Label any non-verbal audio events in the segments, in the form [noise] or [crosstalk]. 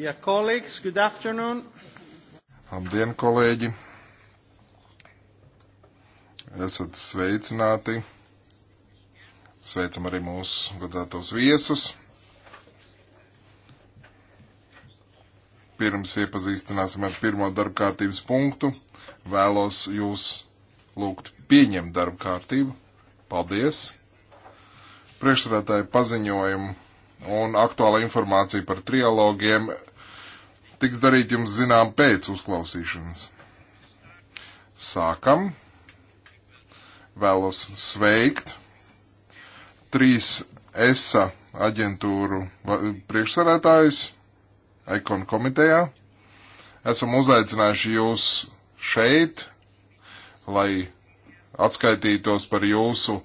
Yeah, colleagues, good afternoon. Labdien, kolēģi! Esat sveicināti. Sveicam arī mūsu godātos viesus. Pirms iepazīstināsim ar pirmo darba kārtības punktu, vēlos jūs lūgt pieņemt darba kārtību. Paldies! Priekšsēdētāju paziņojumu un aktuāla informācija par trialogiem tiks darīt jums zinām pēc uzklausīšanas. Sākam. Vēlos sveikt trīs ESA aģentūru priekšsarētājus Ekon komitejā. Esam uzaicinājuši jūs šeit, lai atskaitītos par jūsu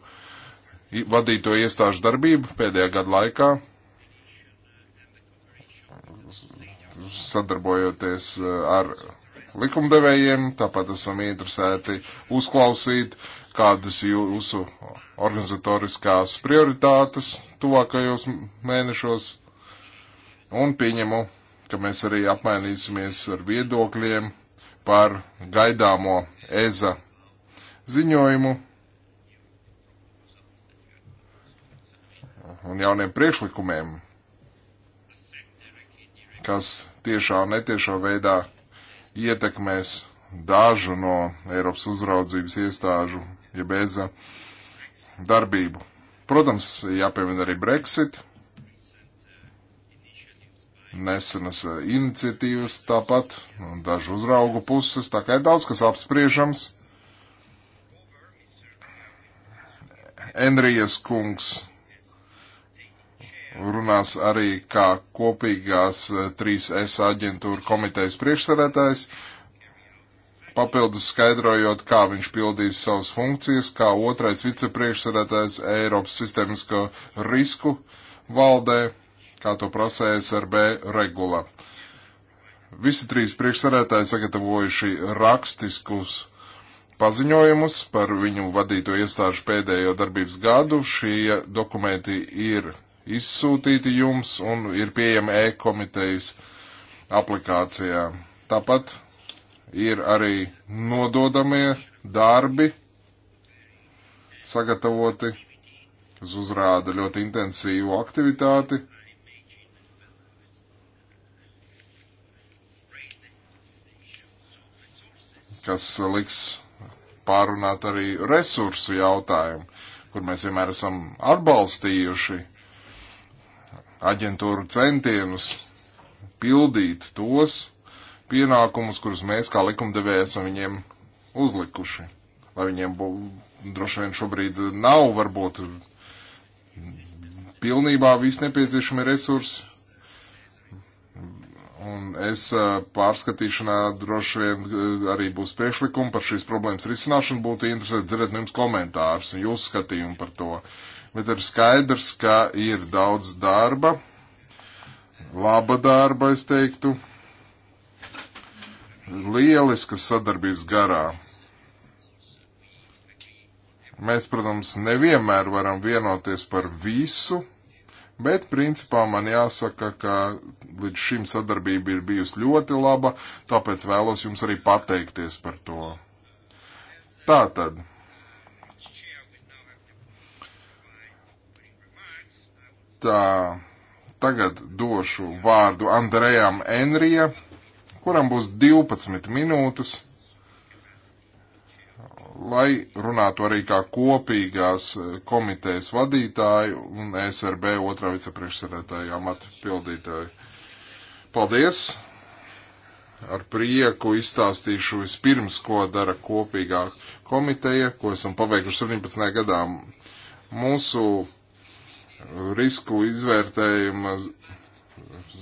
vadīto iestāžu darbību pēdējā gada laikā. sadarbojoties eh, ar likumdevējiem, tāpat esam interesēti uzklausīt, kādas jūsu organizatoriskās prioritātes tuvākajos mēnešos. Un pieņemu, ka mēs arī apmainīsimies ar viedokļiem par gaidāmo EZA ziņojumu un jauniem priekšlikumiem, kas tiešā un netiešā veidā ietekmēs dažu no Eiropas uzraudzības iestāžu, jeb EZA darbību. Protams, jāpiemina arī Brexit, nesenas iniciatīvas tāpat, un dažu uzraugu puses, tā kā ir daudz kas apspriežams. Enrijas kungs runās arī kā kopīgās 3S eh, aģentūra komitejas priekšsēdētājs, papildus skaidrojot, kā viņš pildīs savas funkcijas, kā otrais vicepriekšsēdētājs Eiropas sistēmisko risku valdē, kā to prasēja SRB regula. Visi trīs priekšsēdētāji sagatavojuši rakstiskus paziņojumus par viņu vadīto iestāžu pēdējo darbības gadu. Šie dokumenti ir izsūtīti jums un ir pieejama e-komitejas aplikācijā. Tāpat ir arī nododamie darbi sagatavoti, kas uzrāda ļoti intensīvu aktivitāti. kas liks pārunāt arī resursu jautājumu, kur mēs vienmēr esam atbalstījuši aģentūru centienus pildīt tos pienākumus, kurus mēs kā likumdevēji esam viņiem uzlikuši. Lai viņiem bū, droši vien šobrīd nav varbūt pilnībā viss nepieciešami resursi. Un es pārskatīšanā droši vien arī būs priekšlikumi par šīs problēmas risināšanu. Būtu interesanti dzirdēt no jums komentārus un jūsu skatījumu par to. Uh, bet ir skaidrs, ka ir daudz darba, laba darba, es teiktu, lieliskas sadarbības garā. Mēs, protams, nevienmēr varam vienoties par visu, bet principā man jāsaka, ka līdz šim sadarbība ir bijusi ļoti laba, tāpēc vēlos jums arī pateikties par to. Tātad. Tā, tagad došu vārdu Andrejam Enrija, kuram būs 12 minūtes, lai runātu arī kā kopīgās eh, komitejas vadītāju un SRB otrā vicepriekšsēdētāja amata pildītāju. Paldies! ar prieku izstāstīšu vispirms, ko dara kopīgā komiteja, ko esam paveikuši 17. gadā. Mūsu risku izvērtējuma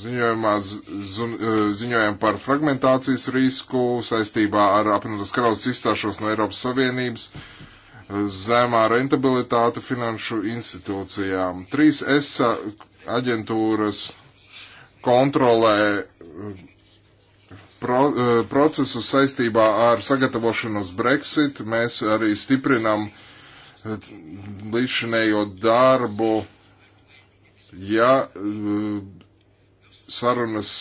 ziņojumā e, ziņojam par fragmentācijas risku saistībā ar apvienotās karalists izstāšanos no Eiropas Savienības, e, zemā rentabilitāte finanšu institūcijām. Trīs ESA aģentūras kontrolē e, pro, procesu saistībā ar sagatavošanos Brexit. Mēs arī stiprinam līdzšinējo darbu Ja eh, sarunas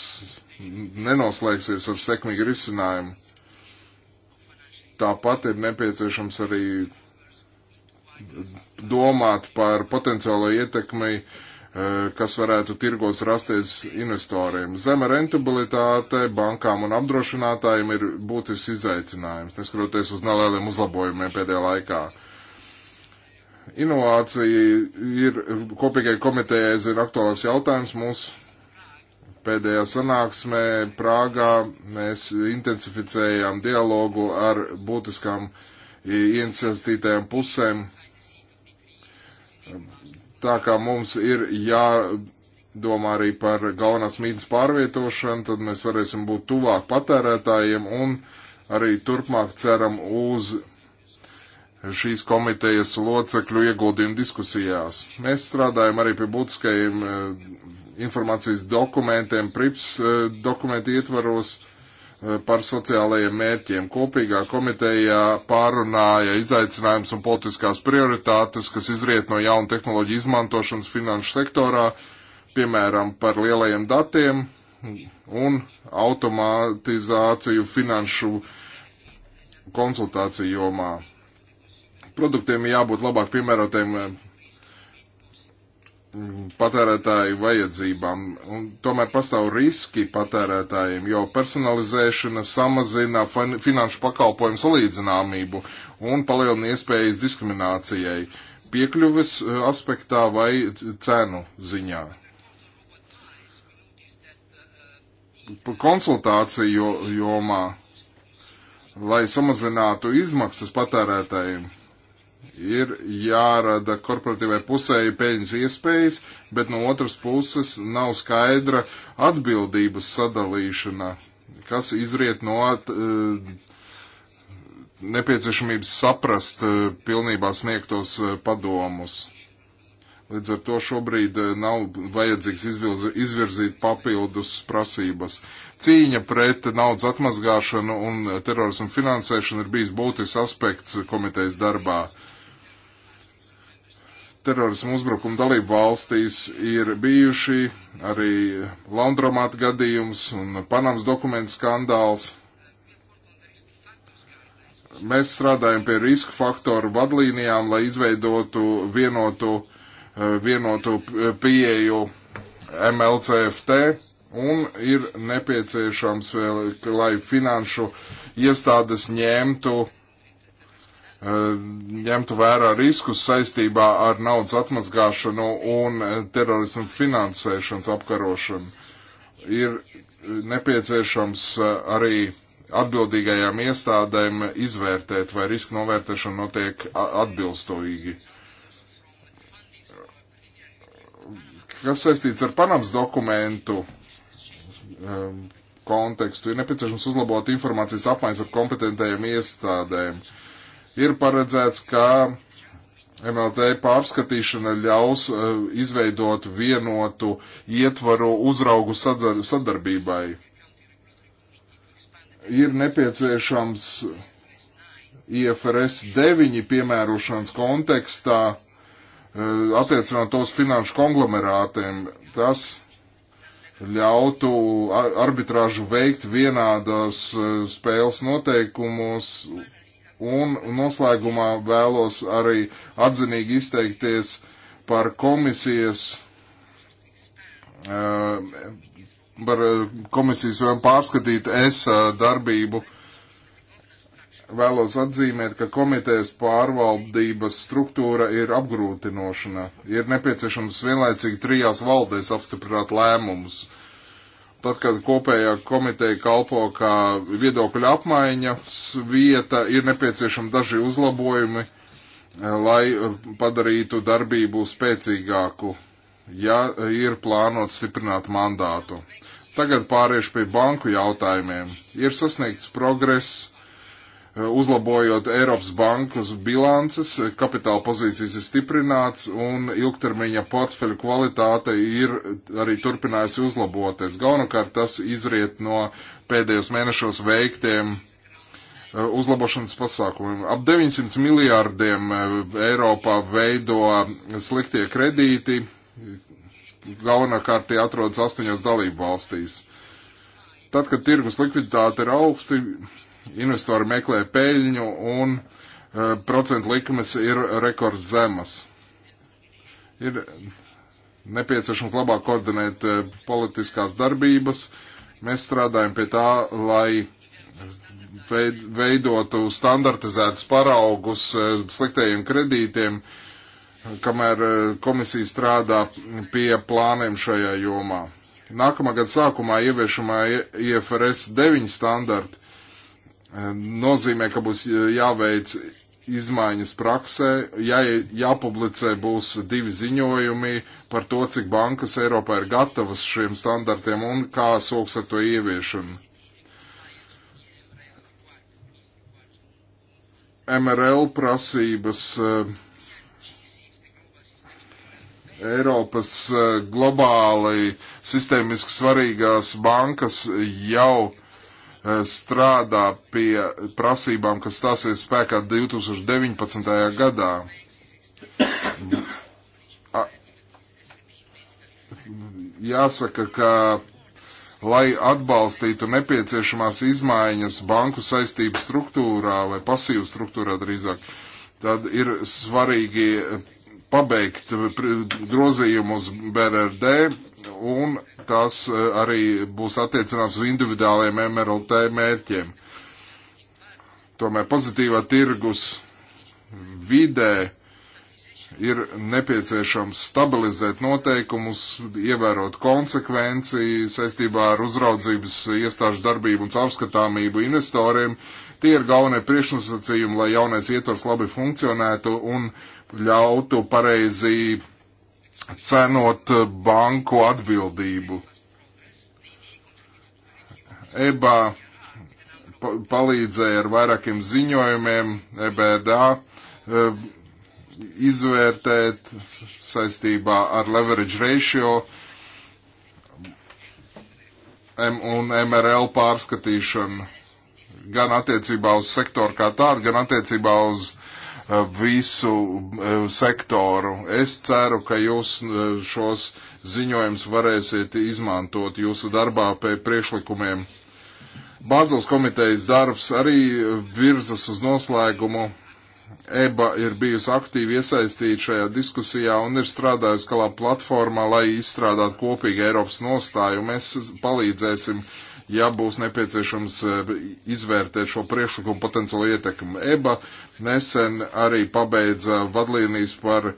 nenoslēgsies ar sekmīgu risinājumu, tāpat ir nepieciešams arī domāt par potenciālo ietekmi, eh, kas varētu tirgos rasties investoriem. Zema rentabilitāte bankām un apdrošinātājiem ir būtisks izaicinājums, neskatoties uz nelieliem uzlabojumiem pēdējā laikā. Inovācija ir kopīgai komitejai aizvien aktuāls jautājums. Mūsu pēdējā sanāksmē Prāgā mēs intensificējām dialogu ar būtiskām iesaistītajām pusēm. Tā kā mums ir jādomā arī par galvenās mītnes pārvietošanu, tad mēs varēsim būt tuvāk patērētājiem un arī turpmāk ceram uz šīs komitejas locekļu ieguldījumu diskusijās. Mēs strādājam arī pie būtiskajiem eh, informācijas dokumentiem, prips eh, dokumentu ietvaros eh, par sociālajiem mērķiem. Kopīgā komitejā pārunāja izaicinājums un politiskās prioritātes, kas izriet no jaunu tehnoloģiju izmantošanas finanšu sektorā, piemēram, par lielajiem datiem un automātizāciju finanšu konsultāciju jomā Produktiem jābūt labāk piemērotiem eh, patērētāju vajadzībām. Un tomēr pastāv riski patērētājiem, jo personalizēšana samazina fin finanšu pakalpojumu salīdzināmību un palielina iespējas diskriminācijai piekļuves eh, aspektā vai cenu ziņā. Konsultāciju jomā, lai samazinātu izmaksas patērētājiem ir jārada korporatīvai pusēji peļņas iespējas, bet no otras puses nav skaidra atbildības sadalīšana, kas izriet no uh, nepieciešamības saprast uh, pilnībā sniegtos uh, padomus. Līdz ar to šobrīd nav vajadzīgs izvilz, izvirzīt papildus prasības. Cīņa pret naudas atmazgāšanu un terorismu finansēšanu ir bijis būtisks aspekts komitejas darbā. Uh, terorismu uzbrukumu dalību valstīs ir bijuši arī laundromāta gadījums un Panamas dokumentu skandāls. Mēs strādājam pie riska faktoru vadlīnijām, lai izveidotu vienotu, eh, vienotu pieeju MLCFT un ir nepieciešams, lai finanšu iestādes ņemtu uh, ņemtu vērā riskus saistībā ar naudas atmazgāšanu un terorismu finansēšanas apkarošanu. Ir nepieciešams arī atbildīgajām iestādēm izvērtēt, vai riska novērtēšana notiek atbilstīgi. Kas saistīts ar Panamas dokumentu kontekstu, ir nepieciešams uzlabot informācijas apmaiņas ar kompetentajiem iestādēm. Uh, Ir paredzēts, ka MLT pārskatīšana ļaus uh, izveidot vienotu ietvaru uzraugu sadar sadarbībai. Ir nepieciešams IFRS 9 piemērošanas kontekstā uh, e, attiecināt tos finanšu konglomerātiem. Tas ļautu arbitrāžu veikt vienādās uh, e, spēles noteikumos Un noslēgumā vēlos arī atzinīgi izteikties par komisijas, eh, par eh, komisijas vēl pārskatīt es darbību. Vēlos atzīmēt, ka komitejas pārvaldības struktūra ir apgrūtinošana. Ir nepieciešams vienlaicīgi trijās valdēs apstiprināt lēmumus. Uh, tad, kad kopējā komiteja kalpo kā viedokļu apmaiņas vieta, ir nepieciešami daži uzlabojumi, eh, lai eh, padarītu darbību spēcīgāku, ja ir plānots stiprināt mandātu. Tagad pāriešu pie banku jautājumiem. Ir sasniegts progress uzlabojot Eiropas bankas bilances, kapitāla pozīcijas ir stiprināts un ilgtermiņa portfeļu kvalitāte ir arī turpinājusi uzlaboties. Galvenokārt tas izriet no pēdējos mēnešos veiktiem eh, uzlabošanas pasākumiem. Ap 900 miljārdiem eh, Eiropā veido sliktie kredīti, galvenokārt tie atrodas astoņās dalību valstīs. Tad, kad tirgus likviditāte ir augsti, investori meklē peļņu un uh, procentu likmes ir rekords zemas. Ir nepieciešams labāk koordinēt uh, politiskās darbības. Mēs strādājam pie tā, lai veid, veidotu standartizētus paraugus uh, sliktējiem kredītiem, kamēr komisija strādā pie plāniem šajā jomā. Nākamā gada sākumā ieviešamā IFRS 9 standarta nozīmē, ka būs jāveic izmaiņas praksē, ja jāpublicē būs divi ziņojumi par to, cik bankas Eiropā ir gatavas šiem standartiem un kā soks ar to ieviešanu. MRL prasības eh, Eiropas eh, globāli sistēmiski svarīgās bankas jau Eh, strādā pie prasībām, kas stāsies spēkā 2019. gadā. Jāsaka, ka, lai atbalstītu nepieciešamās izmaiņas banku saistību struktūrā vai pasīvu struktūrā drīzāk, tad ir svarīgi pabeigt grozījumus BRD un tas e, arī būs attiecināms uz individuāliem MRLT mērķiem. Tomēr pozitīvā tirgus vidē ir nepieciešams stabilizēt noteikumus, ievērot konsekvenci saistībā ar uzraudzības iestāžu darbību un caurskatāmību investoriem. Tie ir galvenie priekšnosacījumi, lai jaunais ietvars labi funkcionētu un ļautu pareizi cenot eh, banku atbildību. EBA palīdzēja ar vairākiem ziņojumiem, EBDA eh, izvērtēt saistībā ar leverage ratio un MRL pārskatīšanu gan attiecībā uz sektoru kā tādu, gan attiecībā uz visu eh, sektoru. Es ceru, ka jūs eh, šos ziņojumus varēsiet izmantot jūsu darbā pie priekšlikumiem. Bāzels komitejas darbs arī virzas uz noslēgumu. EBA ir bijusi aktīvi iesaistīta šajā diskusijā un ir strādājusi kā platformā, lai izstrādātu kopīgu Eiropas nostāju. Mēs palīdzēsim uh, ja būs nepieciešams eh, izvērtēt šo priekšlikumu potenciālo ietekmi. EBA nesen arī pabeidza vadlīnijas par eh,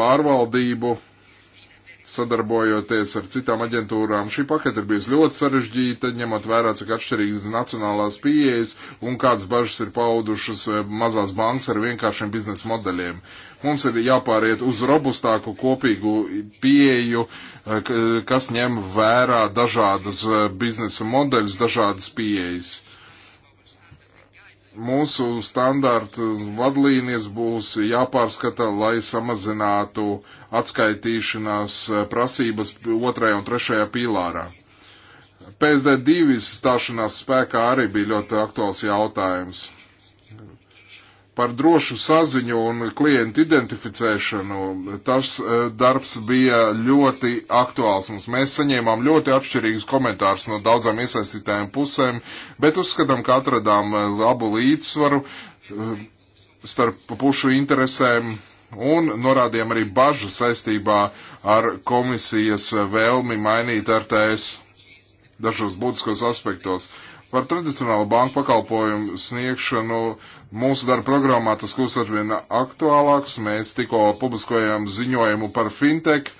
pārvaldību sadarbojoties ar citām aģentūrām. Šī pakete ir bijusi ļoti sarežģīta, ņemot vērā, cik atšķirīgas nacionālās pieejas un kādas bažas ir paudušas eh, mazās bankas ar vienkāršiem biznesa modeļiem. Mums ir jāpāriet uz robustāku kopīgu pieeju, eh, kas ņem vērā dažādas eh, biznesa modeļus, dažādas pieejas mūsu standārtu vadlīnijas būs jāpārskata, lai samazinātu atskaitīšanās prasības otrajā un trešajā pīlārā. PSD2 stāšanās spēkā arī bija ļoti aktuāls jautājums par drošu saziņu un klientu identificēšanu, tas e, darbs bija ļoti aktuāls mums. Mēs saņēmām ļoti atšķirīgus komentārus no daudzām iesaistītājiem pusēm, bet uzskatām, ka atradām e, labu līdzsvaru e, starp pušu interesēm un norādījām arī bažu saistībā ar komisijas vēlmi mainīt RTS dažos būtiskos aspektos. Uh, Par tradicionālu banku pakalpojumu sniegšanu mūsu darba programmā tas kļūst arvien aktuālāks. Mēs tikko publiskojām ziņojumu par fintech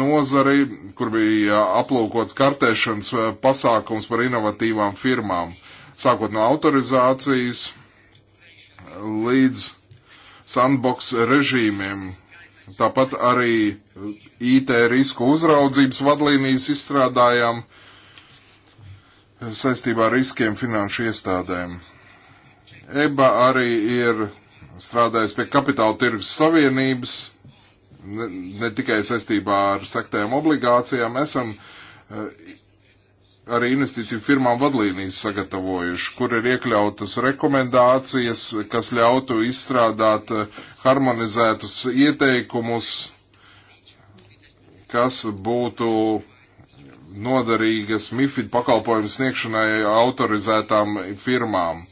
nozari, kur bija aplūkots kartēšanas eh, pasākums par inovatīvām firmām, sākot no autorizācijas līdz sandbox režīmiem. Tāpat arī IT risku uzraudzības vadlīnijas izstrādājām. Uh, saistībā ar riskiem finanšu iestādēm. EBA arī ir strādājis pie kapitāla tirgus savienības, ne, ne tikai saistībā ar sektējām obligācijām, esam eh, arī investīciju firmām vadlīnijas sagatavojuši, kur ir iekļautas rekomendācijas, kas ļautu izstrādāt eh, harmonizētus ieteikumus, kas būtu noderīgas MIFID pakalpojumu sniegšanai autorizētām firmām.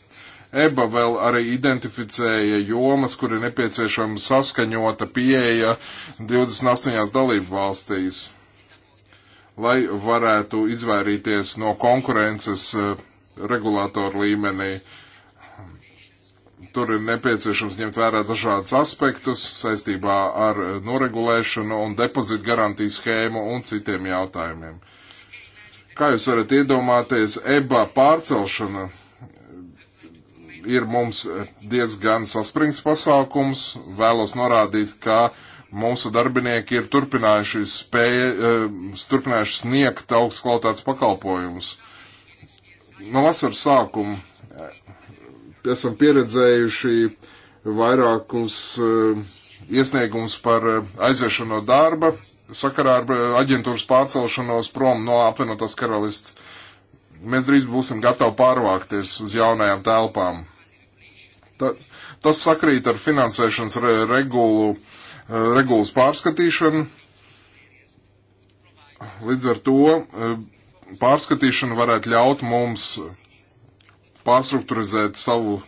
EBA vēl arī identificēja jomas, kur ir nepieciešama saskaņota pieeja 28 dalību valstīs, lai varētu izvairīties no konkurences eh, regulātoru līmenī. Tur ir nepieciešams ņemt vērā dažādas aspektus saistībā ar eh, noregulēšanu un depozitu garantijas schēmu un citiem jautājumiem. Kā jūs varat iedomāties, EBA pārcelšana ir mums diezgan saspringts pasākums. Vēlos norādīt, ka mūsu darbinieki ir turpinājuši, spēja, eh, turpinājuši sniegt augsts kvalitātes pakalpojumus. No vasaras sākuma eh, esam pieredzējuši vairākus eh, iesniegumus par aiziešanu no darba, sakarā ar eh, aģentūras pārcelšanos prom no apvienotās karalists. Mēs drīz būsim gatavi pārvākties uz jaunajām telpām. Ta, tas sakrīt ar finansēšanas re, regulu, eh, regulas pārskatīšanu. Līdz ar to eh, pārskatīšana varētu ļaut mums pārstrukturizēt savu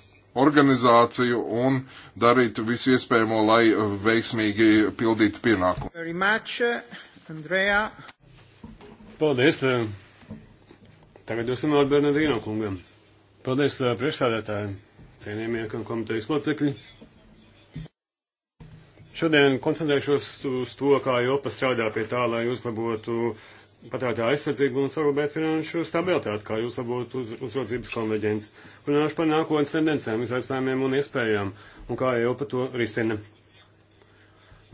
organizāciju un darīt visu iespējamo, lai veiksmīgi pildītu pienākumu. Very much, Andrea. Paldies. Eh, tagad jūs runājat Bernardīno kungam. Paldies eh, priekšsādētājiem, cienījamie komitejas locekļi. Šodien koncentrēšos uz to, kā Jopa strādā pie tā, lai uzlabotu patērētāja aizsardzību un saglabāt finanšu stabilitāti, kā jūs labot uz, uzraudzības konveģents. Runāšu par nākotnes tendencēm, izaicinājumiem un iespējām, un kā jau pa to risina.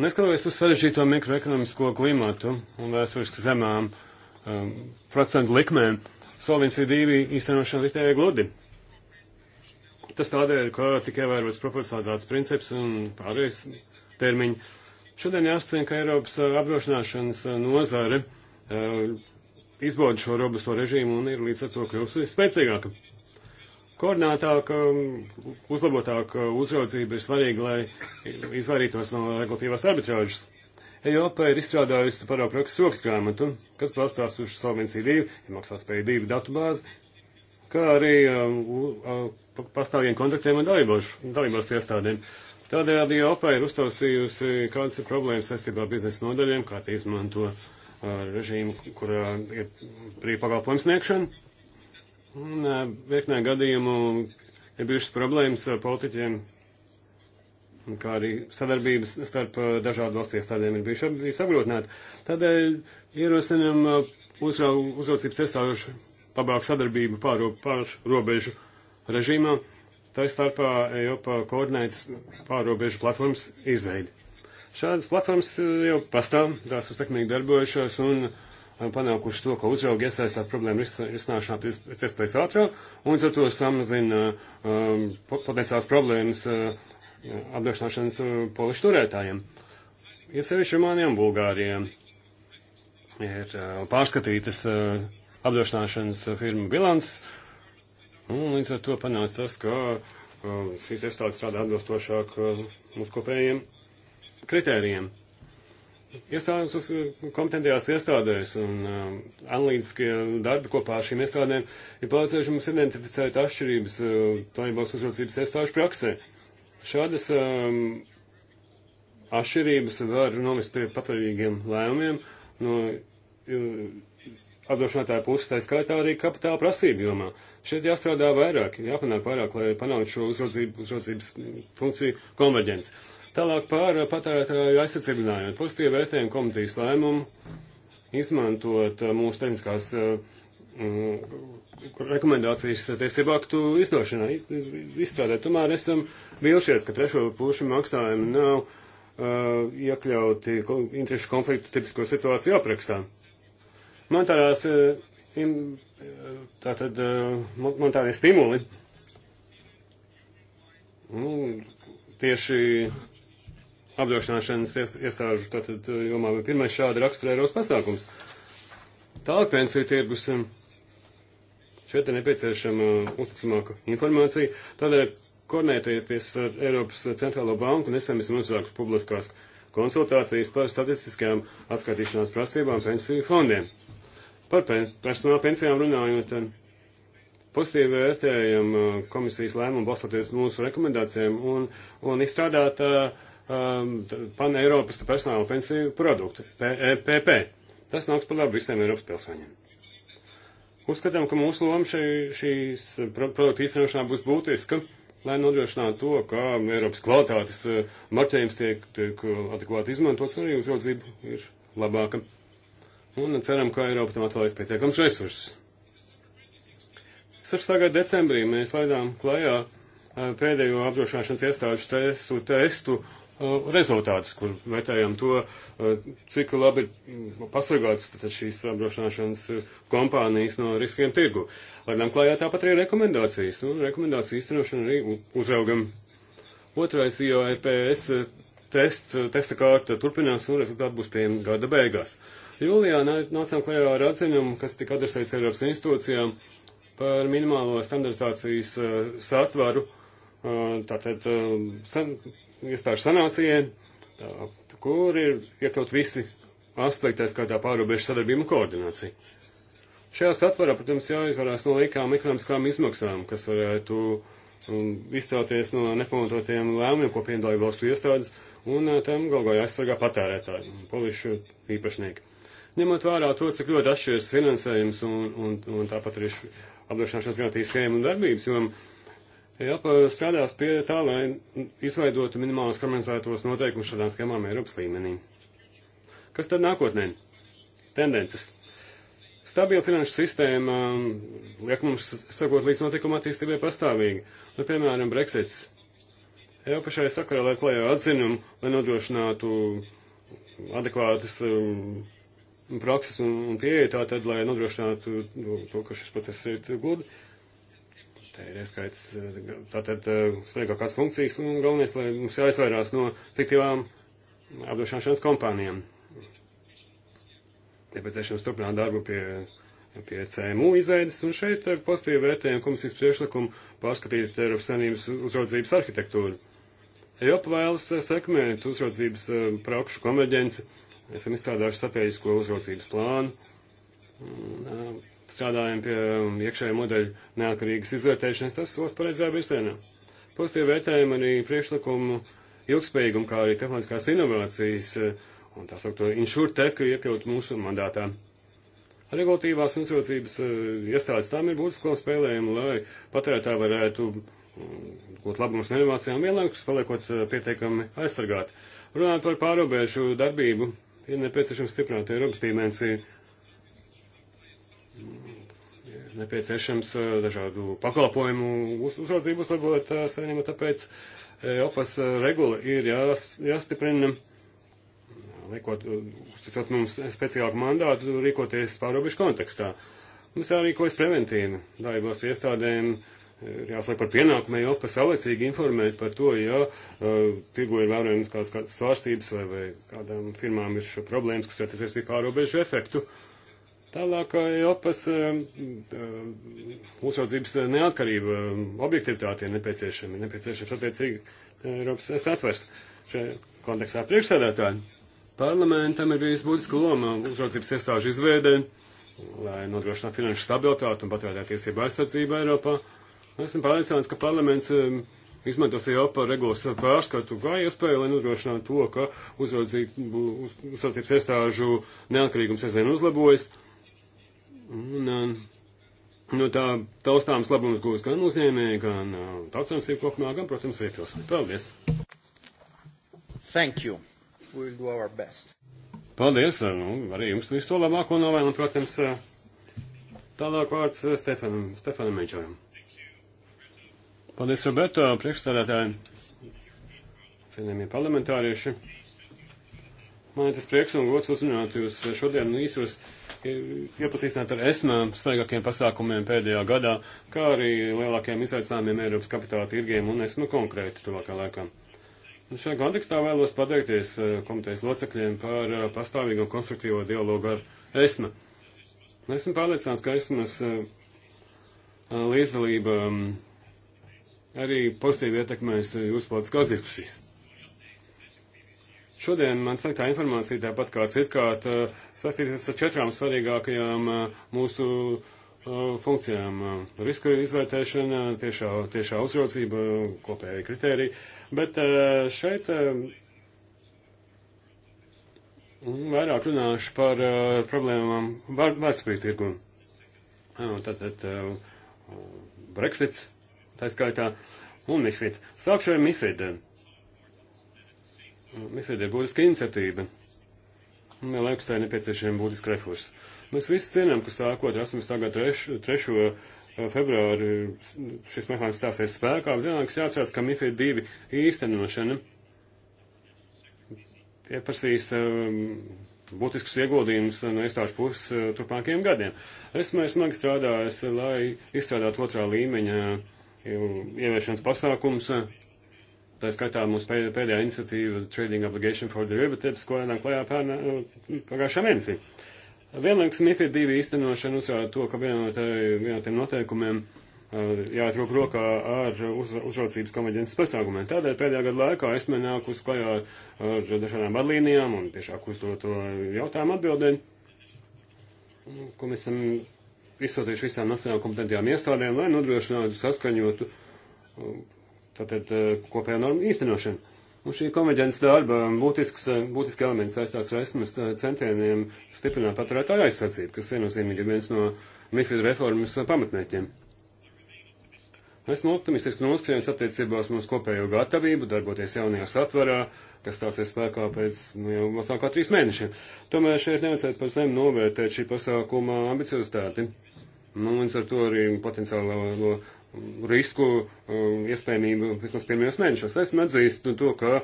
Neskatoties uz sarežģīto mikroekonomisko klimatu un vēsturiski zemām um, procentu likmēm, Solvency 2 īstenošana ritēja gludi. Tas tādēļ, ka tikai vērots proporcionālitātes princips un pārējais termiņi. Šodien jāsacien, ka Eiropas apdrošināšanas nozare uh, Uh, izbauda šo robusto režīmu un ir līdz ar to kļūst spēcīgāka. Koordinētāka, uzlabotāka uzraudzība ir svarīga, lai izvairītos no regulatīvās arbitrāžas. Eiropa ir izstrādājusi paraupraks soks grāmatu, kas balstās uz solvency 2, maksāspēju 2 datubāzi, kā arī uh, uh, pastāvīgiem kontaktiem ar dalībās iestādēm. Tādējādi Eiropa ir uztaustījusi, kādas ir problēmas saistībā ar biznesa nodaļiem, kā tie izmanto uh, režīmu, kur eh, ir brīva pakalpojums sniegšana. Un eh, virknē gadījumu ir bijušas problēmas politiķiem, kā arī sadarbības starp eh, dažādu valstu iestādēm ir bijuši sagrotināti. Tādēļ ierosinam uzraudzības iestāžu labāku sadarbību pār, pār robežu režīmā, tā starpā Eiropā koordinētas pārrobežu platformas izveidi. Šādas platformas eh, jau pastāv, tās ir sekmīgi darbojušās un eh, panākuši to, ka uzraugi iesaistās problēmu risināšanā pēc iespējas ātrāk, un ar to samazina um, potenciāls problēmas uh, apdrošināšanas uh, polišu turētājiem. Iesevišķi maniem Bulgārijiem ir uh, pārskatītas uh, apdrošināšanas firmu bilances, un līdz ar to panāca tas, ka uh, šīs iestādes strādā atbilstošāk uh, uz kopējiem kritērijiem. Iestādes uz kompetentajās iestādēs un um, analītiskie darbi kopā ar šīm iestādēm ir palīdzējuši mums identificēt atšķirības uh, tālībās uzraudzības iestāžu praksē. Šādas um, atšķirības var novest pie patvarīgiem lēmumiem no uh, apdrošinātāja puses, tā skaitā arī kapitāla prasību jomā. Šeit jāstrādā vairāk, jāpanāk vairāk, lai panāktu šo uzraudzību, uzraudzības funkciju konverģenci. Tālāk par patērētāju aizsardzību runājot. Pozitīvi vērtējam komitejas lēmumu izmantot uh, mūsu tehniskās uh, mm, rekomendācijas tiesību aktu izdošanā, izstrādē. Tomēr esam vīlušies, ka trešo pušu maksājumi nav uh, iekļauti interešu konfliktu tipisko situāciju aprakstā. Monetārās, uh, tātad, monetārie stimuli nu, tieši apdrošināšanas ies, iestāžu tātad eh, jomā bija pirmais šāda rakstura Eiropas pasākums. Tālāk pensiju tirgus. Eh, šeit ir nepieciešama eh, uzticamāka informācija. Tādēļ koordinēties ar Eiropas centrālo banku nesen esam uzsākuši publiskās konsultācijas par statistiskajām atskaitīšanās prasībām pensiju fondiem. Par pens personāla pensijām runājot, pozitīvi vērtējam komisijas lēmumu balstoties mūsu rekomendācijām un, un izstrādāt uh, um, paneiropas personāla pensiju produktu, PPP. E Tas nāks par labu visiem Eiropas pilsoņiem. Uzskatām, ka mūsu loma šī, šīs produktu īstenošanā būs būtiska, lai nodrošinātu to, ka Eiropas kvalitātes uh, marķējums tiek, tiek uh, adekvāti izmantots un arī uzraudzība ir labāka. Un ceram, ka Eiropa tam atvēlēs pietiekams resursus. 16. gada decembrī mēs laidām klajā uh, pēdējo apdrošināšanas iestāžu testu, testu Eh, rezultātus, kur vērtējam to, eh, cik labi pasargātas šīs apdrošināšanas eh, kompānijas no riskiem tirgu. Ledām klājā tāpat arī rekomendācijas, un rekomendāciju īstenošanu arī uzraugam. Otrais IOEPS tests, testa kārta turpinās, un rezultāti būs pieejami gada beigās. Jūlijā nācām klājā ar atziņumu, kas tika adresēts Eiropas institūcijām par minimālo standartizācijas satvaru, tātad iestāžu sanācijai, kur ir iekļaut visi aspekti, kādā pārobežu sadarbību un koordināciju. Šajā satvarā, protams, jāizvarās no liekām ekonomiskām izmaksām, kas varētu um, izcelties no nepamatotiem lēmumiem, ko piedāvāja valstu iestādes, un uh, tam galvā jāaizsargā patērētāji, polišu īpašnieki. Ņemot vērā to, cik ļoti atšķiras finansējums un, un, un tāpat arī apdrošināšanas garantijas schēma un darbības, jo Eiropa strādās pie tā, lai izveidotu minimālus harmonizētos noteikumus šādām schēmām Eiropas līmenī. Kas tad nākotnē? Tendences. Stabila finanšu sistēma liek mums sakot līdz notikuma attīstībai pastāvīgi. Nu, piemēram, Brexits. Eiropa šai sakarā liek klajā atzinumu, lai nodrošinātu adekvātas um, prakses un, un pieeja, tātad, lai nodrošinātu to, to, ka šis process ir gludi. Uh, Te ir ieskaits eh, tātad eh, svarīgākās funkcijas un galvenais, lai mums jāizvairās no fiktīvām apdrošināšanas kompānijām. Nepieciešams turpināt darbu pie, pie CMU izveidas, un šeit eh, pozitīvi vērtējam komisijas priešlikumu pārskatīt Eiropas Savienības uzraudzības arhitektūru. Eiropa vēlas sekmēt uzraudzības praukšu konverģenci, esam izstrādājuši strateģisko uzraudzības plānu. Un, strādājam pie um, iekšējā modeļa neatkarīgas izvērtēšanas, tas solis pareizajā virzienā. Pozitīvi vērtējam arī priekšlikumu ilgspējīgumu, kā arī tehnoloģiskās inovācijas eh, un tā saukto insurteku iekļaut mūsu mandātā. Regulatīvās nosacības eh, iestādes tām ir būtiski spēlējumi, lai patērētāji varētu mm, gūt labumus no inovācijām, vienlaikus paliekot eh, pietiekami aizsargāti. Runājot par pārobežu darbību, ir nepieciešams stiprināt Eiropas dimensiju nepieciešams eh, dažādu pakalpojumu uzraudzību uzlabot eh, saņemu, tāpēc eh, opas regula ir jās, jāstiprina, liekot, uzticot mums speciālāku mandātu, rīkoties pārobežu kontekstā. Mums jārīkojas preventīvi, dalībās iestādēm, jāsliek par pienākumu, jau pa saulēcīgi informēt par to, ja uh, tirgo ir vērojams kādas, kādas svārstības vai, vai kādām firmām ir problēmas, kas attiecas ar pārobežu efektu. Uh, Tālāk Eiropas e eh, eh, uzraudzības eh, neatkarība, objektivitāte ir nepieciešama, nepieciešams attiecīgi Eiropas satvers. Šajā kontekstā priekšsēdētāji parlamentam ir bijis būtiska loma uzraudzības iestāžu izveidē, lai nodrošinātu finanšu stabilitātu un patērētāju tiesību aizsardzību Eiropā. Esmu pārliecināts, ka parlaments izmantos Eiropā e regulas pārskatu kā iespēju, lai nodrošinātu to, ka uzraudzības iestāžu neatkarīgums aizvien uzlabojas, Un, un no tā taustāms labums gūs gan uzņēmēji, gan tautsensību kopumā, gan, protams, arī pilsēņi. Paldies! Thank you. We'll do our best. Paldies! Nu, arī jums visu to labāko novēlu, protams, tālāk vārds Stefanam, Stefanam Meģoram. Paldies, Roberto, priekšstādātāji, cienījamie parlamentārieši. Man ir tas prieks un gods uzrunāt jūs šodien īsos. Nu, iepazīstināt ar ESMA svaigākiem pasākumiem pēdējā gadā, kā arī lielākiem izaicinājumiem Eiropas kapitāla tirgiem un ESMA konkrēti tuvākā laikā. Un šajā kontekstā vēlos pateikties eh, komitejas locekļiem par eh, pastāvīgo konstruktīvo dialogu ar ESMA. Esmu pārliecināts, ka ESMAs eh, līdzdalība mm, arī pozitīvi ietekmēs jūsu politiskās diskusijas. Šodien man sniegtā informācija tāpat kā citkārt eh, sastīties ar četrām svarīgākajām eh, mūsu eh, funkcijām - riska izvērtēšana, tiešā, tiešā uzraudzība, kopēji kriteriji, bet šeit vairāk runāšu par problēmām vērtspapīra tirgu. Tātad Brexits, tā skaitā, un MIFID. Sākšu ar MIFID. Mifid ir būtiska iniciatīva. Man liekas, tā ir nepieciešama būtiska resursa. Mēs visi cienām, ka sākot 18. Treš, 3. Eh, februāri šis mehānisms stāsies spēkā, bet vienlaikus jāatcerās, ka Mifid 2 īstenošana pieprasīs eh, būtiskus ieguldījumus no iestāžu puses eh, turpmākajiem gadiem. Esmu smagi strādājis, lai izstrādātu otrā līmeņa ieviešanas pasākums, Tā skaitā mūsu pēdējā iniciatīva Trading Obligation for Derivatives, ko ēdām klajā nu, pagājušā mēnesī. Vienlaikus MIFID 2 īstenošana uzsvēra to, ka vienotiem noteikumiem uh, jāatrop rokā ar uz, uzraucības konveģences pasākumiem. Tādēļ pēdējā gada laikā esmu nākus klajā ar dažādām vadlīnijām un tiešāk uz to, to jautājumu atbildēm, ko mēs esam izsūtījuši visām nacionālajām kompetentajām iestādēm, lai nodrošinātu saskaņotu uh, tātad eh, kopējā norma īstenošana. Un šī konverģences darba būtisks, eh, būtiski elements saistās ar esmas eh, centieniem stiprināt paturētāju aizsardzību, kas viennozīmīgi ir viens no MIFID reformas pamatmērķiem. Esmu optimistisks un uzskatījums attiecībā uz mūsu kopējo gatavību darboties jaunajā satvarā, kas stāsies spēkā pēc nu, jau mazāk kā trīs mēnešiem. Tomēr šeit nevajadzētu par zemu novērtēt šī pasākuma ambiciozitāti. Nu, līdz ar to arī potenciālo risku um, iespējamību vismaz pirmajos mēnešos. Esmu atzīstu to, ka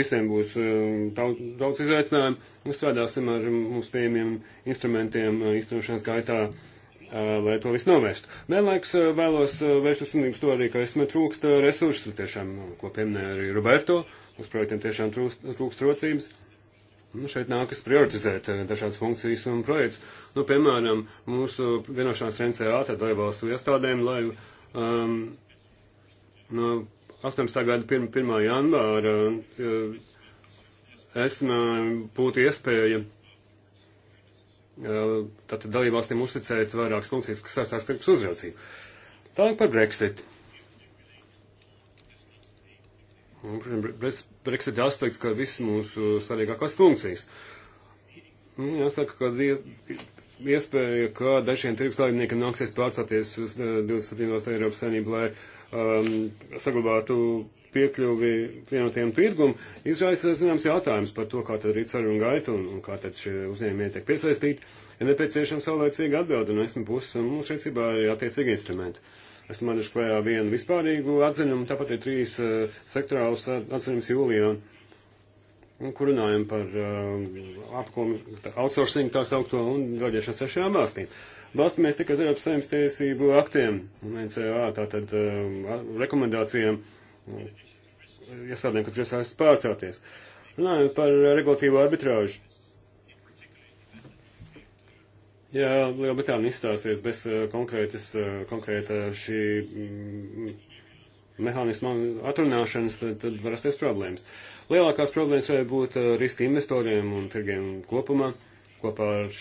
visiem būs um, daudz, daudz izaicinājumu. Mēs strādāsim ar mums pieejamiem instrumentiem uh, īstenošanas gaitā, uh, lai to visu novērstu. Vienlaiks uh, vēlos vērst uzmanību to arī, ka esmu trūkst resursu, tiešām, ko pieminēja arī Roberto, uz projektiem tiešām trūkst, trūkst rocības. Nu, šeit nākas prioritizēt dažādas funkcijas un projekts. Nu, piemēram, mūsu vienošanās NCA, tad lai valstu iestādēm, lai uh, um, no 18. gada 1. 1. janvāra uh, esmē uh, būtu iespēja uh, tātad dalībvalstīm uzticēt vairākas funkcijas, kas saistās ar uzraudzību. Tālāk par Brexit. Brexit aspekts, ka viss mūsu svarīgākās funkcijas. Nu, jāsaka, ka diez, iespēja, ka dažiem tirgus dalībniekiem nāksies pārcelties uz 27. Eh, Eiropas saimnību, lai um, saglabātu piekļuvi vienotiem tirgum, izraisa zināms jautājums par to, kā tad rīt sarunu gaitu un, un kā tad šie uzņēmumi tiek piesaistīti, ir ja nepieciešama saulēcīga atbilde no esmu puses, un mums šeit cībā ir attiecīgi instrumenti. Esmu manuši klējā vienu vispārīgu atziņumu, tāpat ir trīs uh, sektorālus atziņums jūlijā. Un, kur runājam par uh, apkomu, outsourcing tā saukto un vaļiešanu sešajām valstīm. Balstamies tikai uz Eiropas saimnes tiesību aktiem un NCA, tātad uh, rekomendācijām uh, iesādēm, kas grasās pārcelties. Runājot par regulatīvo arbitrāžu. Jā, Lielbritānija izstāsies bez uh, konkrētas, uh, konkrēta šī mm, mehānisma atrunāšanas, tad, tad var rasties problēmas. Uh, Lielākās problēmas varētu būt eh, riska investoriem un tirgiem kopumā. Kopā ar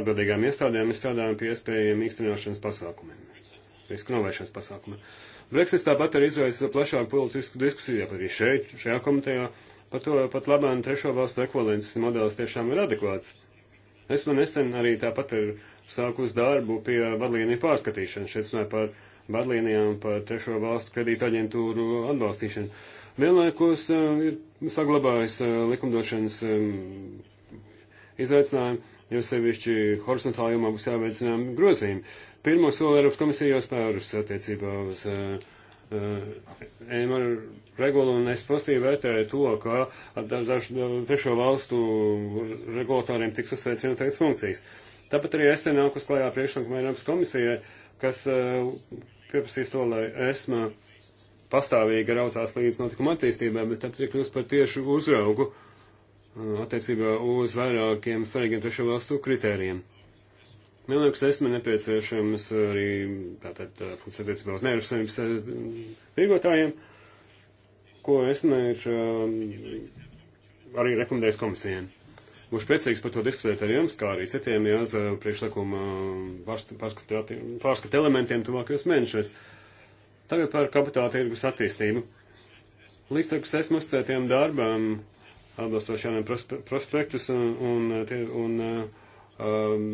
atbildīgām iestādēm mēs strādājam pie iespējiem īstenošanas pasākumiem, riska novēršanas pasākumiem. Brexit tāpat arī izraisa plašāku politisku diskusiju, arī šeit, šajā komitejā, par to pat labāk trešo valstu ekvivalences modelis tiešām ir adekvāts. Es man nu nesen arī tāpat ir sākus darbu pie vadlīniju pārskatīšanas. Šeit runāju par vadlīnijām, par trešo valstu kredītu aģentūru atbalstīšanu vienlaikus eh, ir saglabājis eh, likumdošanas eh, izaicinājumu, jo sevišķi horizontāli jomā būs jāveicinām grozījumi. Pirmo soli Eiropas komisija jau spērus attiecībā uz EMR regulu, un es pozitīvi vērtēju to, ka dažu trešo valstu regulatoriem tiks uzsveicis vienotākas funkcijas. Tāpat arī es nāku uz klājā priekšlikumu Eiropas komisijai, kas pieprasīs to, lai ESMA uh, pastāvīgi raucās līdz notikuma attīstībai, bet tad ir kļūst par tiešu uzraugu uh, attiecībā uz vairākiem svarīgiem trešo valstu kritērijiem. Man liekas, esmu nepieciešams arī tātad uh, funkcijas attiecībā uz neirasnības uh, rīkotājiem, ko esmu ir um, arī rekomendējis komisijiem. Būšu priecīgs par to diskutēt ar jums, kā arī citiem jāza priekšlikuma pārskata elementiem tuvākajos mēnešos. Tagad par kapitāla tirgus attīstību. Līdztekus esmu uzcētiem darbam, atbilstošiem prospektus un, un, un, un um,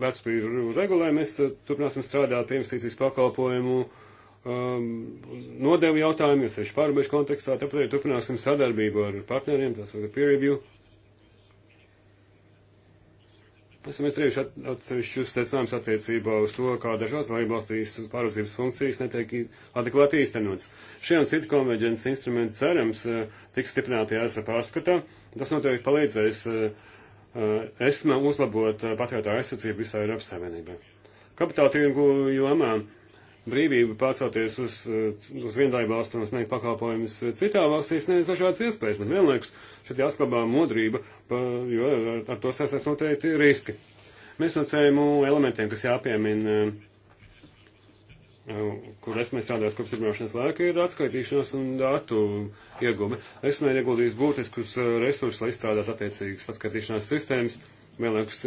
vecpīru regulējumu, mēs turpināsim strādāt pie investīcijas pakalpojumu um, nodevu jautājumu, jo sešu pārobežu kontekstā, tāpēc arī turpināsim sadarbību ar partneriem, tas ir peer review Esam izdarījuši atsevišķus secinājumus attiecībā uz to, kā dažās dalībvalstīs pārvaldības funkcijas netiek adekvāti īstenotas. Šie un citi konveģences instrumenti cerams eh, tiks stiprināti ASV pārskatā. Tas noteikti palīdzēs eh, eh, ESMA uzlabot patērētāju aizsardzību visā Eiropas Savienībā. Kapitāla tirgu jomā brīvību pārcelties uz, eh, uz vienu dalībvalstu un sniegt pakalpojumus citā valstīs, nevis dažādas iespējas, bet vienlaikus šeit jāsklabā modrība, pa, jo ar, ar to sasās noteikti riski. Mēs no cēmu elementiem, kas jāpiemina, eh, kur esmu strādājis kopš pirmošanas laika, ir atskaitīšanās un datu ieguve. Esmu ieguldījis būtiskus eh, resursus, lai izstrādātu attiecīgas atskaitīšanās sistēmas vienlaikus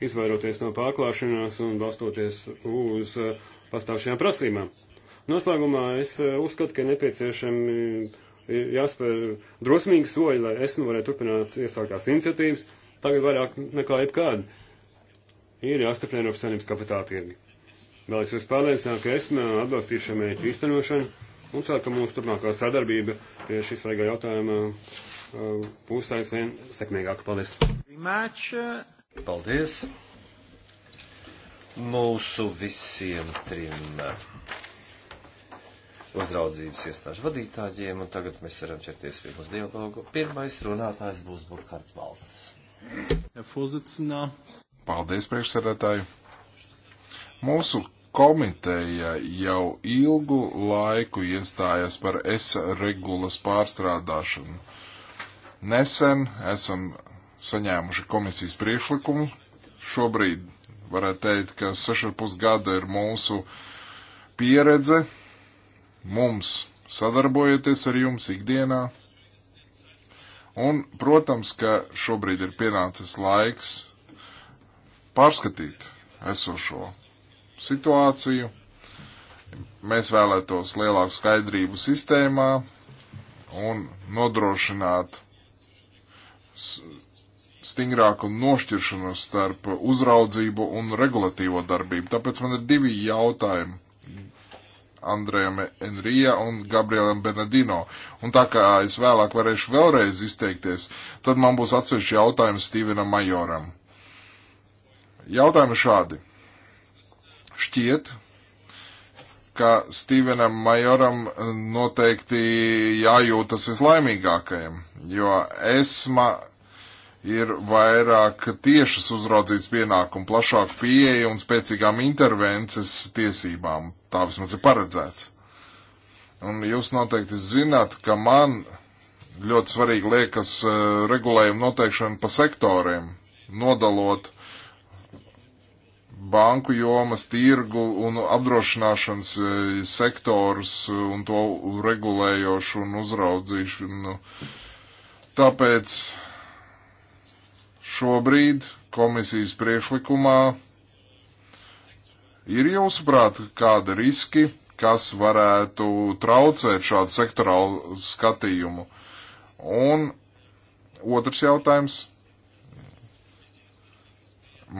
izvairoties no pārklāšanās un balstoties uz pastāvšajām prasībām. Noslēgumā es eh, uzskatu, ka nepieciešami eh, jāspēr drosmīgi soļi, lai es nu varētu turpināt iesāktās iniciatīvas, tagad vairāk nekā jebkāda. Ir jāstiprina Eiropas Savienības kapitāla tirgi. Vēl es jūs pārliecināju, ka es eh, atbalstīšu šo mērķu īstenošanu un ceru, ka mūsu turpmākā sadarbība pie šīs svarīgā jautājuma būs aizvien sekmīgāka. Paldies! Paldies! mūsu visiem trim eh, uzraudzības iestāžu vadītājiem, un tagad mēs varam ķerties pie mūsu dialogu. Pirmais runātājs būs Burkhards Balss. Paldies, priekšsarētāji! Mūsu komiteja jau ilgu laiku iestājas par S regulas pārstrādāšanu. Nesen esam saņēmuši komisijas priekšlikumu, šobrīd Varētu teikt, ka 6,5 gada ir mūsu pieredze, mums sadarbojoties ar jums ikdienā. Un, protams, ka šobrīd ir pienācis laiks pārskatīt esošo situāciju. Mēs vēlētos lielāku skaidrību sistēmā un nodrošināt stingrāku nošķiršanu starp uzraudzību un regulatīvo darbību. Tāpēc man ir divi jautājumi Andrejam Enrija un Gabrielam Benedino. Un tā kā es vēlāk varēšu vēlreiz izteikties, tad man būs atsevišķi jautājumi Stīvenam Majoram. Jautājumi šādi. Šķiet, ka Stevenam Majoram noteikti jājūtas vislaimīgākajam, jo esma ir vairāk tiešas uzraudzības pienākumu, plašāka pieeja un spēcīgām intervences tiesībām. Tā vismaz ir paredzēts. Un jūs noteikti zināt, ka man ļoti svarīgi liekas e, regulējuma noteikšana pa sektoriem, nodalot banku jomas, tirgu un apdrošināšanas e, sektors un to regulējošu un uzraudzīšanu. Tāpēc šobrīd komisijas priekšlikumā ir jūsuprāt kādi riski, kas varētu traucēt šādu sektorālu skatījumu? Un otrs jautājums.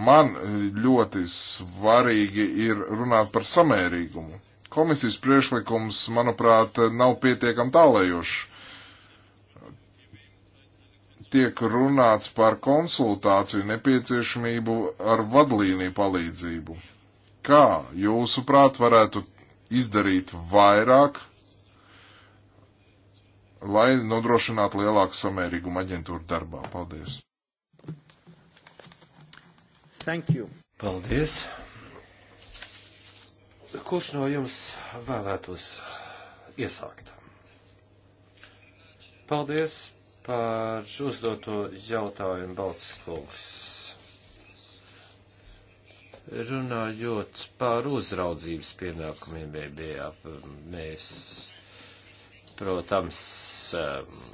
Man ļoti svarīgi ir runāt par samērīgumu. Komisijas priešlikums, manuprāt, nav pietiekam tālējošs tiek runāts par konsultāciju nepieciešamību ar vadlīniju palīdzību. Kā jūsuprāt varētu izdarīt vairāk, lai nodrošinātu lielāku samērīgumu aģentūru darbā? Paldies! Thank you. Paldies! Kurš no jums vēlētos iesākt? Paldies par uzdoto jautājumu Baltskungs. Runājot par uzraudzības pienākumiem BBA, mēs, protams, um,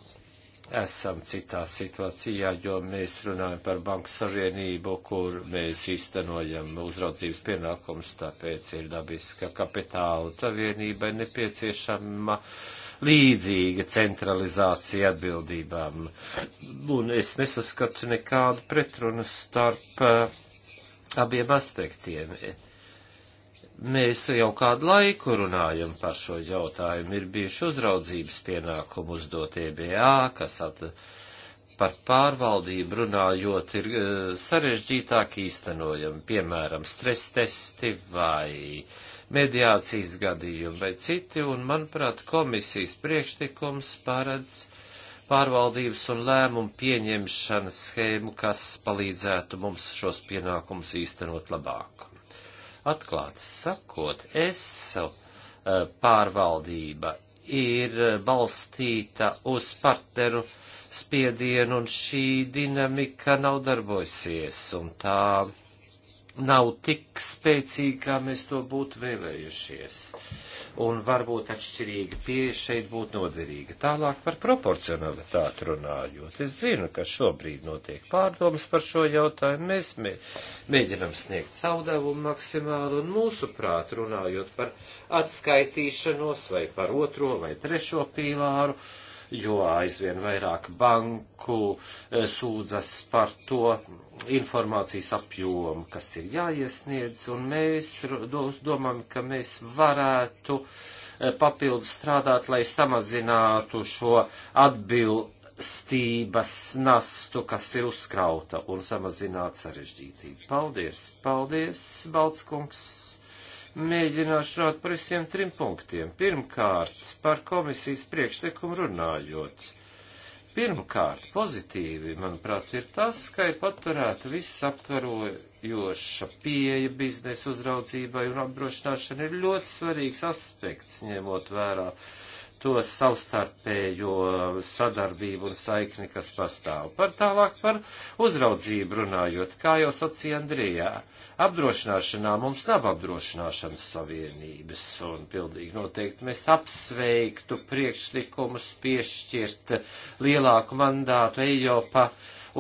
esam citā situācijā, jo mēs runājam par Banku Savienību, kur mēs īstenojam uzraudzības pienākumus, tāpēc ir dabiski, ka kapitāla savienībai nepieciešama uh, līdzīga centralizācija atbildībām. Un es nesaskatu nekādu pretrunu starp eh, abiem aspektiem. Mēs jau kādu laiku runājam par šo jautājumu. Ir bijuši uzraudzības pienākumu uzdot EBA, kas at, par pārvaldību runājot ir eh, sarežģītāk īstenojami, piemēram, stres testi vai uh, mediācijas gadījumi vai citi, un, manuprāt, komisijas priekšlikums paredz pārvaldības un lēmumu pieņemšanas schēmu, kas palīdzētu mums šos pienākumus īstenot labāk. Atklāti sakot, es savu eh, pārvaldība ir eh, balstīta uz partneru spiedienu, un šī dinamika nav darbojusies, un tā nav tik spēcīga, kā mēs to būtu vēlējušies. Un varbūt atšķirīga pieeja šeit būtu noderīga. Tālāk par proporcionalitāti runājot. Es zinu, ka šobrīd notiek pārdomas par šo jautājumu. Mēs mē, mēģinam sniegt caudavumu maksimāli un mūsuprāt runājot par atskaitīšanos vai par otro vai trešo pīlāru. Uh, jo aizvien vairāk banku eh, sūdzas par to informācijas apjomu, kas ir jāiesniedz, un mēs domājam, ka mēs varētu eh, papildus strādāt, lai samazinātu šo atbilstības nastu, kas ir uzkrauta un samazinātu sarežģītību. Paldies, paldies, Baltskungs! Mēģināšu runāt par visiem trim punktiem. Pirmkārt, par komisijas priekšlikumu runājot. Pirmkārt, pozitīvi, manuprāt, ir tas, ka ir paturēta visaptvarojoša pieeja biznesa uzraudzībai un apdrošināšana ir ļoti svarīgs aspekts, ņemot vērā uh, to savstarpējo sadarbību un saikni, kas pastāv. Par tālāk par uzraudzību runājot, kā jau sacīja Andrijā, apdrošināšanā mums nav apdrošināšanas savienības, un pildīgi noteikti mēs apsveiktu priekšlikumus piešķirt lielāku mandātu Eiropa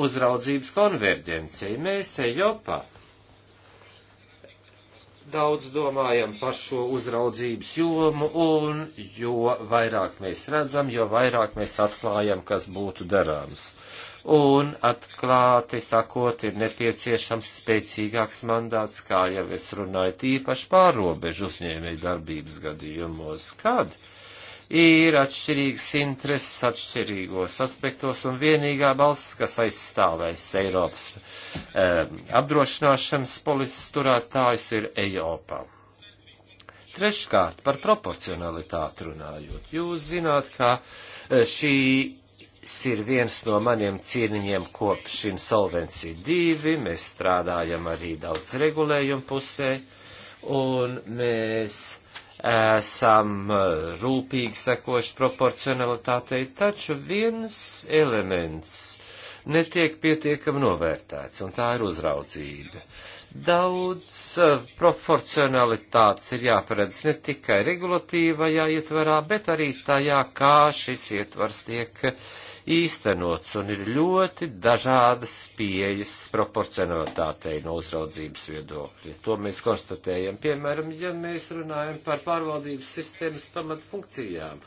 uzraudzības konverģencijai. Mēs Eiropā daudz domājam par šo uzraudzības jomu, un jo vairāk mēs redzam, jo vairāk mēs atklājam, kas būtu darāms. Un atklāti sakot, ir nepieciešams spēcīgāks mandāts, kā jau es runāju, tīpaši pārobežu uzņēmēju darbības gadījumos, kad ir atšķirīgas intereses atšķirīgos aspektos, un vienīgā balss, kas aizstāvēs Eiropas um, apdrošināšanas polises turētājs, ir Eiropa. Treškārt, par proporcionalitāti runājot. Jūs zināt, ka eh, šī ir viens no maniem cieniņiem kopš insolvencija divi, mēs strādājam arī daudz regulējumu pusē, un mēs esam eh, rūpīgi sekojuši proporcionalitātei, taču viens elements netiek pietiekami novērtēts, un tā ir uzraudzība. Daudz eh, proporcionalitātes ir jāparedz ne tikai regulatīvajā ietvarā, bet arī tajā, kā šis ietvars tiek uh, īstenots un ir ļoti dažādas pieejas proporcionalitātei no uzraudzības viedokļa. To mēs konstatējam, piemēram, ja mēs runājam par pārvaldības sistēmas pamatfunkcijām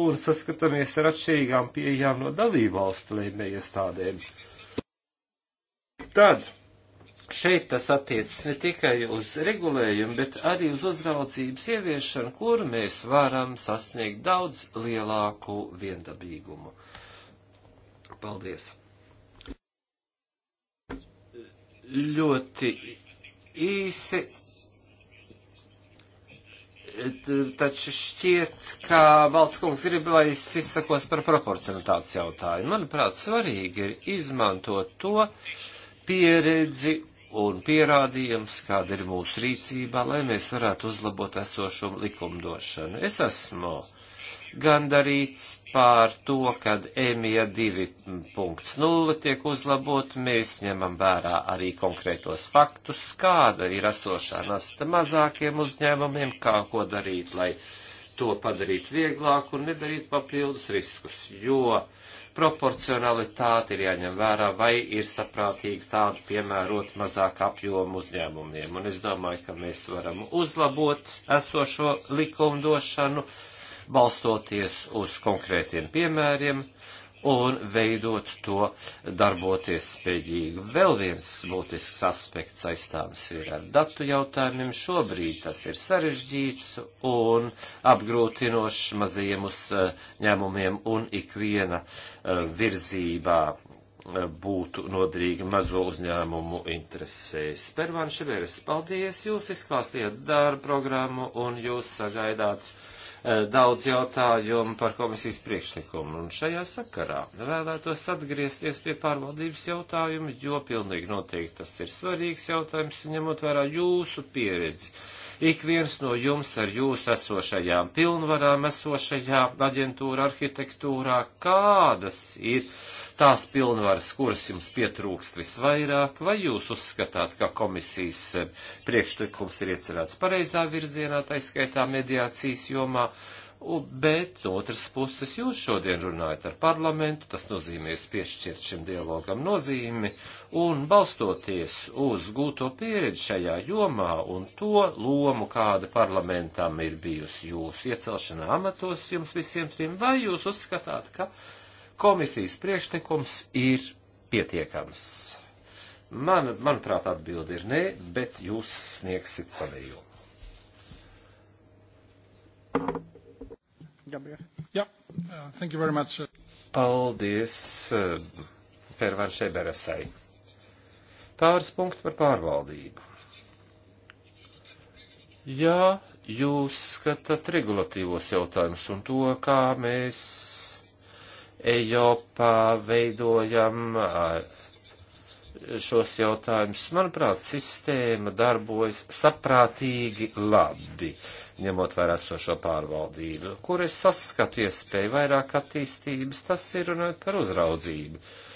un saskatāmies ar atšķirīgām pieejām no dalībvalstu līmeja iestādēm. Tad šeit tas attiecas ne tikai uz regulējumu, bet arī uz uzraudzības ieviešanu, kur mēs varam sasniegt daudz lielāku viendabīgumu. Paldies! Ļoti īsi taču šķiet, ka valsts kungs grib, lai es izsakos par proporcionalitātes jautājumu. Manuprāt, svarīgi ir izmantot to pieredzi un pierādījums, kāda ir mūsu rīcībā, lai mēs varētu uzlabot esošo likumdošanu. Es esmu uh, gandarīts pār to, kad EMIA 2.0 tiek uzlabot, mēs ņemam vērā arī konkrētos faktus, kāda ir esošā nasta mazākiem uzņēmumiem, kā ko darīt, lai to padarīt vieglāk un nedarīt papildus riskus, jo proporcionalitāte ir jāņem vērā, vai ir saprātīgi tādu piemērot mazāk apjomu uzņēmumiem. Un es domāju, ka mēs varam uzlabot esošo likumdošanu, uh, balstoties uz konkrētiem piemēriem un veidot to darboties spējīgu. Vēl viens būtisks aspekts saistāms ir ar datu jautājumiem. Šobrīd tas ir sarežģīts un apgrūtinošs mazajiem uzņēmumiem un ikviena e, virzībā e, būtu nodrīga mazo uzņēmumu interesēs. Pervan Šiveres, paldies, jūs izklāstījāt darba programmu un jūs sagaidāt Eh, daudz jautājumu par komisijas priekšlikumu. Un šajā sakarā vēlētos atgriezties pie pārvaldības jautājuma, jo pilnīgi noteikti tas ir svarīgs jautājums, ņemot vērā jūsu pieredzi. Ik viens no jums ar jūs esošajām pilnvarām, esošajā aģentūra arhitektūrā, kādas ir tās pilnvaras, kuras jums pietrūkst visvairāk, vai jūs uzskatāt, ka komisijas eh, priekšlikums ir iecerēts pareizā virzienā, taiskaitā mediācijas jomā, bet no otras puses jūs šodien runājat ar parlamentu, tas nozīmē, jūs piešķirt šim dialogam nozīmi, un balstoties uz gūto pieredzi šajā jomā un to lomu, kāda parlamentam ir bijusi jūsu iecelšanā amatos jums visiem trim, vai jūs uzskatāt, ka Komisijas priekšlikums ir pietiekams. Man, manuprāt, atbildi ir nē, bet jūs sniegsit savījumu. Gabriel. Jā, yeah. Uh, thank you very much. Paldies uh, Pervanšai Beresai. Pāris punkti par pārvaldību. Jā, jūs skatāt regulatīvos jautājumus un to, kā mēs Ejopā veidojam eh, šos jautājumus. Manuprāt, sistēma darbojas saprātīgi labi, ņemot vērā sošo pārvaldību, kur es saskatu iespēju vairāk attīstības, tas ir runājot par uzraudzību. Uh,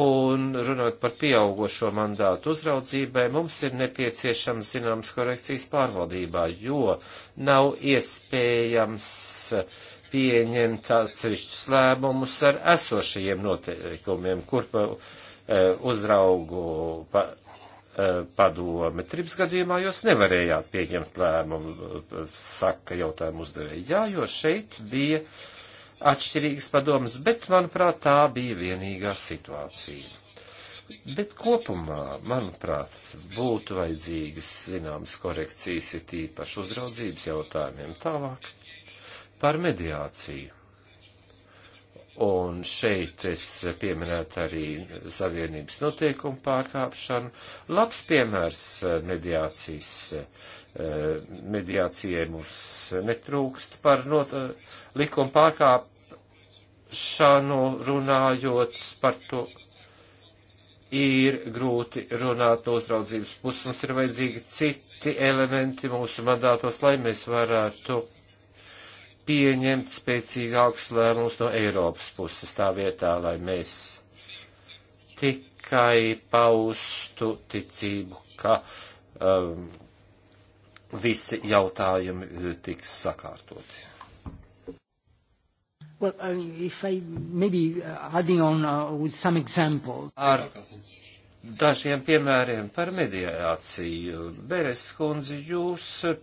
Un runājot par pieaugušo mandātu uzraudzībai, mums ir nepieciešams zināms korekcijas pārvaldībā, jo nav iespējams pieņemt atsevišķus lēmumus ar esošajiem noteikumiem, kur pa, e, uzraugu pa, e, padome. Trips gadījumā jūs nevarējāt pieņemt lēmumu, saka jautājumu uzdevēji. Jā, jo šeit bija. Uh, atšķirīgas padomas, bet, manuprāt, tā bija vienīgā situācija. Bet kopumā, manuprāt, būtu vajadzīgas zināmas korekcijas ir tīpaši uzraudzības jautājumiem tālāk par mediāciju. Un šeit es pieminētu arī savienības noteikumu pārkāpšanu. Labs piemērs mediācijas eh, mediācijai mums netrūkst par not, likuma pārkāp, ievērošanu runājot par to ir grūti runāt no uzraudzības puses. Mums ir vajadzīgi citi elementi mūsu mandātos, lai mēs varētu pieņemt spēcīgākus lēmumus no Eiropas puses tā vietā, lai mēs tikai paustu ticību, ka um, visi jautājumi tiks sakārtoti. Well, I mean, if I maybe uh, adding on uh, with some example. Ar dažiem piemēriem par mediāciju. Beres kundzi, jūs uh,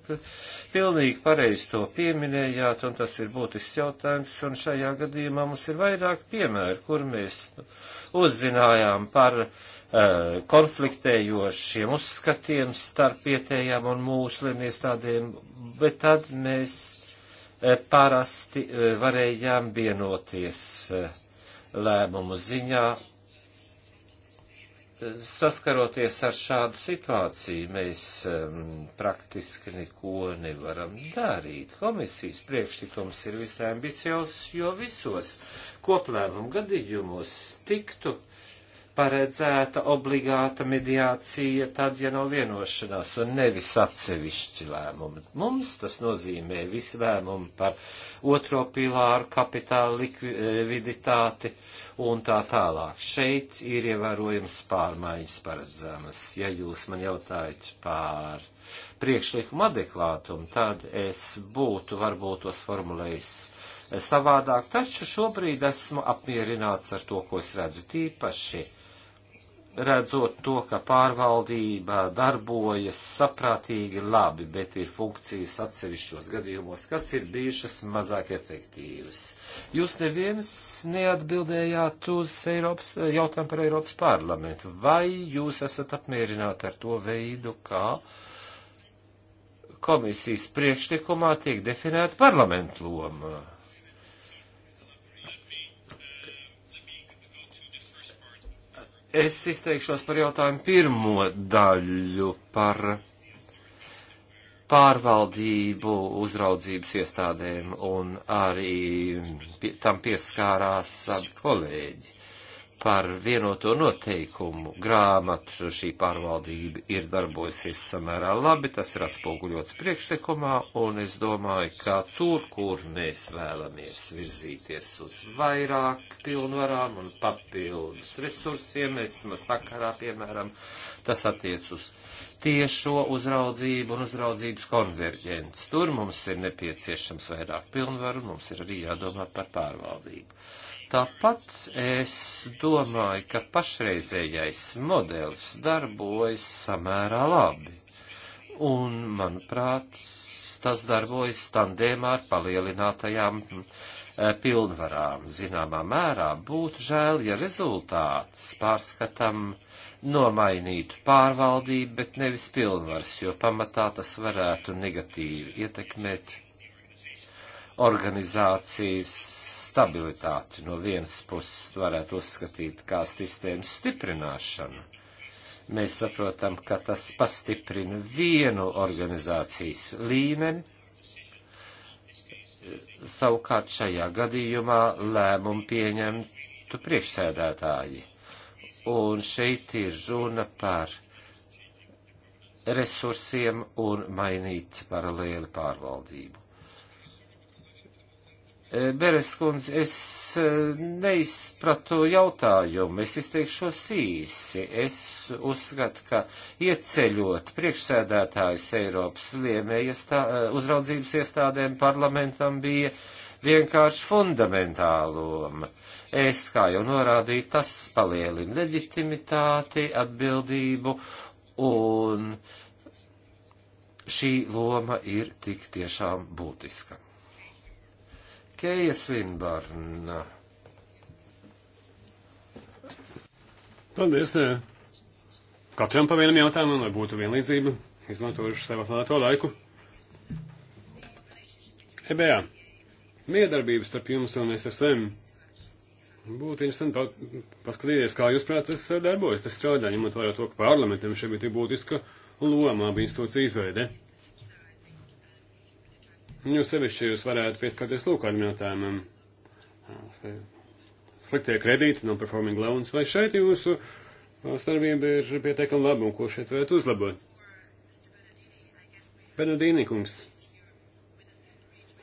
pilnīgi pareizi to pieminējāt, un tas ir būtisks jautājums, un šajā gadījumā mums ir vairāk piemēru, kur mēs uzzinājām par uh, konfliktējošiem uzskatiem starp vietējām un mūsu iestādēm, bet tad mēs Eh, parasti eh, varējām vienoties eh, lēmumu ziņā. Saskaroties ar šādu situāciju, mēs praktiski neko nevaram darīt. Komisijas priekšlikums ir visai ambiciozs, jo visos koplēmumu gadījumos tiktu paredzēta obligāta mediācija tad, ja nav vienošanās un nevis atsevišķi lēmumi. Mums tas nozīmē visi lēmumi par otro pilāru, kapitāla likviditāti e, un tā tālāk. Šeit ir ievērojams pārmaiņas paredzēmas. Ja jūs man jautājat pār priekšlikumu adekvātumu, tad es būtu varbūt tos formulējis savādāk, taču šobrīd esmu apmierināts ar to, ko es redzu tīpaši redzot to, ka pārvaldība darbojas saprātīgi labi, bet ir funkcijas atsevišķos gadījumos, kas ir bijušas mazāk efektīvas. Jūs neviens neatbildējāt uz Eiropas, jautājumu par Eiropas parlamentu. Vai jūs esat apmierināti ar to veidu, kā komisijas priekšlikumā tiek definēta parlamentu loma? Es izteikšos par jautājumu pirmo daļu par pārvaldību uzraudzības iestādēm un arī tam pieskārās abi kolēģi par vienoto noteikumu grāmatu šī pārvaldība ir darbojusies samērā labi, tas ir atspoguļots priekšlikumā, un es domāju, ka tur, kur mēs vēlamies virzīties uz vairāk pilnvarām un papildus resursiem, esma sakarā, piemēram, tas attiec uz tiešo uzraudzību un uzraudzības konverģents. Tur mums ir nepieciešams vairāk pilnvaru, mums ir arī jādomā par pārvaldību. Tāpat es domāju, ka pašreizējais modelis darbojas samērā labi. Un, manuprāt, tas darbojas tandēmā ar palielinātajām eh, pilnvarām. Zināmā mērā būtu žēl, ja rezultāts pārskatam nomainītu pārvaldību, bet nevis pilnvars, jo pamatā tas varētu negatīvi ietekmēt organizācijas stabilitāti. No vienas puses varētu uzskatīt kā sistēmas stiprināšanu. Mēs saprotam, ka tas pastiprina vienu organizācijas līmeni. Savukārt šajā gadījumā lēmumu pieņemtu priekšsēdētāji. Un šeit ir runa par resursiem un mainīt paralēli pārvaldību. Eh, Beres kundze, es eh, neizpratu jautājumu, es izteikšos īsi. Es uzskatu, ka ieceļot priekšsēdētājs Eiropas liemē iestā, eh, uzraudzības iestādēm parlamentam bija vienkārši fundamentālom. Es, kā jau norādīju, tas palielina leģitimitāti, atbildību un šī loma ir tik tiešām būtiska. Keija Svinbarna. Paldies. Eh, katram pa vienam jautājumam, lai būtu vienlīdzība, izmantojuši sev atvēlēto laiku. EBA. Miedarbība starp jums un SSM. Būtu interesanti paskatīties, kā jūs prāt tas eh, darbojas, tas strādā, ņemot vērā to, ka parlamentam šeit bija tik būtiska loma abi institūcija izveide. Jo sevišķi jūs varētu pieskarties lūkādiem jautājumam. Sliktie kredīti, non-performing loans, vai šeit jūsu uh, starpība ir pietiekami laba un ko šeit varētu uzlabot? Benedīni kungs,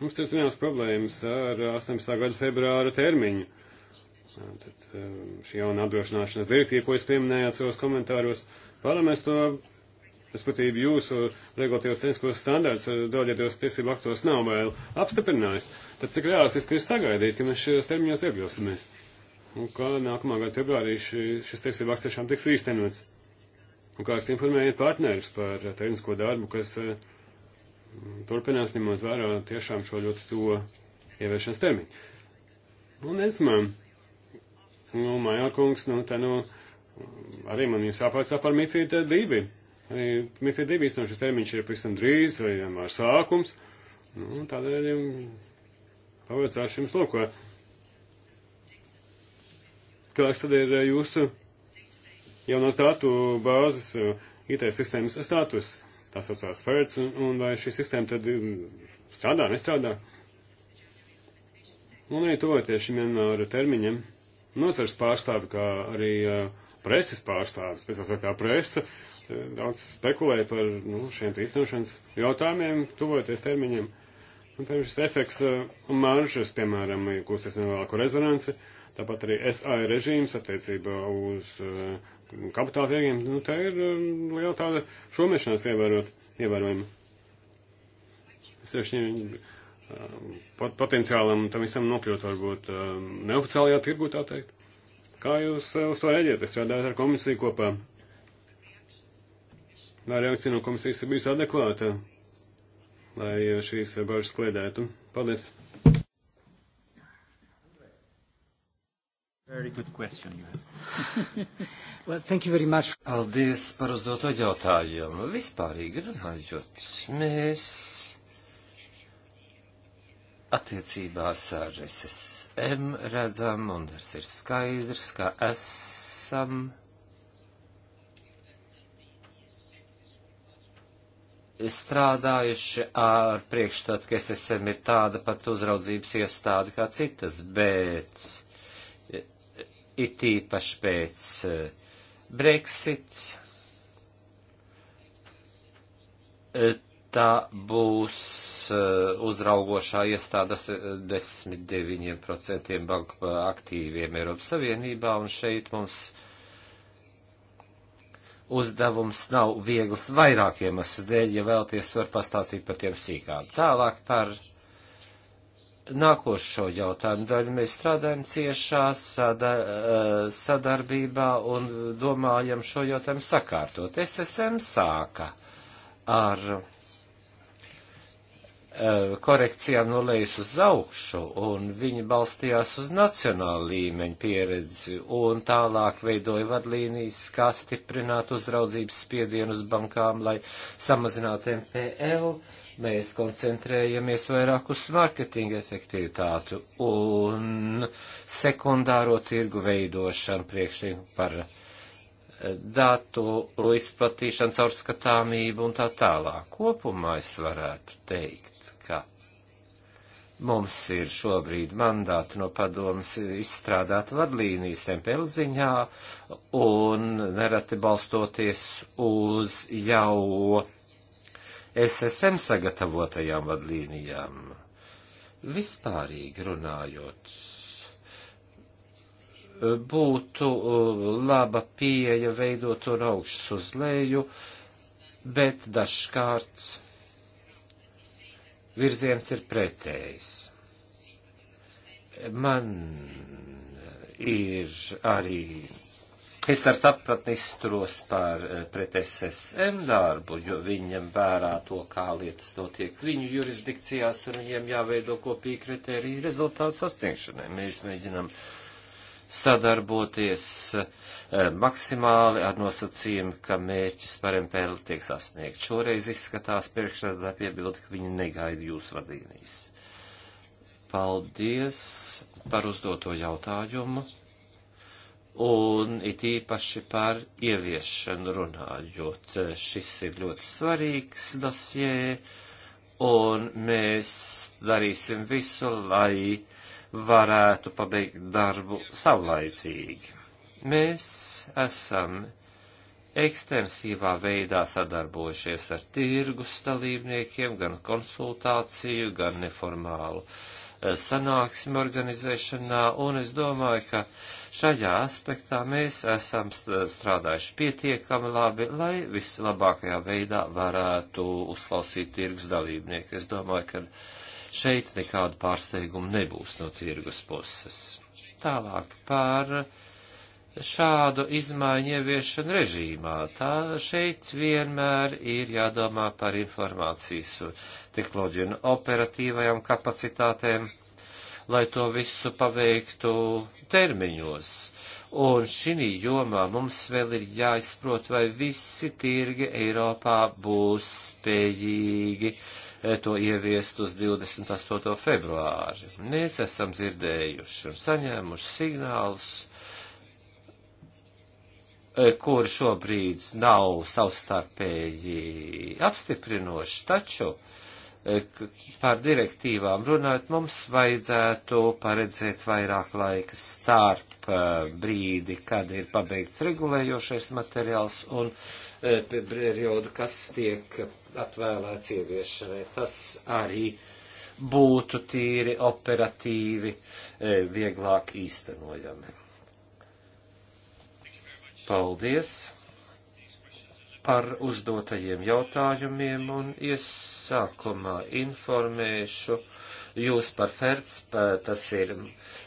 mums ir zināmas problēmas ar 18. gada februāra termiņu. Uh, tad uh, šī jauna apdrošināšanas direktīva, ko jūs pieminējāt savos komentāros, parlaments to respektīvi jūsu regulatīvos tehniskos standārts daļietos tiesību aktos nav vēl apstiprinājis, tad cik reālistiski ir sagaidīt, ka mēs šajos termiņos iekļausimies? Un kā nākamā gada februārī ši, šis tiesību akts tiešām tiks īstenots? Un kā es informēju partnerus par tehnisko darbu, kas eh, turpinās ņemot vērā tiešām šo ļoti to ieviešanas termiņu. Un esmām, nu, Mājārkungs, nu, tā nu, arī man jūs jāpārcā par Mifīd divi. MIFID 2 īstenošanas termiņš ir pavisam drīz, vai janvāra sākums. Nu, tādēļ pavaicāšu jums lūko. Kāds tad ir jūsu jaunās datu bāzes eh, IT sistēmas status? Tā saucās FERC, un, un vai šī sistēma tad mm, strādā, nestrādā? Un arī tuvoties šim janvāra termiņam, nozars pārstāvi, kā arī uh, preses pārstāvis, pēc tās kā presa, e, daudz spekulē par nu, šiem īstenošanas jautājumiem, tuvoties termiņiem. Un, piemēram, šis efekts e, maržas, piemēram, gūsties nevēlāku rezonanci, tāpat arī SAI režīms attiecībā uz e, kapitāla tirgiem, nu, tā ir liela tāda šomešanās ievērot, ievērojama. Sevišķi pot, potenciālam tam visam nokļūt varbūt neoficiālajā tirgu, tā teikt. Kā jūs eh, uz to reaģējat? Es strādāju ar komisiju kopā. Vai reakcija no komisijas ir bijusi adekvāta, lai eh, šīs eh, bažas kliedētu? Paldies! Very good question you have. [laughs] well, thank you very much. Paldies par uzdoto jautājumu. Vispārīgi runājot, mēs attiecībās ar SSM redzam, un tas ir skaidrs, ka esam strādājuši ar priekšstatu, ka SSM ir tāda pat uzraudzības iestāde kā citas, bet e, it īpaši pēc e, Brexit e, tā būs eh, uzraugošā iestāde 89% banku eh, aktīviem Eiropas Savienībā, un šeit mums uzdevums nav viegls vairākiem aslu dēļ, ja vēlties var pastāstīt par tiem sīkāk. Tālāk par nākošo jautājumu daļu mēs strādājam ciešā sada, eh, sadarbībā un domājam šo jautājumu sakārtot. SSM sāka ar Eh, korekcijām no lejas uz augšu, un viņi balstījās uz nacionālu līmeņu pieredzi, un tālāk veidoja vadlīnijas, kā stiprināt uzraudzības spiedienu uz bankām, lai samazinātu MPL. Mēs koncentrējamies vairāk uz mārketinga efektivitātu un sekundāro tirgu veidošanu priekšnieku par datu izplatīšanu, caurskatāmību un tā tālāk. Kopumā es varētu teikt, ka mums ir šobrīd mandāti no padomas izstrādāt vadlīnijas MPL ziņā un nereti balstoties uz jau SSM sagatavotajām vadlīnijām. Vispārīgi runājot būtu uh, laba pieeja veidot to no augšas uz leju, bet dažkārt virziens ir pretējs. Man ir arī Es ar sapratni izturos par uh, pret SSM darbu, jo viņam vērā to, kā lietas notiek viņu jurisdikcijās, un viņiem jāveido kopīgi kriteriju rezultātu sasniegšanai. Mēs mēģinam uh, sadarboties eh, maksimāli ar nosacījumu, ka mērķis par MPL tiek sasniegt. Šoreiz izskatās priekšredā piebildi, ka viņi negaida jūsu vadīnijas. Paldies par uzdoto jautājumu un it īpaši par ieviešanu runājot. Šis ir ļoti svarīgs dosjē, un mēs darīsim visu, lai varētu pabeigt darbu saulaicīgi. Mēs esam ekstensīvā veidā sadarbojušies ar tirgus dalībniekiem, gan konsultāciju, gan neformālu eh, sanāksmi organizēšanā, un es domāju, ka šajā aspektā mēs esam strādājuši pietiekami labi, lai vislabākajā veidā varētu uzklausīt tirgus dalībnieku. Es domāju, ka šeit nekādu pārsteigumu nebūs no tirgus puses. Tālāk par šādu izmaiņu ieviešanu režīmā. Tā šeit vienmēr ir jādomā par informācijas tehnoloģiju un operatīvajām kapacitātēm, lai to visu paveiktu termiņos Un šī jomā mums vēl ir jāizprot, vai visi tirgi Eiropā būs spējīgi eh, to ieviest uz 28. februāri. Mēs esam dzirdējuši un saņēmuši signālus, eh, kur šobrīd nav savstarpēji apstiprinoši, taču eh, par direktīvām runājot, mums vajadzētu paredzēt vairāk laika starp starp uh, brīdi, kad ir pabeigts regulējošais materiāls un uh, periodu, kas tiek atvēlēts ieviešanai. Tas arī būtu tīri operatīvi, uh, vieglāk īstenojami. Paldies par uzdotajiem jautājumiem un iesākumā informēšu jūs par FERC, tas ir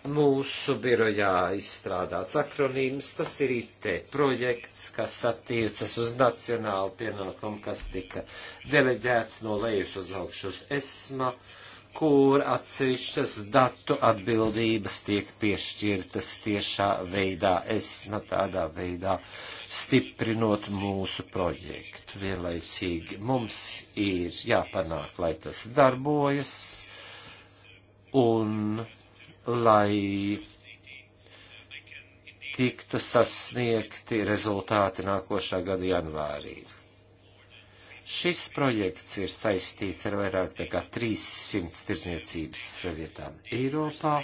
mūsu birojā izstrādāts akronīms, tas ir IT projekts, kas attiecas uz nacionālu pienākumu, kas tika deleģēts no lejas uz augšu uz ESMA, kur atsevišķas datu atbildības tiek piešķirtas tiešā veidā ESMA, tādā veidā stiprinot mūsu projektu. Vienlaicīgi mums ir jāpanāk, lai tas darbojas. Un lai tiktu sasniegti rezultāti nākošā gada janvārī. Šis projekts ir saistīts ar vairāk nekā 300 tirzniecības vietām Eiropā.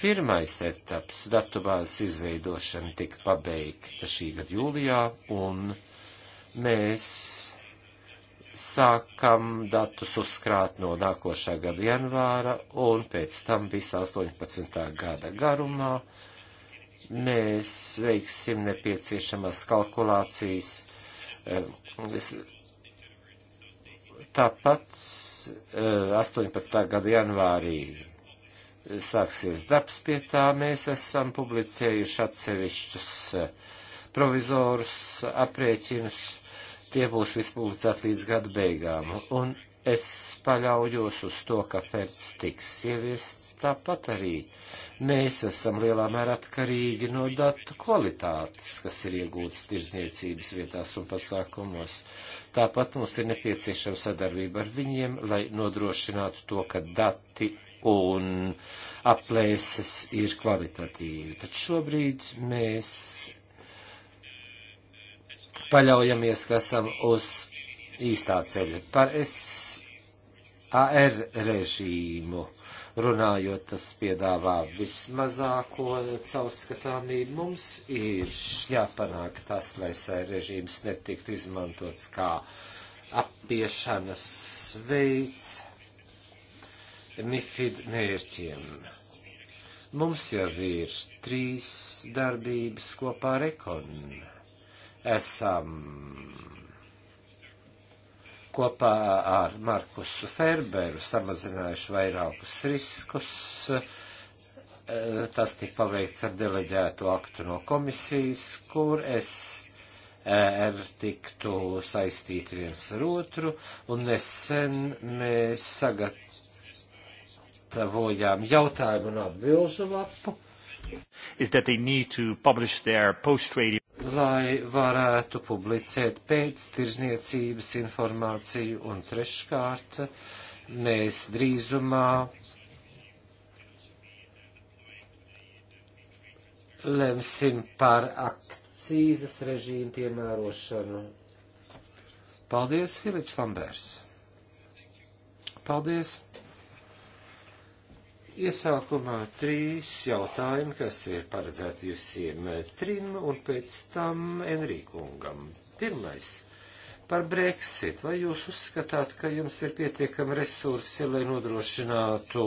Pirmais etaps datubāzes izveidošana tika pabeigta šī gada jūlijā, un mēs sākam datus uzkrāt no nākošā gada janvāra un pēc tam visā 18. gada garumā mēs veiksim nepieciešamās kalkulācijas. Eh, tāpat 18. Eh, gada janvārī sāksies darbs pie tā. Mēs esam publicējuši atsevišķus eh, provizorus aprēķinus tie būs vispublicēti līdz gada beigām. Un es paļaujos uz to, ka pērts tiks ieviests tāpat arī. Mēs esam lielā mērā atkarīgi no datu kvalitātes, kas ir iegūtas tirzniecības vietās un pasākumos. Tāpat mums ir nepieciešama sadarbība ar viņiem, lai nodrošinātu to, ka dati un aplēses ir kvalitatīvi. Tad šobrīd mēs paļaujamies, ka esam uz īstā ceļa. Par SAR režīmu runājot, tas piedāvā vismazāko caurskatāmību. Mums ir jāpanāk tas, lai SAR režīms netiktu izmantots kā apiešanas veids MIFID mērķiem. Mums jau ir trīs darbības kopā ar ekonomiku esam kopā ar Markusu Ferberu samazinājuši vairākus riskus. Tas tika paveikts ar deleģēto aktu no komisijas, kur es ar er, tiktu saistīti viens ar otru, un nesen mēs sagatavojām jautājumu un atbilžu lapu. Is that they need to publish their post-trading lai varētu publicēt pēc tirzniecības informāciju un treškārt mēs drīzumā lemsim par akcīzes režīmu piemērošanu. Paldies, Filips Lambērs. Paldies. Iesākumā trīs jautājumi, kas ir paredzēti visiem trim un pēc tam Enrīkungam. Pirmais par Brexit. Vai jūs uzskatāt, ka jums ir pietiekami resursi, lai nodrošinātu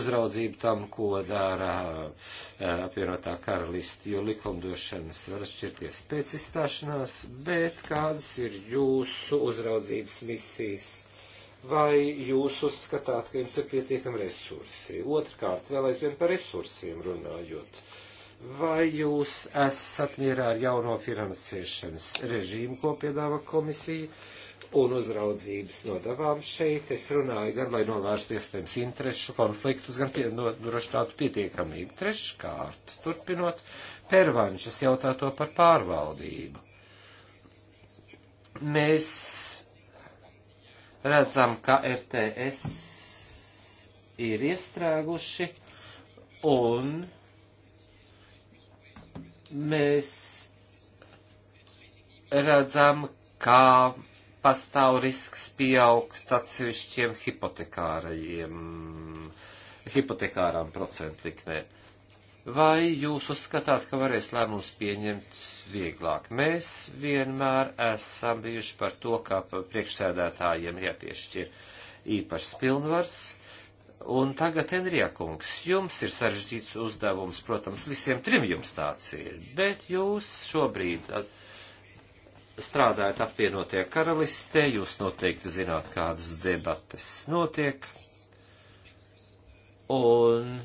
uzraudzību tam, ko dara eh, apvienotā karalisti, jo likumdošanas var šķirties pēc izstāšanās, bet kādas ir jūsu uzraudzības misijas vai jūs uzskatāt, ka jums ir pietiekami resursi? Otrkārt, vēl aizvien par resursiem runājot. Vai jūs esat mierā ar jauno finansēšanas režīmu, ko piedāva komisija? Un uzraudzības nodavām šeit es runāju gan, lai novērstu iespējams interešu konfliktus, gan pie, nodrošinātu pietiekamību. Treškārt, turpinot, pervanšas jautā to par pārvaldību. Mēs redzam, ka RTS ir iestrēguši un mēs redzam, kā pastāv risks pieaugt atsevišķiem hipotekārajiem, hipotekārām procentlikmēm. Vai jūs uzskatāt, ka varēs lēmums pieņemt vieglāk? Mēs vienmēr esam bijuši par to, ka priekšsēdētājiem ir jāpiešķir īpašs pilnvars. Un tagad, Enrija kungs, jums ir sarežģīts uzdevums, protams, visiem trim jums tāds ir, bet jūs šobrīd uh, strādājat apvienotie karalistē, jūs noteikti zināt, kādas debates notiek. Un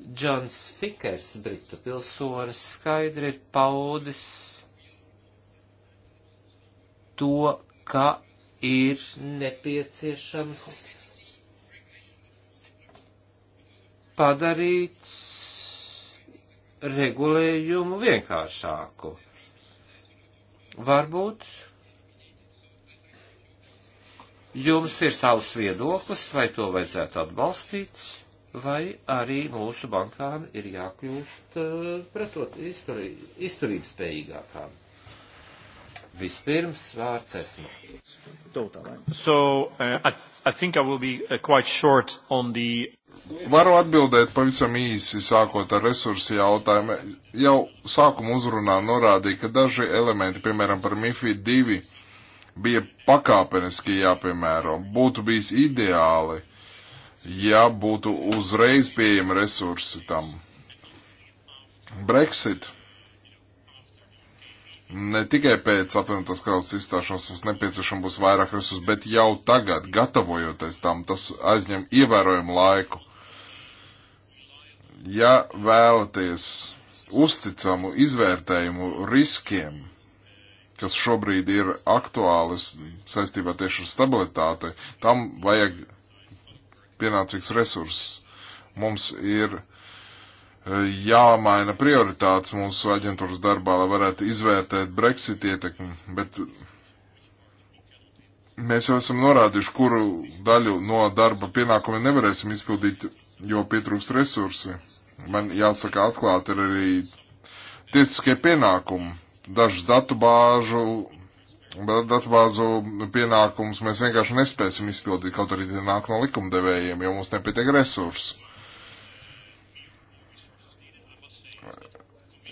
Džons Fikers, britu pilsonis, skaidri ir paudis to, ka ir nepieciešams padarīt regulējumu vienkāršāku. Varbūt jums ir savs viedoklis, vai to vajadzētu atbalstīt? vai arī mūsu bankām ir jākļūst eh, pretot izturī, izturības spējīgākām. Vispirms vārds esmu. So, uh, I, I think I will be uh, quite short on the Varu atbildēt pavisam īsi, sākot ar resursu jautājumu. Jau sākuma uzrunā norādīja, ka daži elementi, piemēram, par MIFID 2, bija pakāpeniski jāpiemēro. Būtu bijis ideāli, ja būtu uzreiz pieejami resursi tam. Brexit ne tikai pēc apvienotās karalists izstāšanās mums nepieciešama būs vairāk resursu, bet jau tagad, gatavojoties tam, tas aizņem ievērojumu laiku. Ja vēlaties uzticamu izvērtējumu riskiem, kas šobrīd ir aktuālis saistībā tieši ar stabilitāti, tam vajag pienācīgs resurss. Mums ir e, jāmaina prioritātes mūsu aģentūras darbā, lai varētu izvērtēt Brexit ietekmi, bet mēs jau esam norādījuši, kuru daļu no darba pienākumiem nevarēsim izpildīt, jo pietrūkst resursi. Man jāsaka atklāti ir arī tiesiskie pienākumi, dažas datu bāžu datubāzu pienākumus mēs vienkārši nespēsim izpildīt, kaut arī tie nāk no likumdevējiem, jo mums nepietiek resursu.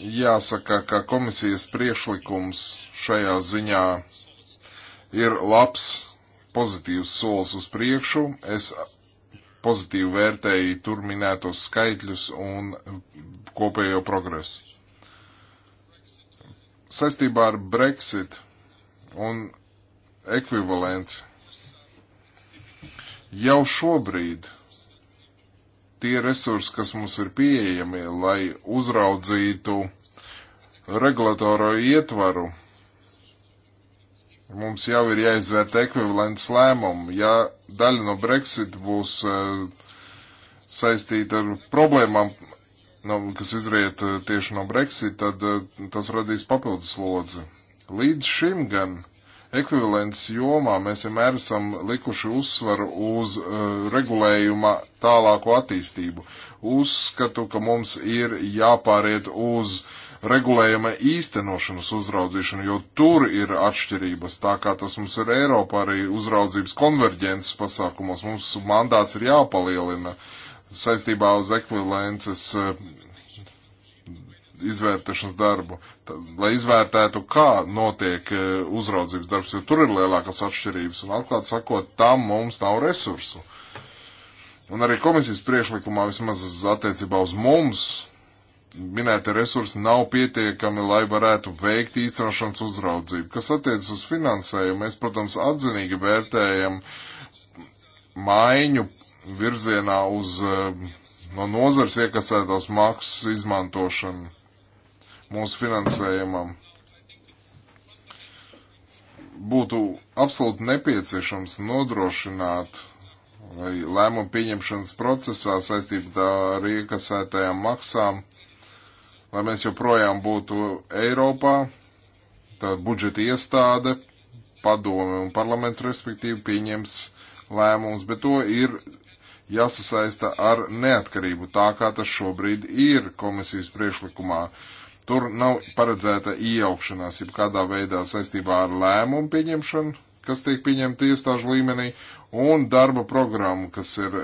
Jāsaka, ka komisijas priekšlikums šajā ziņā ir labs, pozitīvs solis uz priekšu. Es pozitīvi vērtēju tur minētos skaitļus un kopējo progresu. Saistībā ar Brexit un ekvivalents. Jau šobrīd tie resursi, kas mums ir pieejami, lai uzraudzītu regulatoro ietvaru, mums jau ir jāizvērta ekvivalents lēmumu. Ja daļa no Brexit būs uh, saistīta ar problēmām, no, kas izriet uh, tieši no Brexit, tad uh, tas radīs papildus slodzi. Līdz šim gan ekvivalents jomā mēs vienmēr esam likuši uzsvaru uz uh, regulējuma tālāko attīstību. Uzskatu, ka mums ir jāpāriet uz regulējuma īstenošanas uzraudzīšanu, jo tur ir atšķirības, tā kā tas mums ir Eiropā arī uzraudzības konverģences pasākumos. Mums mandāts ir jāpalielina saistībā uz ekvivalences uh, izvērtēšanas darbu, tā, lai izvērtētu, kā notiek e, uzraudzības darbs, jo tur ir lielākas atšķirības, un atklāt sakot, tam mums nav resursu. Un arī komisijas priekšlikumā vismaz attiecībā uz mums minēta resursi nav pietiekami, lai varētu veikt īstenošanas uzraudzību. Kas attiecas uz finansējumu, mēs, protams, atzinīgi vērtējam maiņu virzienā uz e, no nozars iekasētos maksas izmantošanu mūsu finansējumam būtu absolūti nepieciešams nodrošināt, lai lēmumu pieņemšanas procesā saistībā ar iekasētajām maksām, lai mēs joprojām būtu Eiropā, tā budžeta iestāde, padome un parlaments respektīvi pieņems lēmumus, bet to ir jāsasaista ar neatkarību, tā kā tas šobrīd ir komisijas priešlikumā. Uh, Tur nav paredzēta iejaukšanās jau kādā veidā saistībā ar lēmumu pieņemšanu, kas tiek pieņemta iestāžu līmenī, un darba programmu, kas ir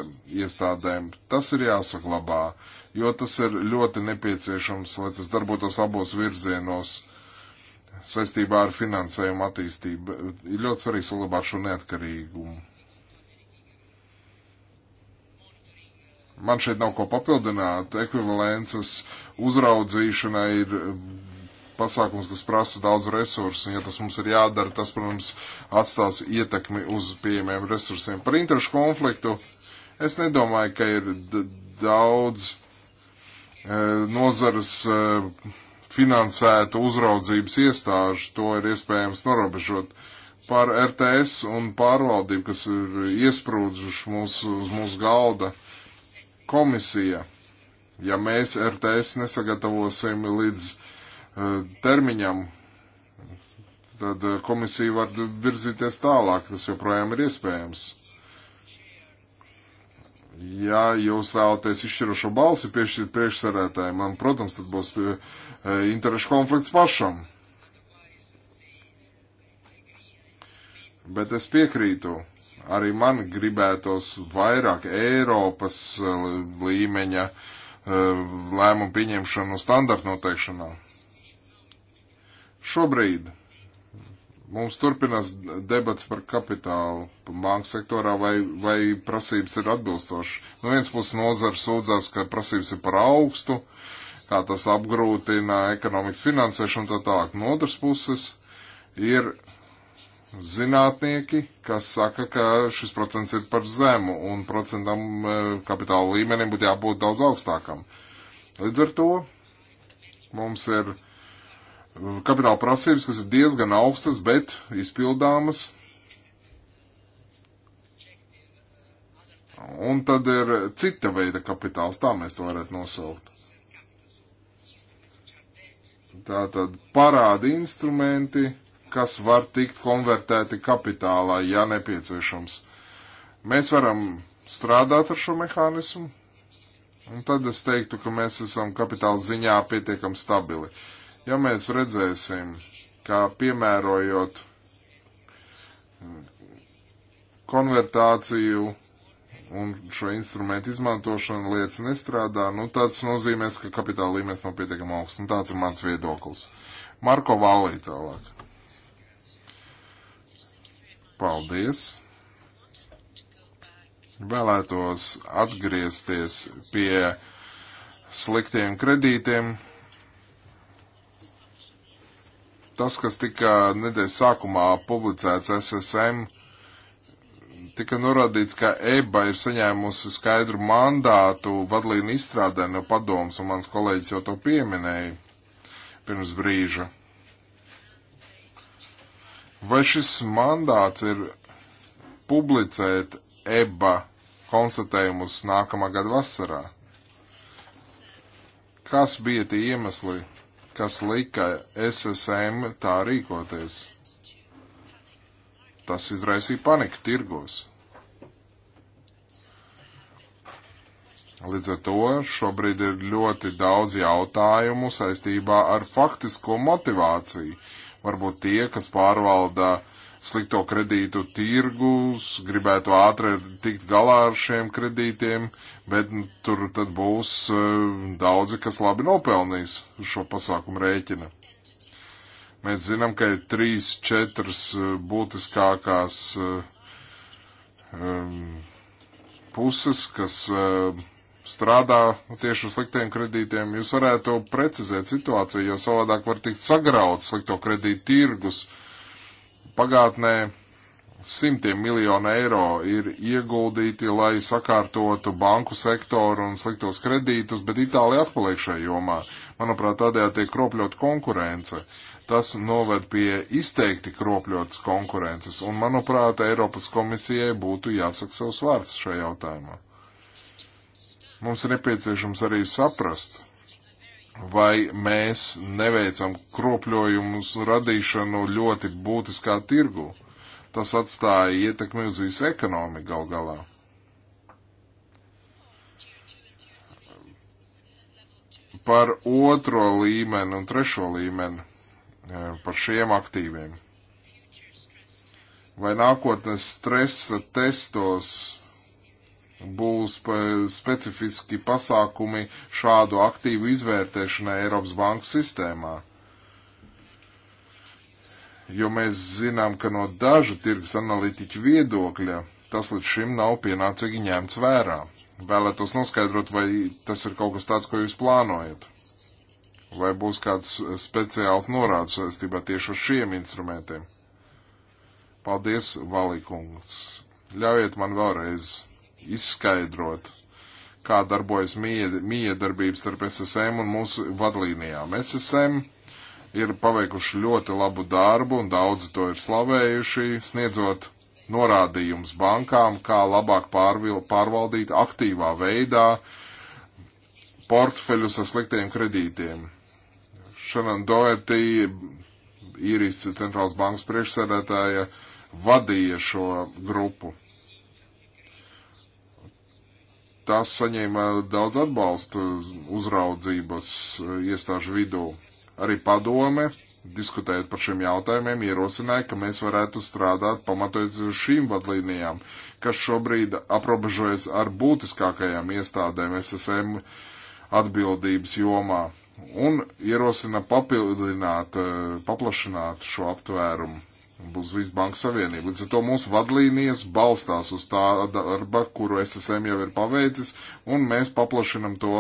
iestādēm. Tas ir jāsaglabā, jo tas ir ļoti nepieciešams, lai tas darbotos abos virzienos saistībā ar finansējumu attīstību. Ir ļoti svarīgi saglabāt šo neatkarīgumu. man šeit nav ko papildināt. Ekvivalences uzraudzīšana ir pasākums, kas prasa daudz resursu, un ja tas mums ir jādara, tas, protams, atstās ietekmi uz pieejamiem resursiem. Par interešu konfliktu es nedomāju, ka ir daudz e, nozares e, finansētu uzraudzības iestāžu, to ir iespējams norobežot. Par RTS un pārvaldību, kas ir iesprūduši mūsu, uz mūsu galda komisija, ja mēs RTS nesagatavosim līdz eh, termiņam, tad eh, komisija var virzīties tālāk, tas joprojām ir iespējams. Ja jūs vēlaties izšķirošo balsi piešķirt priekšsarētāji, man, protams, tad būs eh, interešu konflikts pašam. Bet es piekrītu arī man gribētos vairāk Eiropas eh, līmeņa eh, lēmumu pieņemšanu standartu noteikšanā. Šobrīd mums turpinās debats par kapitālu banku sektorā, vai, vai prasības ir atbilstošas. No nu, viens puses nozars sūdzās, ka prasības ir par augstu, kā tas apgrūtina ekonomikas finansēšanu tā tālāk. No otras puses ir zinātnieki, kas saka, ka šis procents ir par zemu un procentam e, kapitāla līmenim būtu jābūt daudz augstākam. Līdz ar to mums ir e, kapitāla prasības, kas ir diezgan augstas, bet izpildāmas. Un tad ir cita veida kapitāls, tā mēs to varētu nosaukt. Tātad parādi instrumenti, kas var tikt konvertēti kapitālā, ja nepieciešams. Mēs varam strādāt ar šo mehānismu, un tad es teiktu, ka mēs esam kapitāla ziņā pietiekam stabili. Ja mēs redzēsim, ka piemērojot konvertāciju un šo instrumentu izmantošana lietas nestrādā, nu tāds nozīmēs, ka kapitāla līmenis nav pietiekami augsts. Un nu, tāds ir mans viedoklis. Marko Vallī tālāk. Paldies! Vēlētos atgriezties pie sliktiem kredītiem. Tas, kas tika nedēļas sākumā publicēts SSM, tika norādīts, ka EBA ir saņēmusi skaidru mandātu vadlīnu izstrādē no padomus, un mans kolēģis jau to pieminēja pirms brīža. Vai šis mandāts ir publicēt EBA konstatējumus nākamā gada vasarā? Kas bija tie iemesli, kas lika SSM tā rīkoties? Tas izraisīja paniku tirgos. Līdz ar to šobrīd ir ļoti daudz jautājumu saistībā ar faktisko motivāciju, Varbūt tie, kas pārvalda slikto kredītu tirgus, gribētu ātri tikt galā ar šiem kredītiem, bet nu, tur tad būs e, daudzi, kas labi nopelnīs šo pasākumu rēķina. Mēs zinām, ka ir trīs, četras e, būtiskākās um, puses, kas uh, strādā tieši uz sliktiem kredītiem, jūs varētu precizēt situāciju, jo savādāk var tikt sagrauts slikto kredītu tirgus. Pagātnē simtiem miljonu eiro ir ieguldīti, lai sakārtotu banku sektoru un sliktos kredītus, bet Itālija atpaliek šajā jomā. Manuprāt, tādējā tiek kropļot konkurence. Tas noved pie izteikti kropļotas konkurences, un, manuprāt, Eiropas komisijai būtu jāsaka savs vārds šajā jautājumā. Mums ir nepieciešams arī saprast, vai mēs neveicam kropļojumus radīšanu ļoti būtiskā tirgu. Tas atstāja ietekmi uz visu ekonomiku gal galā. Par otro līmeni un trešo līmeni, e, par šiem aktīviem vai nākotnes stresa testos būs specifiski pasākumi šādu aktīvu izvērtēšanai Eiropas banku sistēmā. Jo mēs zinām, ka no dažu tirgus analītiķu viedokļa tas līdz šim nav pienācīgi ņemts vērā. Vēlētos noskaidrot, vai tas ir kaut kas tāds, ko jūs plānojat. Vai būs kāds speciāls norādes saistībā tieši ar šiem instrumentiem. Paldies, Valikungs. Ļaujiet man vēlreiz izskaidrot, kā darbojas miedarbības starp SSM un mūsu vadlīnijām. SSM ir paveikuši ļoti labu darbu un daudzi to ir slavējuši, sniedzot norādījums bankām, kā labāk pārvil, pārvaldīt aktīvā veidā portfeļu sa sliktiem kredītiem. Šanan Doeti, īrijas centrālas bankas priekšsēdētāja, vadīja šo grupu tas saņēma daudz atbalsta uzraudzības e, iestāžu vidū. Arī padome, diskutējot par šiem jautājumiem, ierosināja, ka mēs varētu strādāt pamatojot uz šīm vadlīnijām, kas šobrīd aprobežojas ar būtiskākajām iestādēm SSM atbildības jomā un ierosina papildināt, e, paplašināt šo aptvērumu būs viss Banka Savienība. Līdz ar to mūsu vadlīnijas balstās uz tā darba, kuru SSM jau ir paveicis, un mēs paplašinam to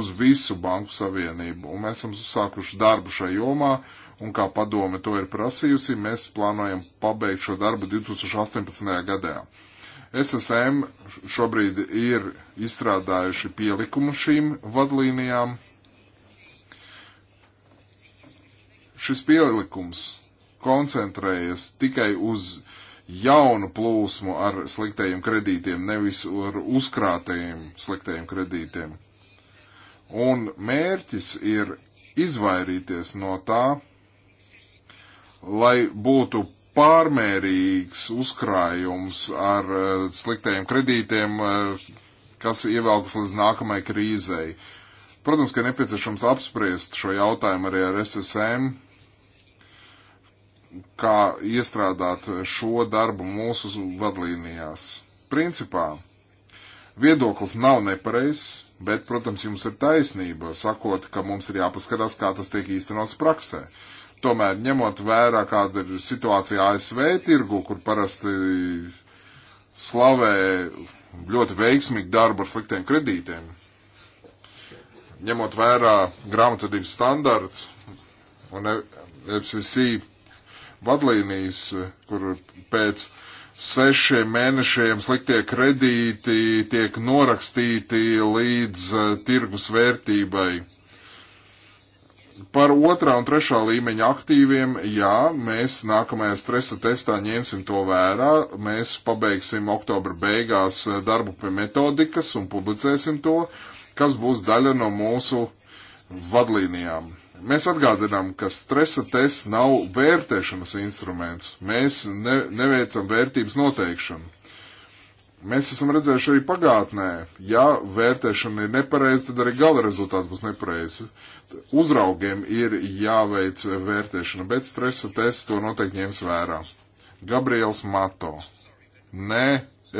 uz visu Banku Savienību. Un mēs esam uzsākuši darbu šajā jomā, un kā padome to ir prasījusi, mēs plānojam pabeigt šo darbu 2018. gadā. SSM šobrīd ir izstrādājuši pielikumu šīm vadlīnijām. Šis pielikums koncentrējas tikai uz jaunu plūsmu ar sliktajiem kredītiem, nevis ar uzkrātajiem sliktajiem kredītiem. Un mērķis ir izvairīties no tā, lai būtu pārmērīgs uzkrājums ar eh, sliktajiem kredītiem, eh, kas ievelkas līdz nākamajai krīzei. Protams, ka nepieciešams apspriest šo jautājumu arī ar SSM, kā iestrādāt šo darbu mūsu vadlīnijās. Principā viedoklis nav nepareizs, bet, protams, jums ir taisnība, sakot, ka mums ir jāpaskatās, kā tas tiek īstenots praksē. Tomēr, ņemot vērā, kāda ir situācija ASV tirgu, kur parasti slavē ļoti veiksmīgu darbu ar sliktiem kredītiem, ņemot vērā grāmatvedības standarts un e FCC vadlīnijas, eh, kur pēc sešiem mēnešiem sliktie kredīti tiek norakstīti līdz eh, tirgus vērtībai. Par otrā un trešā līmeņa aktīviem, jā, mēs nākamajā stresa testā ņemsim to vērā. Mēs pabeigsim oktobra beigās eh, darbu pie metodikas un publicēsim to, kas būs daļa no mūsu vadlīnijām. Mēs atgādinām, ka stresa tests nav vērtēšanas instruments. Mēs ne, neveicam vērtības noteikšanu. Mēs esam redzējuši arī pagātnē, ja vērtēšana ir nepareiza, tad arī gala rezultāts būs nepareizs. Uzraugiem ir jāveic vērtēšana, bet stresa tests to noteikti ņems vērā. Gabriels Mato. Nē,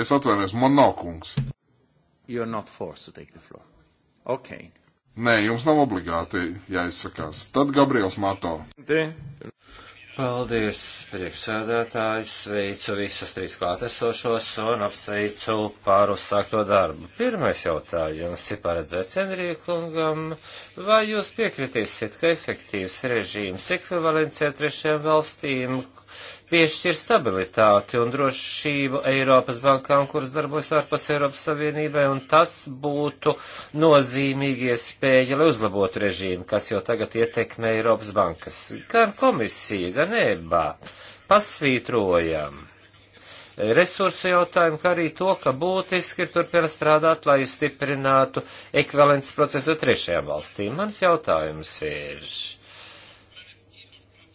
es atvainojos, man nav kungs. You're not forced to take the floor. Okay. Nē, jums nav obligāti jāizsakās. Tad Gabriels Mato. Paldies, priekšsēdētājs. Sveicu visus trīs klātesošos un apsveicu par uzsākto darbu. Pirmais jautājums ir paredzēts Enriekungam. Vai jūs piekritīsiet, ka efektīvs režīms ekvivalencē trešajām valstīm, piešķir stabilitāti un drošību Eiropas bankām, kuras darbojas ārpus Eiropas Savienībai, un tas būtu nozīmīgi iespēja, lai uzlabotu režīmu, kas jau tagad ietekmē Eiropas bankas. Gan komisija, gan EBA pasvītrojam resursu jautājumu, kā arī to, ka būtiski ir turpina strādāt, lai stiprinātu ekvivalents procesu trešajām valstīm. Mans jautājums ir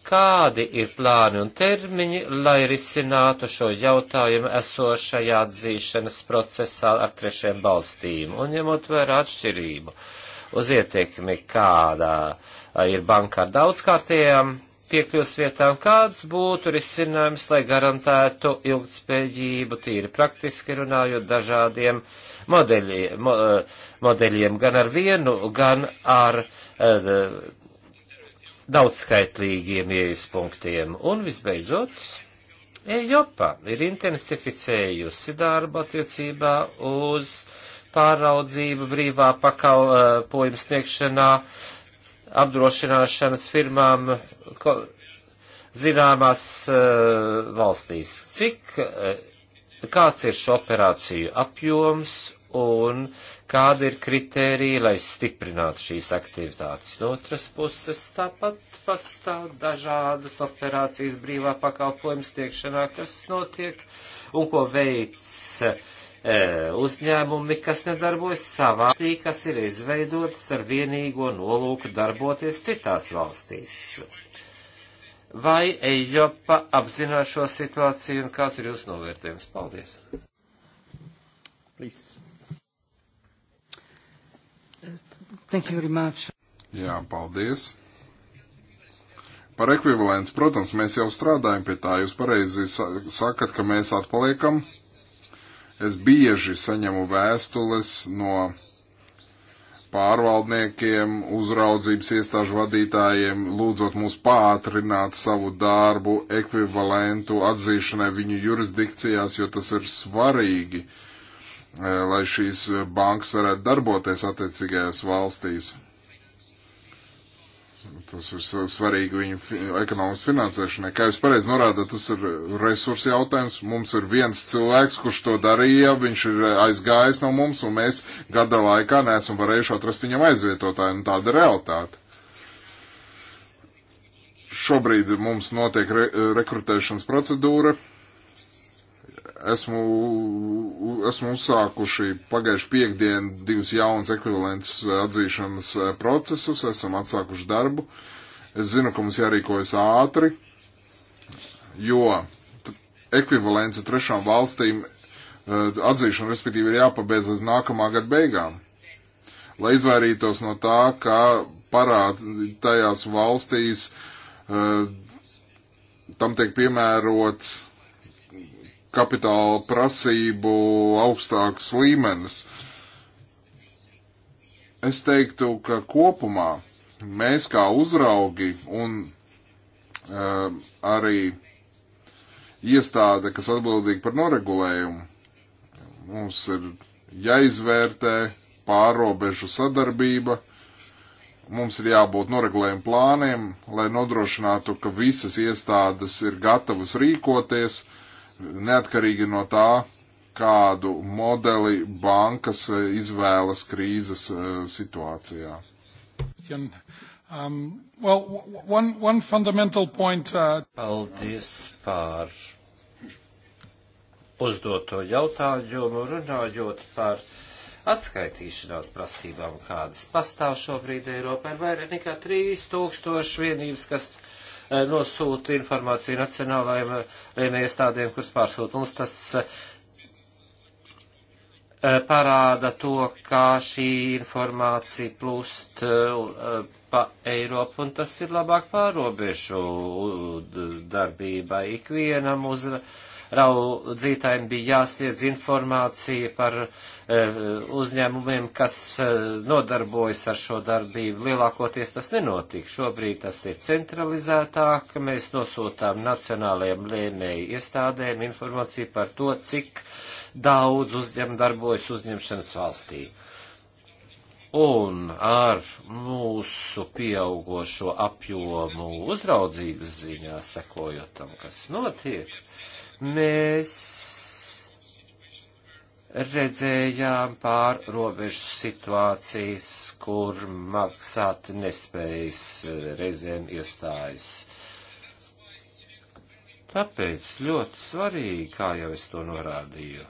kādi ir plāni un termiņi, lai risinātu šo jautājumu esošajā atzīšanas procesā ar trešiem balstīm un ņemot vērā atšķirību uz ietekmi, kādā ir banka ar daudzkārtējām piekļuvas vietām, kāds būtu risinājums, lai garantētu ilgtspējību, tīri praktiski runājot dažādiem modeļiem, modeļiem gan ar vienu, gan ar. Uh, daudzskaitlīgiem ieejas punktiem. Un visbeidzot, Eiropa ir intensificējusi darbu attiecībā uz pāraudzību brīvā pakalpojuma sniegšanā apdrošināšanas firmām ko, zināmās uh, valstīs. Cik, uh, kāds ir šo operāciju apjoms un kāda ir kritērija, lai stiprinātu šīs aktivitātes. No otras puses, tāpat pastāv dažādas operācijas brīvā pakalpojuma sniegšanā, kas notiek un ko veic e, uzņēmumi, kas nedarbojas savā valstī, kas ir izveidotas ar vienīgo nolūku darboties citās valstīs. Vai Eiropa apzinās šo situāciju un kāds ir jūsu novērtējums? Paldies! Please. Thank you very much. Jā, paldies. Par ekvivalents, protams, mēs jau strādājam pie tā. Jūs pareizi sakat, ka mēs atpaliekam. Es bieži saņemu vēstules no pārvaldniekiem, uzraudzības iestāžu vadītājiem, lūdzot mūs pātrināt savu darbu ekvivalentu atzīšanai viņu jurisdikcijās, jo tas ir svarīgi. Uh, Eh, lai šīs eh, bankas varētu darboties attiecīgajās valstīs. Tas ir svarīgi viņu ekonomiskai finansēšanai. Kā jūs pareizi norādāt, tas ir resursu jautājums. Mums ir viens cilvēks, kurš to darīja, viņš ir eh, aizgājis no mums, un mēs gada laikā neesam varējuši atrast viņam aizvietotāju, un tāda ir realitāte. Šobrīd mums notiek re rekrutēšanas procedūra esmu, esmu uzsākuši pagājuši piekdienu divus jaunus ekvivalents atzīšanas eh, procesus, esam atsākuši darbu. Es zinu, ka mums jārīkojas ātri, jo ekvivalence trešām valstīm eh, atzīšana, respektīvi, ir jāpabeidz līdz nākamā gada beigām. Lai izvairītos no tā, ka parādi tajās valstīs eh, tam tiek piemērots kapitāla prasību augstāks līmenis. Es teiktu, ka kopumā mēs kā uzraugi un uh, arī iestāde, kas atbildīga par noregulējumu, mums ir jāizvērtē pārobežu sadarbība, mums ir jābūt noregulējumu plāniem, lai nodrošinātu, ka visas iestādes ir gatavas rīkoties, uh, neatkarīgi no tā, kādu modeli bankas e, izvēlas krīzes e, situācijā. Um, well, one, one fundamental point. Uh... Paldies par uzdoto jautājumu, runājot par atskaitīšanās prasībām, kādas pastāv šobrīd Eiropā, ir vairāk nekā 3000 vienības, kas Eh, nosūta informāciju nacionālajiem eh, iestādēm, kuras pārsūta mums. Tas eh, parāda to, kā šī informācija plūst pa Eiropu, un tas ir labāk pārobežu darbībai ikvienam uzra raudzītājiem bija jāsniedz informācija par e, uzņēmumiem, kas e, nodarbojas ar šo darbību. Lielākoties tas nenotiek. Šobrīd tas ir centralizētāk. Mēs nosūtām nacionālajiem lēmēju iestādēm informāciju par to, cik daudz uzņēmumu darbojas uzņemšanas valstī. Un ar mūsu pieaugošo apjomu uzraudzības ziņā sekojot tam, kas notiek, uh, mēs redzējām pār robežu situācijas, kur maksāt nespējas reizēm iestājas. Tāpēc ļoti svarīgi, kā jau es to norādīju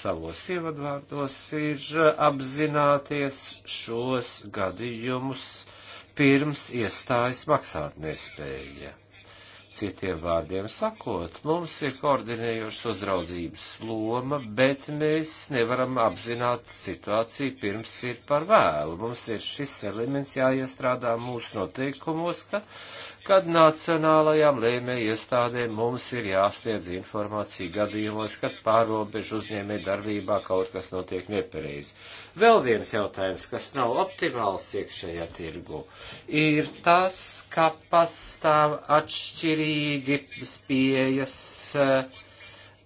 savos ievadvārdos, ir apzināties šos gadījumus pirms iestājas maksāt nespēja. Citiem vārdiem sakot, mums ir koordinējošas uzraudzības loma, bet mēs nevaram apzināt situāciju pirms ir par vēlu. Mums ir šis elements jāiestrādā mūsu noteikumos, ka kad nacionālajām lēmēju iestādēm mums ir jāsniedz informācija gadījumos, kad pārobežu uzņēmē darbībā kaut kas notiek nepareizi. Vēl viens jautājums, kas nav optimāls iekšējā tirgu, ir tas, ka pastāv atšķirīgi spējas eh,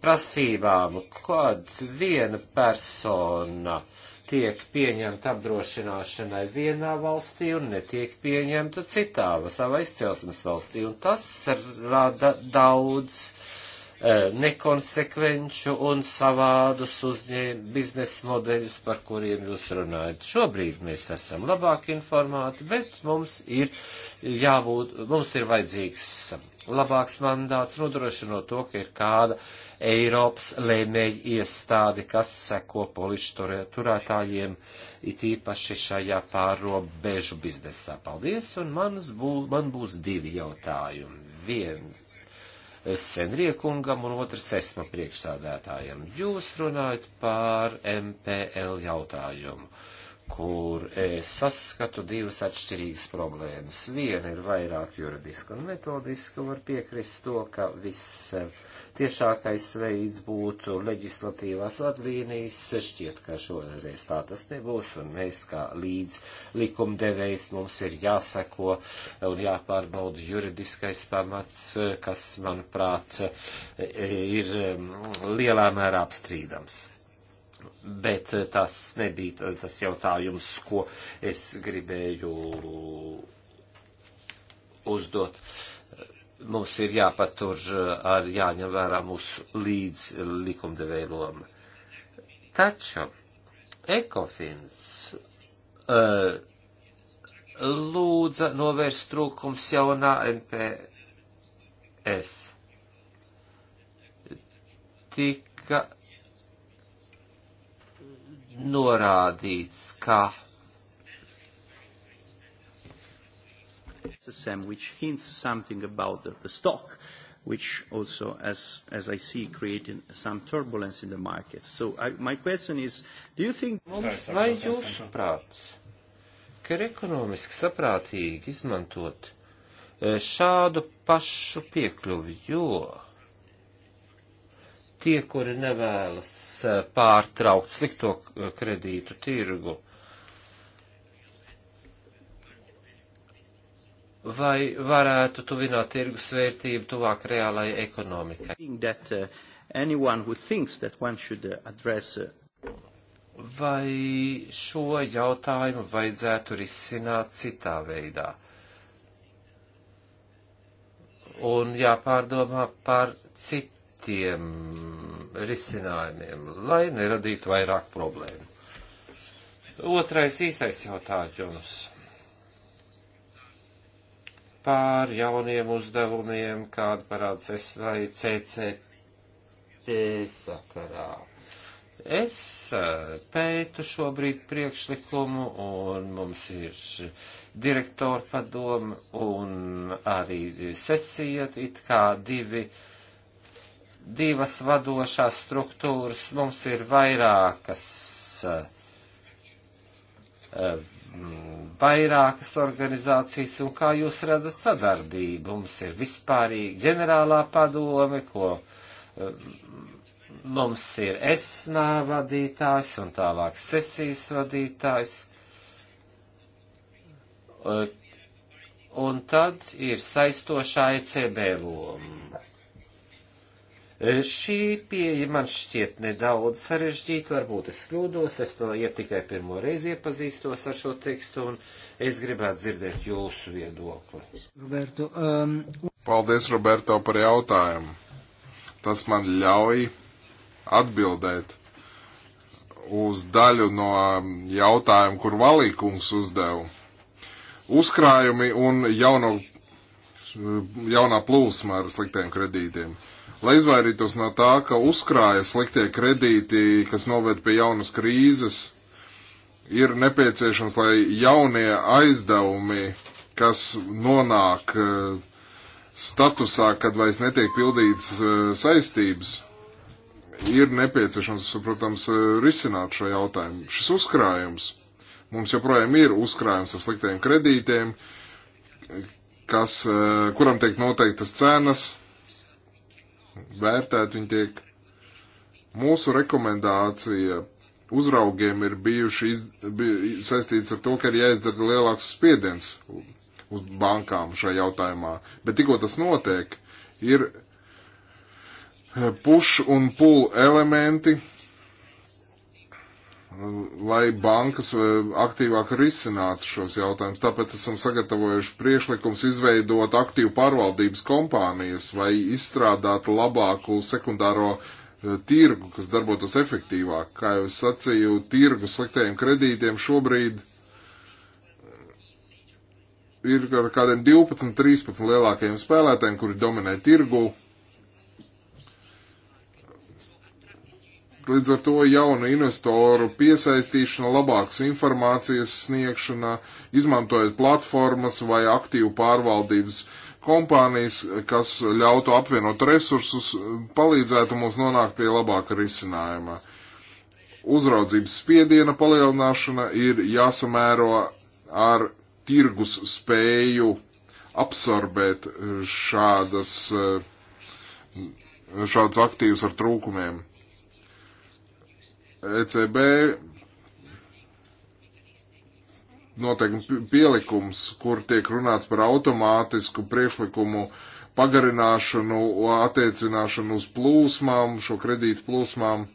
prasībām, kad viena persona uh, tiek pieņemta apdrošināšanai vienā valstī un netiek pieņemta citā savā izcelsmes valstī, un tas rada daudz uh, nekonsekvenču un savādus uzņēm biznesa modeļus, par kuriem jūs runājat. Šobrīd mēs esam labāk informāti, bet mums ir jābūt, mums ir vajadzīgs labāks mandāts, nodrošinot to, ka ir kāda Eiropas lēmēji iestādi, kas seko polišturētājiem, it īpaši šajā pārobežu biznesā. Paldies, un manas bū, man būs divi jautājumi. Viens Senriekungam un otrs esma priekšsādētājiem. Jūs runājat pār MPL jautājumu. Uh, kur es saskatu divas atšķirīgas problēmas. Viena ir vairāk juridiska un metodiska, var piekrist to, ka viss eh, tiešākais veids būtu leģislatīvās vadlīnijas, šķiet, ka šoreiz tā tas nebūs, un mēs kā līdz likumdevējs mums ir jāseko un jāpārbauda juridiskais pamats, eh, kas, manuprāt, eh, ir mm, lielā mērā apstrīdams bet eh, tas nebija tas jautājums, ko es gribēju uzdot. Mums ir jāpatur eh, ar jāņem vērā mūsu līdz likumdevēja loma. Taču Ekofins uh, lūdza novērst trūkums jaunā NPS. Tika norādīts, ka SSM, which hints something about the, the stock, which also, as, as I see, creating some turbulence in the markets. So I, my question is, do you think... Mums vai jūs prāts, ka ir ekonomiski saprātīgi izmantot eh, šādu pašu piekļuvi, jo tie, kuri nevēlas eh, pārtraukt slikto eh, kredītu tirgu. Vai varētu tuvināt tirgus vērtību tuvāk reālajai ekonomikai? That, uh, uh, uh, vai šo jautājumu vajadzētu risināt citā veidā? Un jāpārdomā par citu citiem risinājumiem, lai neradītu vairāk problēmu. Otrais īsais jautājums pār jauniem uzdevumiem, kāda parāds es vai CCP sakarā. Es eh, pētu šobrīd priekšlikumu, un mums ir direktora padoma, un arī sesija, it kā divi uh, divas vadošās struktūras, mums ir vairākas, eh, vairākas organizācijas, un kā jūs redzat sadarbību, mums ir vispārīgi ģenerālā padome, ko eh, mums ir esnā vadītājs un tālāk sesijas vadītājs. Eh, un tad ir saistošā ECB loma Šī pieeja man šķiet nedaudz sarežģīta, varbūt es kļūdos, es to ir tikai pirmo reizi iepazīstos ar šo tekstu, un es gribētu dzirdēt jūsu viedokli. Roberto, um... Paldies, Roberto, par jautājumu. Tas man ļauj atbildēt uz daļu no jautājumu, kur Valīkungs uzdeva. Uzkrājumi un jauno, jaunā plūsma ar sliktiem kredītiem. Uh, Lai izvairītos no tā, ka uzkrājas sliktie kredīti, kas noved pie jaunas krīzes, ir nepieciešams, lai jaunie aizdevumi, kas nonāk eh, statusā, kad vairs netiek pildītas eh, saistības, ir nepieciešams, protams, eh, risināt šo jautājumu. Šis uzkrājums mums joprojām ir uzkrājums ar sliktiem kredītiem, kas, kuram tiek noteiktas cenas, vērtēti, viņi tiek. Mūsu rekomendācija uzraugiem ir bijuši iz, bij, saistīts ar to, ka ir jāizdara lielāks spiediens uz bankām šajā jautājumā. Bet tikko tas notiek, ir puš un pull elementi, lai bankas e, aktīvāk risinātu šos jautājumus. Tāpēc esam sagatavojuši priešlikums izveidot aktīvu pārvaldības kompānijas vai izstrādāt labāku sekundāro e, tirgu, kas darbotos efektīvāk. Kā jau es sacīju, tirgu sliktajiem kredītiem šobrīd ir ar kādiem 12, 13 lielākajiem spēlētājiem, kuri dominē tirgu Līdz ar to jaunu investoru piesaistīšana, labāks informācijas sniegšana, izmantojot platformas vai aktīvu pārvaldības kompānijas, kas ļautu apvienot resursus, palīdzētu mums nonākt pie labāka risinājuma. Uzraudzības spiediena palielināšana ir jāsamēro ar tirgus spēju absorbēt šādas, šādas aktīvas ar trūkumiem. ECB noteikti pielikums, kur tiek runāts par automātisku priekšlikumu pagarināšanu, attiecināšanu uz plūsmām, šo kredītu plūsmām.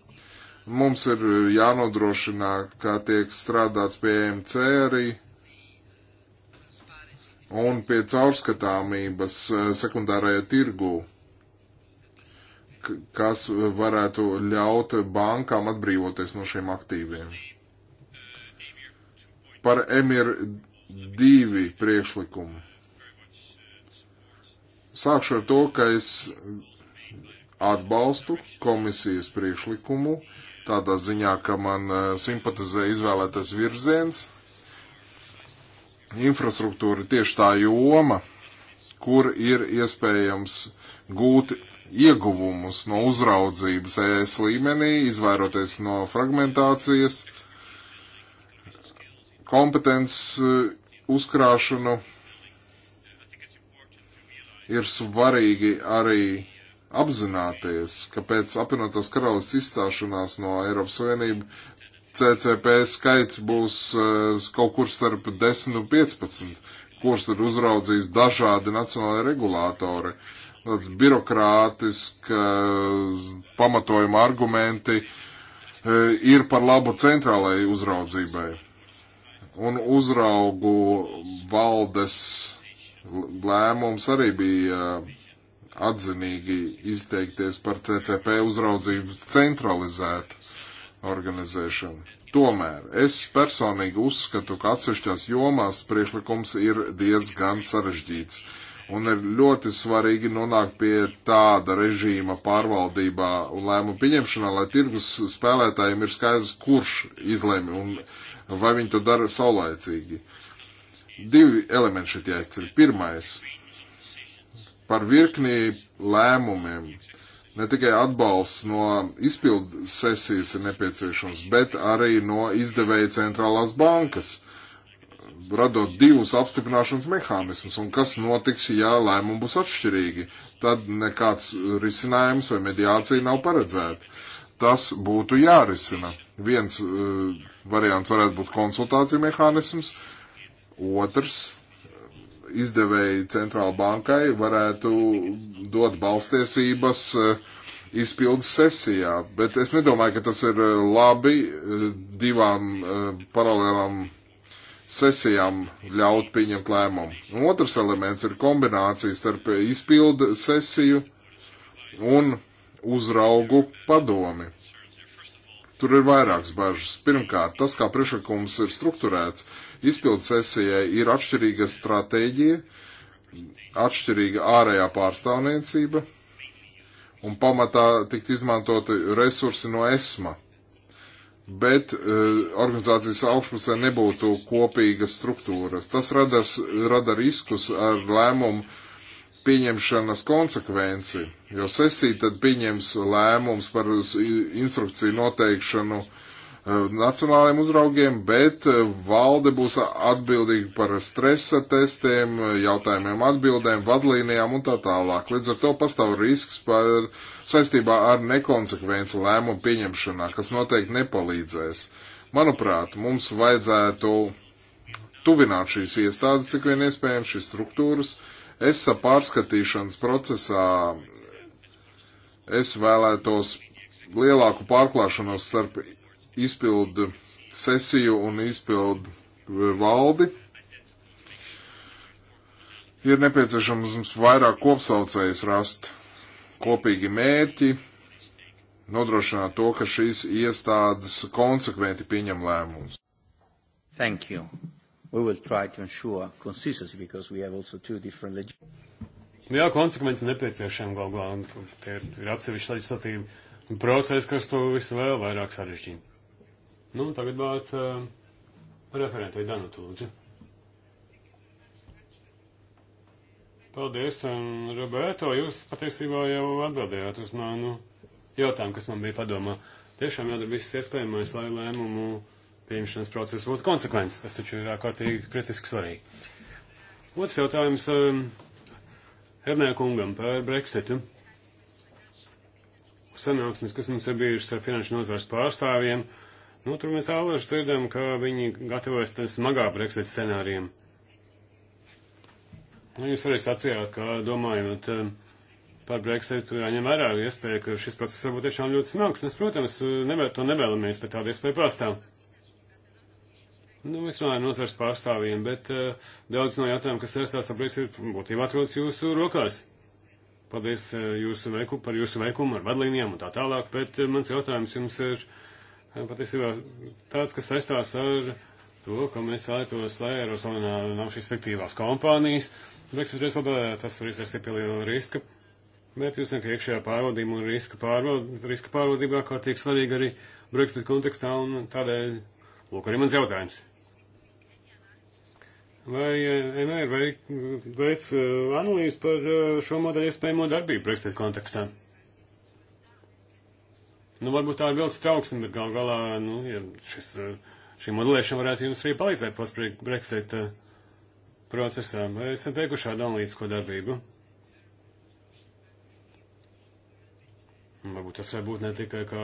Mums ir jānodrošinā, kā tiek strādāts pie EMC arī un pie caurskatāmības eh, sekundārajā tirgū kas varētu ļaut bankām atbrīvoties no šiem aktīviem. Par Emir divi priekšlikumu. Sākšu ar to, ka es atbalstu komisijas priekšlikumu tādā ziņā, ka man e, simpatizē izvēlētais virziens. Infrastruktūra ir tieši tā joma, kur ir iespējams gūt ieguvumus no uzraudzības ES līmenī, izvairoties no fragmentācijas, kompetences e, uzkrāšanu. Ir svarīgi arī apzināties, ka pēc apvienotās karalists izstāšanās no Eiropas Savienība CCP skaits būs e, kaut kur starp 10 un 15, kurus tad uzraudzīs dažādi nacionālai regulātori. Uh, tāds birokrātisks pamatojuma argumenti e, ir par labu centrālajai uzraudzībai. Un uzraugu valdes lēmums arī bija atzinīgi izteikties par CCP uzraudzību centralizētu organizēšanu. Tomēr es personīgi uzskatu, ka atsevišķās jomās priešlikums ir diezgan sarežģīts. Uh, Un ir ļoti svarīgi nonākt pie tāda režīma pārvaldībā un lēmumu pieņemšanā, lai tirgus spēlētājiem ir skaidrs, kurš izlēma un vai viņi to dara saulaicīgi. Divi elementi šeit jāizceļ. Pirmais - par virkni lēmumiem. Ne tikai atbalsts no izpildu sesijas ir nepieciešams, bet arī no izdevēja centrālās bankas radot divus apstiprināšanas mehānismus, un kas notiks, ja lēmumi būs atšķirīgi. Tad nekāds risinājums vai mediācija nav paredzēta. Tas būtu jārisina. Viens uh, variants varētu būt konsultācija mehānisms, otrs eh, izdevēji centrāla bankai varētu dot balstiesības eh, izpildes sesijā, bet es nedomāju, ka tas ir labi divām paralēlām sesijām ļaut pieņemt lēmumu. Un otrs elements ir kombinācija starp izpildu sesiju un uzraugu padomi. Tur ir vairākas bažas. Pirmkārt, tas, kā priekšlikums ir strukturēts, izpildu sesijai ir atšķirīga stratēģija, atšķirīga ārējā pārstāvniecība un pamatā tikt izmantoti resursi no ESMA bet uh, organizācijas augšpusē nebūtu kopīgas struktūras. Tas rada, rada riskus ar lēmumu pieņemšanas konsekvenci, jo sesija tad pieņems lēmums par instrukciju noteikšanu uh, Eh, nacionālajiem uzraugiem, bet eh, valde būs atbildīga par stresa testiem, eh, jautājumiem, atbildēm, vadlīnijām un tā tālāk. Līdz ar to pastāv risks par saistībā ar nekonsekvenci lēmumu pieņemšanā, kas noteikti nepalīdzēs. Manuprāt, mums vajadzētu tuvināt šīs iestādes, cik vien iespējams, šīs struktūras. ESA pārskatīšanas procesā es vēlētos lielāku pārklāšanos starp izpildu sesiju un izpildu e, valdi. Ir nepieciešams mums vairāk kopsaucējus rast, kopīgi mērķi, nodrošināt to, ka šīs iestādes konsekventi pieņem lēmumus. Thank you. We will try to ensure consistency because we have also two different Nu jā, konsekvences nepieciešama galvā, un nu, tie ir, ir atsevišķi leģislatīvi procesi, kas to visu vēl vairāk sarežģīja. Nu, tagad vārds uh, eh, referentai Danutu Lūdzu. Paldies, um, Roberto, jūs patiesībā jau atbildējāt uz manu jautājumu, kas man bija padomā. Tiešām jādara viss iespējamais, lai lēmumu pieņemšanas process būtu konsekvents. Tas taču ir ārkārtīgi kritiski svarīgi. Otrs jautājums um, Hernē kungam par Brexitu sanāksmes, kas mums ir bijušas ar finanšu nozares pārstāvjiem, uh, Nu, tur mēs ālaši dzirdam, ka viņi gatavojas smagā Brexit scenārijam. Nu, jūs arī sacījāt, ka domājot eh, par Brexitu, jāņem vērā iespēja, ka šis process varbūt tiešām ļoti smags. Mēs, protams, nevēl, to nevēlamies, bet tāda iespēja pastāv. Nu, es runāju nozars pārstāvjiem, bet uh, daudz no jautājumiem, kas saistās ar Brexit, būtībā atrodas jūsu rokās. Paldies uh, jūsu veiku, par jūsu veikumu ar vadlīnijām un tā tālāk, bet uh, mans jautājums jums ir. Uh, patiesībā tāds, kas saistās ar to, ka mēs vēlētos, lai Eirozonā nav šīs fiktīvās kompānijas. Brexit rezultātā tas var izvērst pie liela riska, bet jūs zināt, ka iekšējā pārvaldība un riska, pārvald, riska pārvaldība ārkārtīgi svarīga arī Brexit kontekstā, un tādēļ, lūk, arī mans jautājums. Vai eh, MR veic eh, analīzi par eh, šo modeļu iespējamo darbību Brexit kontekstā? Nu, varbūt tā ir viltus trauksme, bet gal galā, nu, ja šis, eh, šī modelēšana varētu jums arī palīdzēt post-Brexit eh, procesā. Esam veikuši šādu analītisko darbību. Varbūt tas var būt ne tikai kā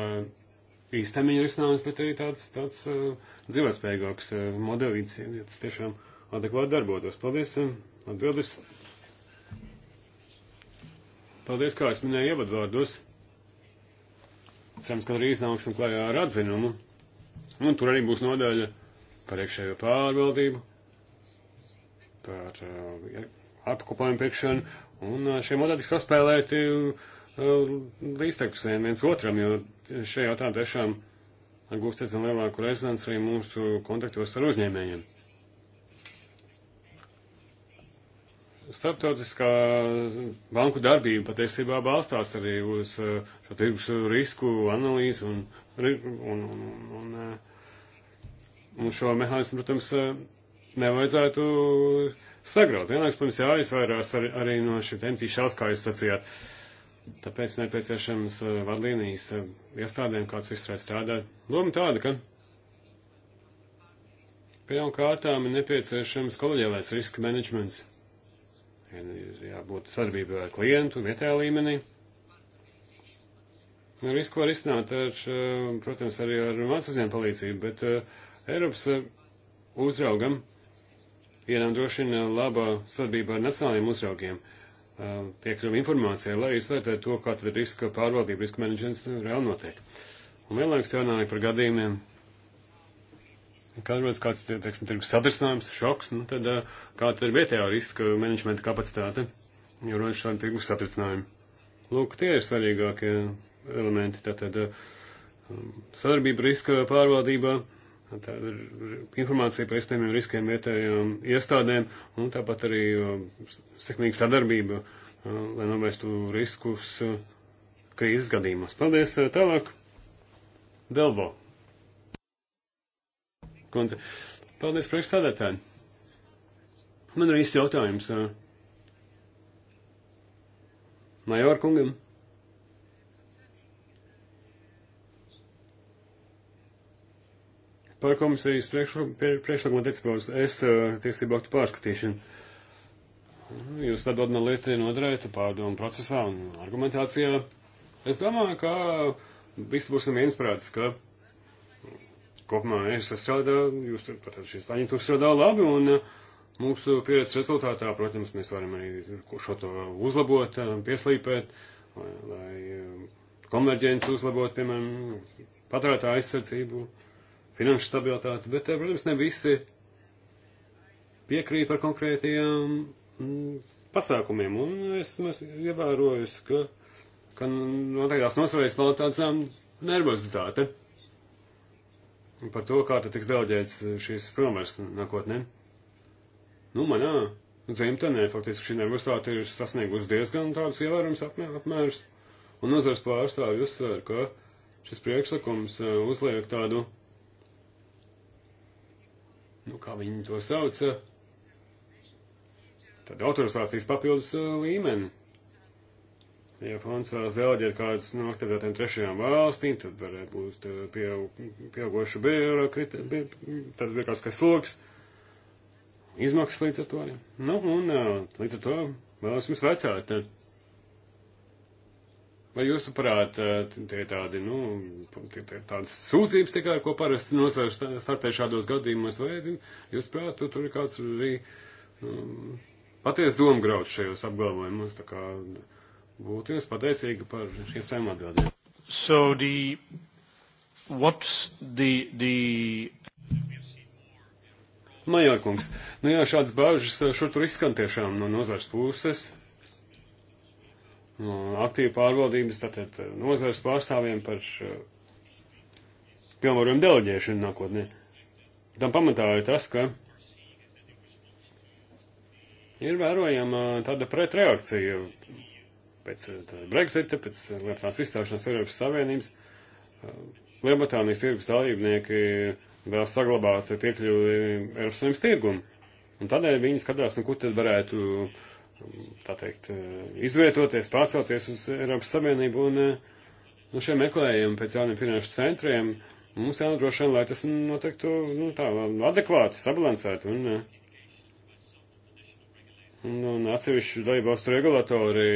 īstermiņa risinājums, bet arī tāds, tāds uh, dzīvotspējīgāks uh, modelīts, ja tas tiešām adekvāti darbotos. Paldies, uh, atbildes. Paldies, kā es minēju ievadvārdos. Cerams, ka arī iznāksim klajā ar atzinumu. Un tur arī būs nodaļa par iekšējo pārvaldību, par uh, apkopojumu pirkšanu. Un uh, šie modeļi tiks paspēlēti uh, līdztekus viens otram, jo šajā tā tiešām gūst aizvien lielāku rezonanci arī mūsu kontaktos ar uzņēmējiem. Starptautiskā banku darbība patiesībā balstās arī uz eh, šo tirgus risku analīzi un, un, un, un, un eh, šo mehānismu, protams, eh, nevajadzētu sagraut. Vienlaiks, protams, jāizvairās arī, arī no šiem temtīšās, kā jūs sacījāt. Tāpēc nepieciešams vadlīnijas iestādēm, kāds vispār strādā. Doma tāda, ka pirmkārtām ir nepieciešams kolēģiālais riska menedžments ir jābūt sadarbībai ar klientu vietējā līmenī. Nu, risku var izsnākt ar, eh, protams, arī ar mācu uzņēmumu palīdzību, bet uh, Eiropas eh, uzraugam ienākdrošina laba sadarbība ar nacionālajiem uzraugiem uh, piekļuvi informācijai, lai izvērtētu to, kā tad riska pārvaldība, riska menedžens reāli notiek. Un vienlaikus jārunā arī par gadījumiem, Kad rodas kāds, teiksim, tirgus satrisinājums, šoks, nu, tad kā tad ir vietējā riska menedžmenta kapacitāte, jo rodas šādi tirgus satricinājumi. Lūk, tie ir svarīgākie elementi, tātad sadarbība riska pārvaldībā, tātad informācija par iespējamiem riskiem vietējām iestādēm, un tāpat arī sekmīga sadarbība, lai novērstu riskus krīzes gadījumos. Paldies, tālāk! Delvo! kundze. Paldies, priekšstādētāji. Man ir īsts jautājums. Major kungam. Par komisijas priekšlikumu attiecībos es tiesību aktu pārskatīšanu. Jūs tad man lieti nodarētu pārdomu procesā un argumentācijā. Es domāju, ka visi būsim viensprāts, ka Kopumā es strādāju, jūs turpat šīs aģentūras strādā labi, un uh, mūsu pieredzes rezultātā, protams, mēs varam arī šo to uzlabot, uh, pieslīpēt, lai, lai uh, konverģenci uzlabot, piemēram, patērētā aizsardzību, finanšu stabilitāti, bet, protams, ne visi piekrīt par konkrētajām mm, pasākumiem, un es, es ievēroju, ka, ka noteiktās nosvarēs vēl tāds um, nervozitāte par to, kā tad tiks delģēts šīs pilnvars nākotnē. Nu, manā dzimtenē faktiski šī universitāte ir sasniegusi diezgan tādus ievērums apmērus, un nozars pārstāvju uzsver, ka šis priekšlikums eh, uzliek tādu, nu, kā viņi to sauca, eh, tādu autorizācijas papildus eh, līmeni Ja fonds vēlas dēļģēt kādas no aktivitātēm trešajām valstīm, tad varētu būt eh, pieaug, pieaugoša birokrita, bi, tad birokrātiskais sloks, izmaksas līdz ar to arī. Nu, un eh, līdz ar to vēlas jums vecāt. Eh, vai jūs saprāt, tie tādi, nu, tie, tie tādas sūdzības tikai, ko parasti nosvērš startē šādos gadījumos, vai jūs prāt, tu, tur ir kāds arī nu, um, patiesi domgrauds šajos apgalvojumos, tā kā. Nu, būtu jums pateicīga par šiem spējām atbildēm. So the, what's the, the... Majorkungs, nu jā, šāds bāžas šur tur izskan tiešām no nozars puses. No aktīva pārvaldības, tātad eh, nozars pārstāvjiem par eh, pilnvarojumu deleģēšanu nākotnē. Tam pamatā ir tas, ka ir vērojama eh, tāda pretreakcija pēc eh, Brexita, pēc eh, Lietuvas izstāšanās Eiropas Savienības, eh, Lielbritānijas tirgus dalībnieki vēl saglabāt piekļuvi Eiropas Savienības tirgumu. Un tādēļ viņi skatās, nu, kur tad varētu, tā teikt, izvietoties, pārcelties uz Eiropas Savienību. Un, nu, šiem meklējumiem pēc jauniem finanšu centriem mums jānodrošina, lai tas notiktu, nu, tā, adekvāti, sabalansēti. Un, un, un atsevišķu dalībvalstu regulatori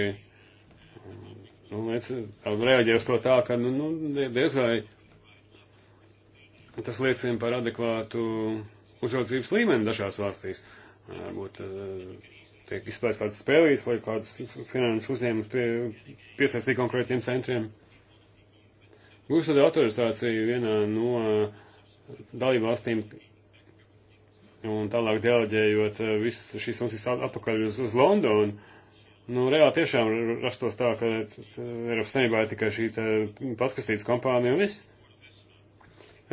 Un nu, es eh, reaģēju uz to tā, ka nu, nu, diez vai tas liecina par adekvātu uzraudzības līmeni dažās valstīs. Varbūt eh, tiek izspēlēts tāds spēlīs, lai kādus finanšu uzņēmumus pie, piesaistītu konkrētiem centriem. Būs tad autorizācija vienā no eh, dalībvalstīm un tālāk deleģējot visas šīs funkcijas atpakaļ uz, uz Londonu Nu, reāli tiešām rastos tā, ka e, Eiropas Savienībā ir tikai šī paskatītas kompānija un viss.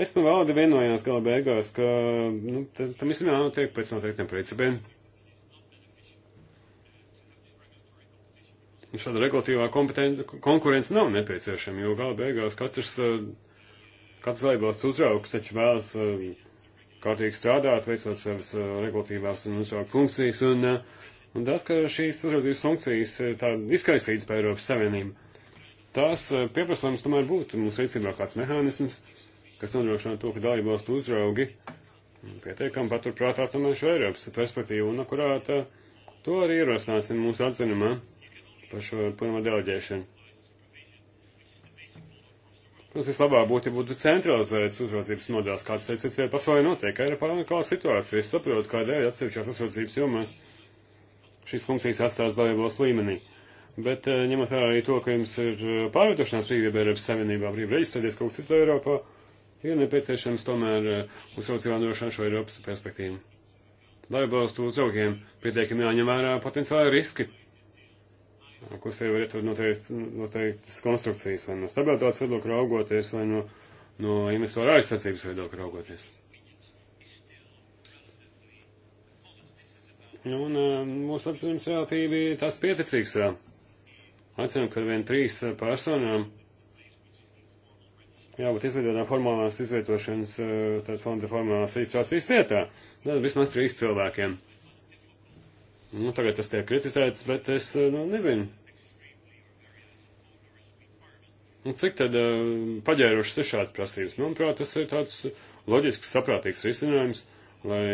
Es nu vēl vienojās gala beigās, ka nu, tam visam jānotiek pēc noteiktiem principiem. Šāda regulatīvā konkurence nav nepieciešama, jo gala beigās katrs, e, katrs laibās uzraugs taču vēlas e, kārtīgi strādāt, veicot savas regulatīvās un uzraugu funkcijas. Un, uh, Un tas, ka šīs uzraudzības funkcijas ir eh, tāda izkaisītas pa Eiropas Savienību, tās eh, pieprasījums tomēr būtu mums rīcībā kāds mehānisms, kas nodrošina to, ka dalībvalstu uzraugi mm, pietiekami paturprātā tomēr šo Eiropas perspektīvu, un kurā tā, to arī ierosināsim mūsu atzinumā par šo pilnvaru deleģēšanu. Protams, vislabāk būtu, ja būtu centralizēts uzraudzības nodeļas, kāds teica, ir pasaulē notiek. Eiropā ir kā situācija. Es saprotu, kādēļ atsevišķās uzraudzības jomās. Mēs šīs funkcijas atstās dalībos līmenī. Bet eh, ņemot vērā arī to, ka jums ir eh, pārvietošanās brīvība Eiropas Savienībā, brīvība reģistrēties kaut kur citur Eiropā, ir nepieciešams tomēr uzraucībā eh, nodrošināt šo Eiropas perspektīvu. Dalībvalstu uzraugiem pietiekami jāņem vērā potenciāli riski, kurus jau ir noteikts, noteiktas konstrukcijas, vai no stabilitātes viedokļa raugoties, vai no, no investoru aizsardzības viedokļa raugoties. Un eh, mūsu apzinājums relatīvi tāds pieticīgs vēl. Atceram, ka vien trīs eh, personām jābūt izveidotām formālās izvietošanas, eh, tātad fonda formālās reģistrācijas vietā. Tad vismaz trīs cilvēkiem. Nu, tagad tas tiek kritizēts, bet es nu, nezinu. Un nu, cik tad uh, paģērušas ir šāds prasības? Manuprāt, tas ir tāds loģisks, saprātīgs risinājums, lai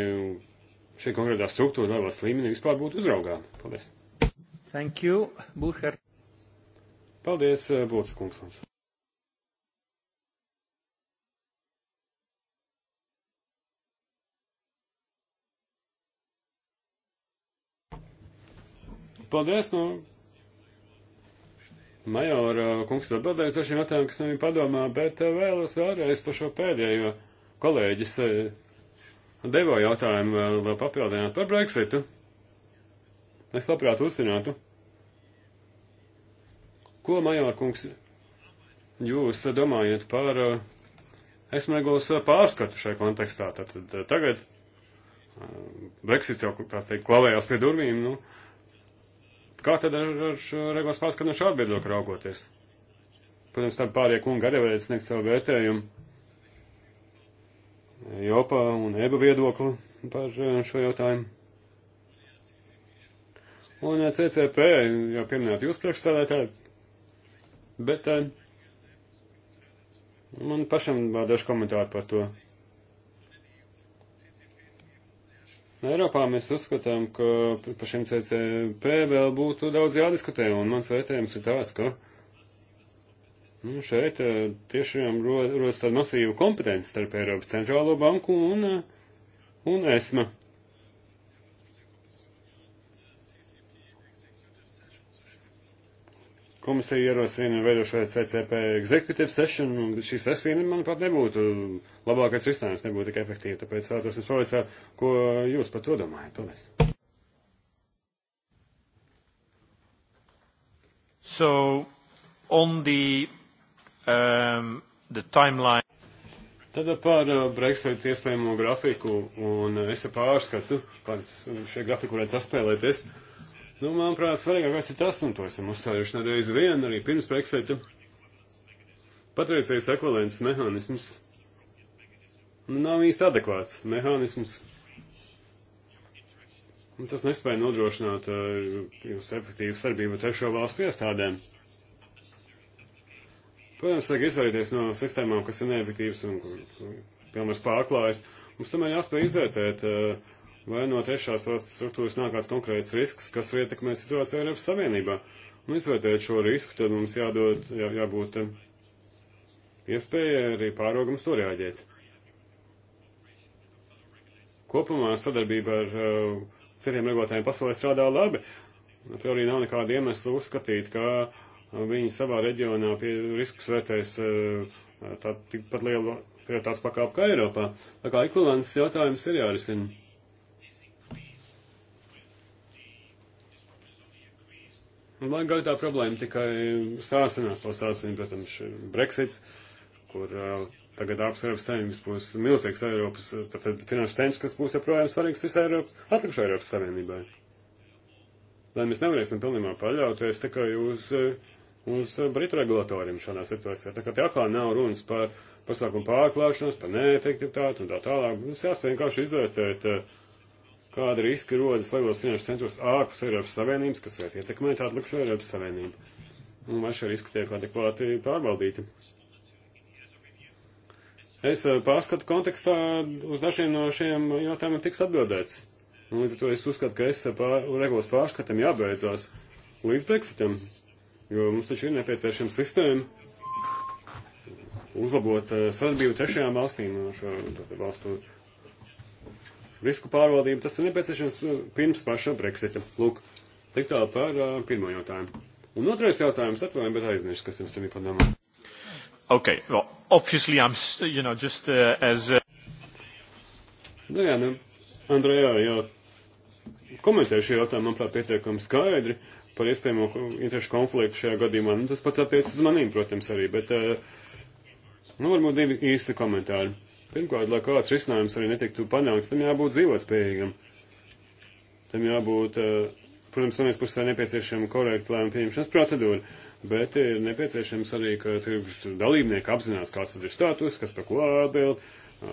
šī konkrētā struktūra valsts līmenī vispār būtu uzraugāma. Paldies. Thank you, Burkhard. Paldies, eh, Bulca kungs. Paldies, nu, Majora eh, kungs ir atbildējis dažiem jautājumiem, kas nav viņa padomā, bet eh, vēlas vēlreiz par šo pēdējo kolēģis Devo jautājumu vēl, vēl papildināt par Brexitu. Es labprāt uzzinātu, ko, Majorkungs, jūs domājat par eh, esmu regulas pārskatu šajā kontekstā. Tad, tad eh, tagad eh, Brexits jau, tā teikt, klavējās pie durvīm. Nu, kā tad ar, ar šo regulas pārskatu no šā viedokļa raugoties? Protams, tad pārējie kungi arī varētu sniegt savu vērtējumu. Jopā un Eba viedokli par eh, šo jautājumu. Un eh, CCP jau pieminēt jūs priekšstādētāji, bet eh, man pašam vēl daži komentāri par to. Eiropā mēs uzskatām, ka par šiem CCP vēl būtu daudz jādiskutē, un mans vērtējums ir tāds, ka Nu, šeit eh, tiešām rodas tāda masīva kompetence starp Eiropas centrālo banku un, eh, un ESMA. Komisija ierosina veidošai CCP executive session, un šī sesija, manuprāt, nebūtu labākais risinājums, nebūtu tik efektīva. Tāpēc vēlētos jums pavaicāt, ko jūs par to domājat. Paldies. So, on the um, the timeline. Tad par uh, Brexit iespējamo grafiku un uh, es pārskatu, kāds šie grafiku varētu saspēlēties. Nu, manuprāt, svarīgākais ir tas, un to esam uzstājuši nereiz vien, arī pirms Brexita. Patreizējais ekvivalents mehānisms nu, nav īsti adekvāts mehānisms. Un tas nespēja nodrošināt uh, jūsu efektīvu sarbību trešo valstu iestādēm. Protams, vajag izvairīties no sistēmām, kas ir neefektīvas un pilnvars pārklājas. Mums tomēr jāspēj izvērtēt, eh, vai no trešās valsts struktūras nāk kāds konkrēts risks, kas var ietekmēt situāciju Eiropas Savienībā. Un izvērtēt šo risku, tad mums jādod, jā, jābūt eh, iespēja arī pārogams to reaģēt. Kopumā sadarbība ar uh, citiem regulātājiem pasaulē strādā labi. Tur arī nav nekāda iemesla uzskatīt, ka uh, viņi savā reģionā pie riskus vērtēs eh, tā, tikpat lielu prioritātes pakāpu kā Eiropā. Tā kā ekvivalents jautājums ir jārisina. Lai gan tā problēma tikai sāsinās, to sāsina, protams, Brexits, kur uh, tagad apsvērts saimnības būs milzīgs Eiropas, eh, tad, tad finanšu centrs, kas būs joprojām svarīgs visai Eiropas, atlikušai Eiropas Savienībai. Lai mēs nevarēsim pilnībā paļauties tikai uz uh, uz uh, Britu regulatoriem šādā situācijā. Tā kā te atkal nav runas par pasākumu pārklāšanos, par neefektivitāti un tā tālāk. Mums jāspēj vienkārši izvērtēt, uh, kāda riska rodas lielos finanšu centros ārpus Eiropas Savienības, kas varētu ietekmēt atlikušo Eiropas Savienību. Un vai šie riski tiek adekvāti pārbaudīti? Es uh, pārskatu kontekstā uz dažiem no šiem jautājumiem tiks atbildēts. Un līdz ar to es uzskatu, ka es pār, regulas pārskatam jābeidzās līdz Brexitam jo mums taču ir nepieciešama sistēma uzlabot eh, sadarbību trešajām valstīm un šo valstu risku pārvaldību. Tas ir nepieciešams eh, pirms paša Brexita. Lūk, tik tālu par uh, pirmo jautājumu. Un otrais jautājums, atvainojiet, bet aizmirsu, kas jums tur bija padomā. Okay, well, obviously I'm, you know, just uh, as... Uh... Nu jā, nu, Andrejā jau komentēju šo jautājumu, manuprāt, pietiekami skaidri. Uh, par iespējamo interešu konfliktu šajā gadījumā. Nu, tas pats attiecas uz manīm, protams, arī, bet, eh, nu, varbūt divi īsti komentāri. Pirmkārt, lai kāds risinājums arī netiktu panākts, tam jābūt dzīvotspējīgam. Tam jābūt, eh, protams, no vienas puses ir nepieciešama korekta lēmuma pieņemšanas procedūra, bet ir nepieciešams arī, ka tirgus dalībnieki apzinās, kāds ir status, kas par ko atbild, eh,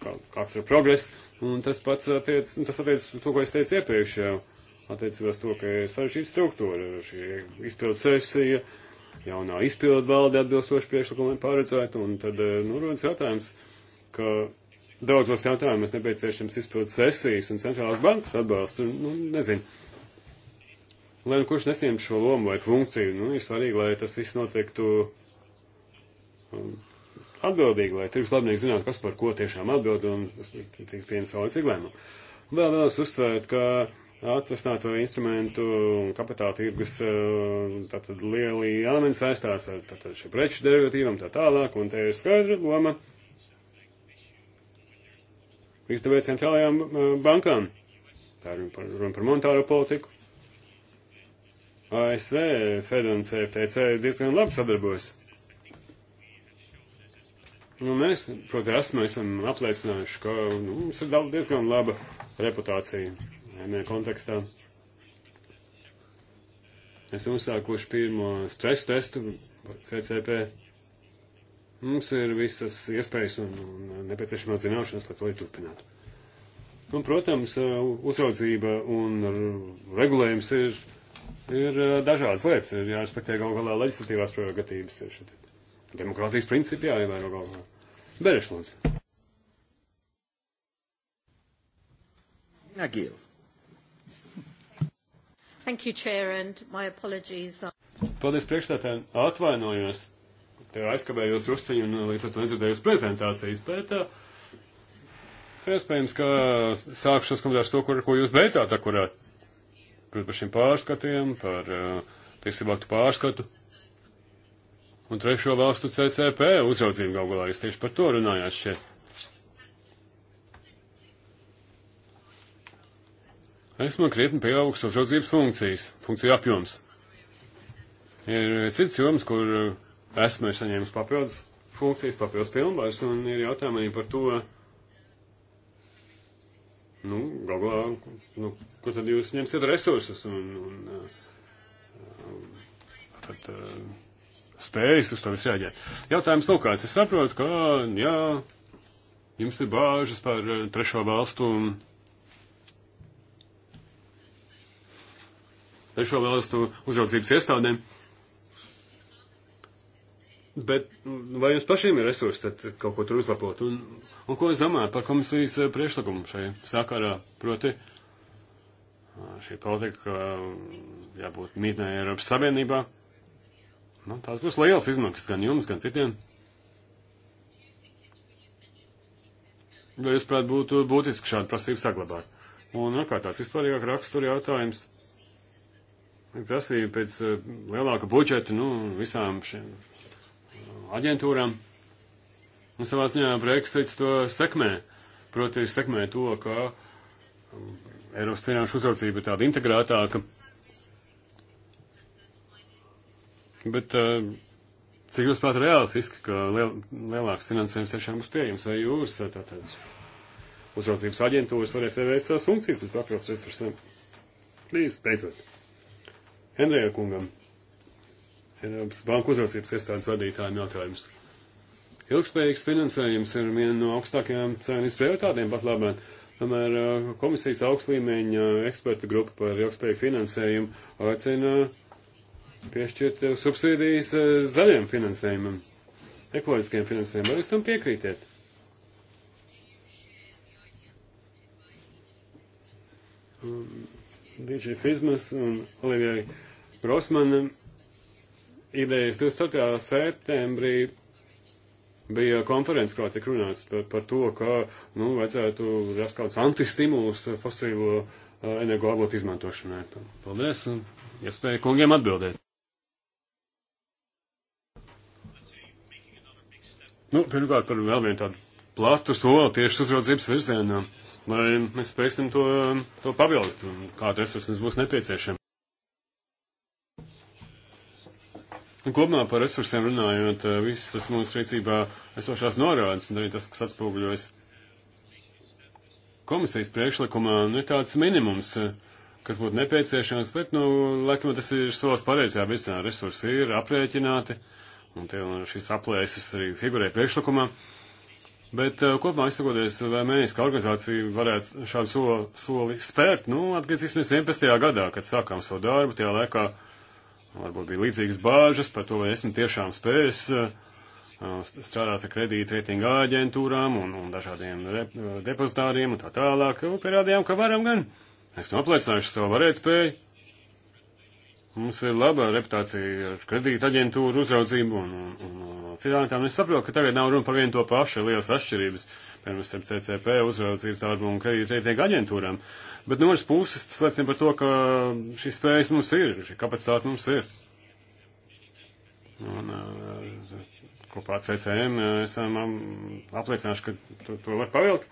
kā, kāds ir progress, un tas pats attiec, tas attiec to, ko es teicu iepriekš jau. Uh, attiecībā uz to, ka ir sarežģīta struktūra, šī izpildu sesija, jaunā izpildu valde atbilstoši priekšlikumiem paredzēta, un tad, eh, nu, rodas jautājums, ka daudzos jautājumos nepieciešams izpildu sesijas un centrālās bankas atbalsts, un, nu, nezinu. Lai nu kurš nesiem šo lomu vai funkciju, nu, ir svarīgi, lai tas viss notiktu um, atbildīgi, lai tirgus labnieki zinātu, kas par ko tiešām atbild un tas tiek pieņems saulēcīgi lēmumu. Vēl vēlos uzsvērt, ka atvestāto instrumentu un kapitāla tirgus eh, tātad lieli elementi saistās ar tātad šiem preču derivatīvam tā tālāk, un te ir skaidra loma izdevēt centrālajām eh, bankām. Tā ir runa par, runa par monetāro politiku. ASV, Fed un CFTC diezgan labi sadarbojas. Nu, mēs, protams, esam apliecinājuši, ka nu, mums ir diezgan laba reputācija vienā kontekstā. Esam uzsākuši pirmo stresu testu CCP. Mums ir visas iespējas un, un nepieciešamās zināšanas, lai to arī turpinātu. Un, protams, uzraudzība un regulējums ir, ir uh, dažādas lietas. Ir jārespektē gal galā leģislatīvās prerogatīvas. Ir šeit. Demokrātijas principi jāievēro gal galā. Bereš, lūdzu. Nagīl. Thank you, Chair, and my apologies. Paldies priekšstādājiem. Atvainojos. Tev aizkavējos drusciņu un līdz ar to nedzirdējos prezentācijas, bet uh, iespējams, ka sākšu šos komentārus to, kur, ko jūs beidzāt akurāt. Protams, par šiem pārskatiem, par uh, tiesību aktu pārskatu. Un trešo valstu CCP uzraudzību galvā jūs tieši par to runājāt šeit. esmu krietni pieaugusi uzraudzības funkcijas, funkciju apjoms. Ir cits joms, kur eh, esmu saņēmis papildus funkcijas, papildus pilnvaras, un ir jautājumi arī par to, nu, galvā, nu, kur tad jūs ņemsiet resursus un, un eh, tad, eh, spējas uz to visu reaģēt. Jautājums lūk kāds. Es saprotu, ka, jā, jums ir bāžas par trešo valstu un trešo valstu uzraudzības iestādēm. Bet nu, vai jums pašiem ir resursi tad kaut ko tur uzlabot? Un, un ko es domāju par komisijas eh, priekšlikumu šajā sakarā? Proti, šī politika mm, jābūt mītnē Eiropas Savienībā. Nu, tās būs liels izmaksas gan jums, gan citiem. Vai jūs prāt būtu būtiski šādu prasību saglabāt? Un, nu, kā tāds vispārīgāk rakstura jautājums, prasīja pēc eh, lielāka budžeta, nu, visām šiem eh, aģentūrām. Un savā ziņā Brexits to sekmē. Proti, sekmē to, ka eh, Eiropas finanšu uzraudzība ir tāda integrētāka. Bet cik jūs prāt reālistiski, ka liel, lielāks finansējums tiešām būs pieejams, vai jūs tātad uzraudzības aģentūras varēs ievērst savas funkcijas pēc papildus resursiem? Līdz beidzot. Henrija kungam, Eiropas Banku uzraucības iestādes vadītājiem jautājums. Ilgspējīgs finansējums ir viena no augstākajām savienības prioritātēm pat labāk. Tomēr uh, komisijas augstlīmeņa uh, eksperta grupa par ilgspējīgu finansējumu aicina piešķirt uh, subsīdijas zaļiem finansējumam, ekoloģiskiem finansējumam. Vai jūs tam piekrītiet? Um, Dīdži Fizmas un Olivijai Brosmanam idejas 24. septembrī bija konferences, kā tik runāts par, par to, ka, nu, vajadzētu rast kāds antistimulus fosīlo uh, energoavotu izmantošanai. Paldies, un iespēju ja kungiem atbildēt. Nu, pirmkārt, par vēl vienu tādu platu soli tieši uzraudzības virzienā. Uh, lai mēs spēsim to, to papildīt un kāda resursa mums būs nepieciešama. Kopumā par resursiem runājot, eh, visas mūsu rīcībā esošās norādes un arī tas, kas atspūgļojas komisijas priekšlikumā, nu, ir tāds minimums, eh, kas būtu nepieciešams, bet, nu, laikam tas ir solis pareizajā virzienā. Resursi ir aprēķināti, un, tie, un šīs aplēses arī figurē priekšlikumā. Uh, Bet eh, kopumā izsakoties, vai mēs kā organizācija varētu šādu soli, soli spērt, nu, atgriezīsimies 11. gadā, kad sākām savu darbu, tajā laikā varbūt bija līdzīgas bāžas par to, vai esmu tiešām spējis eh, strādāt ar kredīta reitinga aģentūrām un, un dažādiem rep, eh, depozitāriem un tā tālāk. Pierādījām, ka varam gan. Esmu apliecinājuši savu varētspēju. Mums ir laba reputācija ar kredīta aģentūru uzraudzību un, un, un citām tām. Es saprotu, ka tagad nav runa par vienu to pašu, ir lielas atšķirības, piemēram, starp CCP uzraudzības darbu un kredīta reitinga aģentūrām. Bet no otras puses tas liecina par to, ka šīs spējas mums ir, šī kapacitāte mums ir. Un eh, kopā ar CCM eh, esam um, apliecinājuši, ka to, to var pavilkt.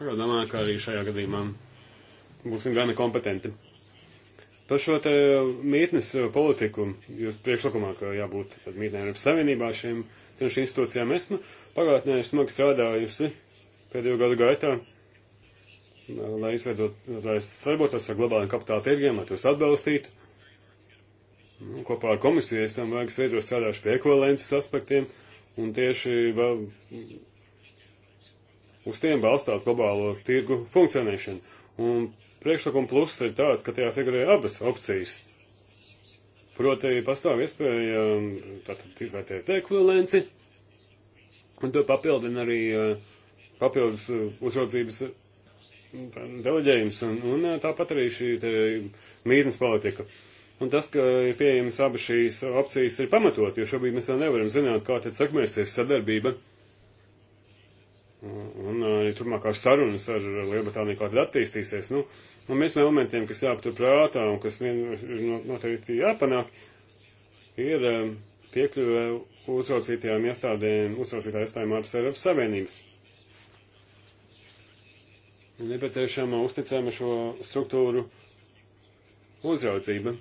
Tagad domāju, ka arī šajā gadījumā būsim gana kompetenti. Par šo te mītnes eh, politiku, jūs priekšlikumā, ka jābūt mītnē Eiropas Savienībā šiem finanšu institūcijām, es nu, pagātnē smagi strādājusi pēdējo gadu gaitā, lai izveidot, lai sadarbotos ar globāliem kapitāla tirgiem, lai tos atbalstītu. Nu, kopā ar komisiju esam vajag sveidot strādājuši pie ekvivalences aspektiem, un tieši vēl, uz tiem balstās globālo tirgu funkcionēšanu. Un Priekšlikuma pluss ir tāds, ka tajā figurē abas opcijas. Proti, pastāv iespēja um, tātad izvērtēt ekvivalenci, un to papildina arī uh, papildus uh, uzraudzības um, deleģējums, un, un uh, tāpat arī šī mītnes politika. Un tas, ka ir pieejamas abas šīs opcijas, ir pamatot, jo šobrīd mēs vēl nevaram zināt, kā tad sakmēsies sadarbība Un arī turpmākās sarunas ar Lielbritāniju kā tad attīstīsies. Nu, un nu, viens no momentiem, kas jāpatur prātā un kas vien noteikti jāpanāk, ir um, piekļuve uzraucītajām iestādēm, uzraucītā iestādēm ārpus Eiropas Savienības. Nepieciešama uzticama šo struktūru uzraudzība.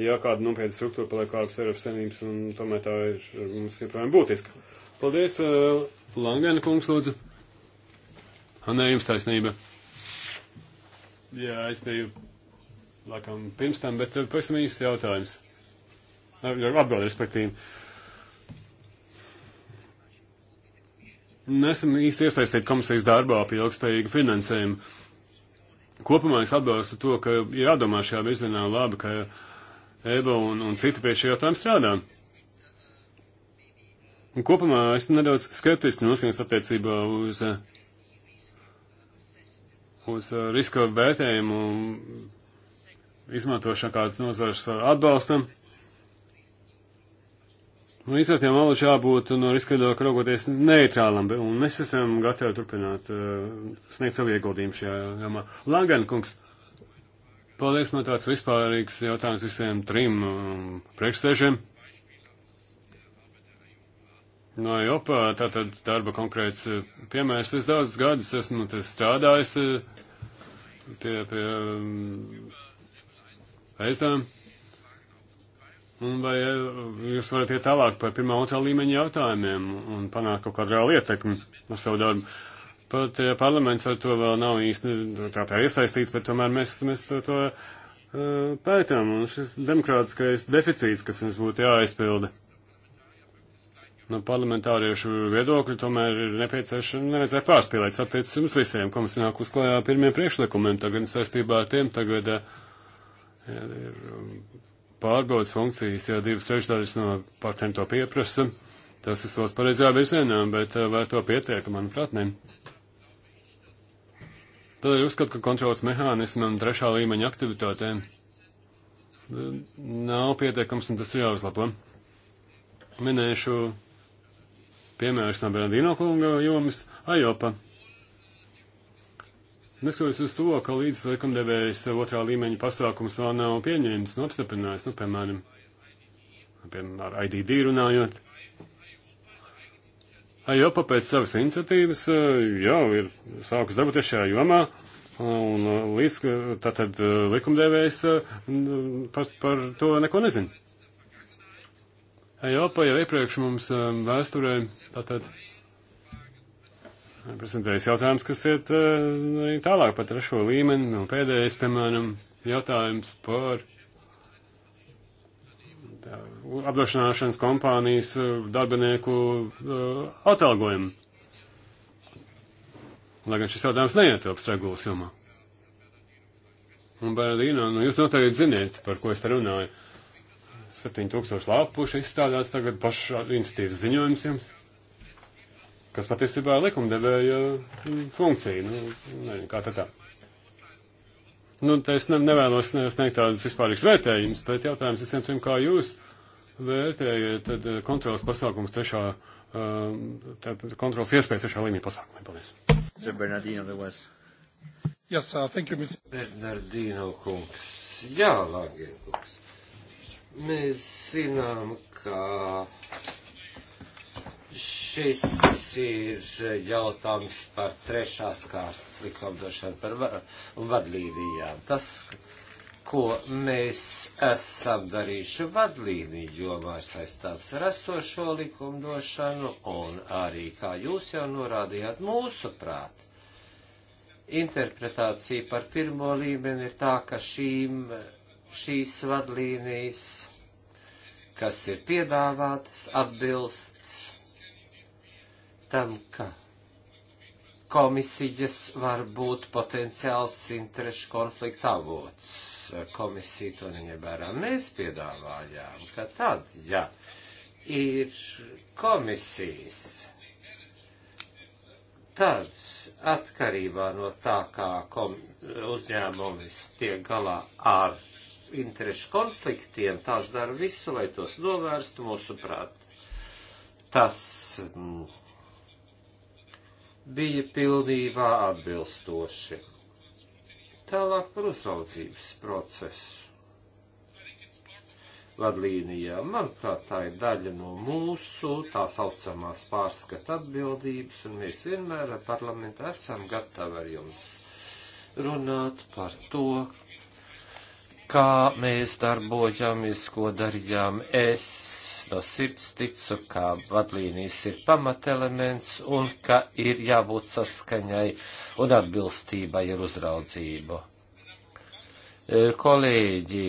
Ja kāda nopietna struktūra paliek ārpus Eiropas Savienības, un tomēr tā ir mums joprojām būtiska. Paldies, uh, Langēna kungs, lūdzu. Nē, jums taisnība. Jā, es biju, laikam, pirms tam, bet pavisam īsts jautājums. Atbildi, respektīvi. Nesam īsti iesaistīti komisijas darbā pie ilgspējīga finansējuma. Kopumā es atbalstu to, ka ir jādomā šajā virzienā labi, ka EBA un, un citi pie šī jautājuma strādā. Kopumā es nedaudz skeptiski noskaņos attiecībā uz, uz riska vērtējumu izmantošanu kādas nozares atbalstam. Nu, izvērtiem valodas jābūt no riska viedokļa raugoties neitrālam, un mēs esam gatavi turpināt uh, sniegt savu ieguldījumu šajā jomā. Langana kungs, paldies man tāds vispārīgs jautājums visiem trim um, priekšsēžiem. No Jopā, tātad darba konkrēts piemērs. Es daudz gadus esmu strādājis pie, pie aiztām. Un vai jūs varat iet tālāk par pirmā otrā līmeņa jautājumiem un panākt kaut kādu reālu ietekmi ar savu darbu? Pat ja parlaments ar to vēl nav īsti nu, tā tā iesaistīts, bet tomēr mēs, mēs to, to uh, pētām. Un šis demokrātiskais deficīts, kas mums būtu jāaizpilda no parlamentāriešu viedokļa tomēr ir nepieciešama, nevajadzēja pārspīlēt, attiecas jums visiem, kam es nāku uzklājā pirmiem priekšlikumiem, tagad saistībā ar tiem tagad jā, eh, ir um, pārbaudas funkcijas, ja divas trešdaļas no partneriem to pieprasa, tas ir solis pareizajā virzienā, bet eh, vai to pietiek, manuprāt, ne. Tad ir uzskat, ka kontrolas mehānismam trešā līmeņa aktivitātēm eh, nav pietiekams un tas ir jāuzlabo. Minēšu piemērs no Bernardino kunga jomas Ajopa. Neskatoties uz to, ka līdz likumdevējs otrā līmeņa pasākums vēl nav pieņēmis, nu apstiprinājis, nu, piemēram, piemēram, ar IDD runājot. Ajopa pēc savas iniciatīvas eh, jau ir sākus darboties šajā jomā, un eh, līdz tātad eh, likumdevējs par, par to neko nezina. Eiropa jau iepriekš mums um, vēsturē tātad prezentējas jautājums, kas iet uh, arī tālāk par trešo līmeni, un pēdējais, piemēram, jautājums par tā, apdrošināšanas kompānijas uh, darbinieku uh, atalgojumu. Lai gan šis jautājums neietilps regulas jomā. Un, Bernardīna, nu jūs noteikti ziniet, par ko es te runāju. 7000 lāpuši izstādās tagad pašā iniciatīvas ziņojums jums, kas patiesībā likumdevēja mm, funkcija. Nu, nezinu, kā tā tā. Nu, te es nevēlos sniegt tādus vispārīgs vērtējumus, bet jautājums visiem trim, kā jūs vērtējat tad eh, kontrolas pasākums trešā, eh, kontrolas iespējas trešā līmenī pasākumiem. Paldies. Sir Bernardino, there was. Yes, uh, thank you, Mr. Bernardino kungs. Jā, Langien kungs. Mēs zinām, ka šis ir jautājums par trešās kārtas likumdošanu par va un vadlīnijām. Tas, ko mēs esam darījuši vadlīniju jomā, ir saistāms ar esošo likumdošanu un arī, kā jūs jau norādījāt, mūsu prāt. Interpretācija par pirmo līmeni ir tā, ka šīm šīs vadlīnijas, kas ir piedāvātas, atbilst tam, ka komisijas var būt potenciāls interešu konflikta avots. Komisija to neņemērā. Mēs piedāvājām, ka tad, ja ir komisijas tad atkarībā no tā, kā kom, uzņēmumis tiek galā ar interešu konfliktiem, tās dara visu, lai tos novērstu mūsuprāt. Tas m, mm, bija pilnībā atbilstoši. Tālāk par uzraudzības procesu. Vadlīnijā, manuprāt, tā ir daļa no mūsu tā saucamās pārskata atbildības, un mēs vienmēr ar parlamentu esam gatavi ar jums runāt par to, kā mēs darbojamies, ko darījām. Es no sirds ticu, ka vadlīnijas ir pamatelements un ka ir jābūt saskaņai un atbilstībai ar uzraudzību. E, kolēģi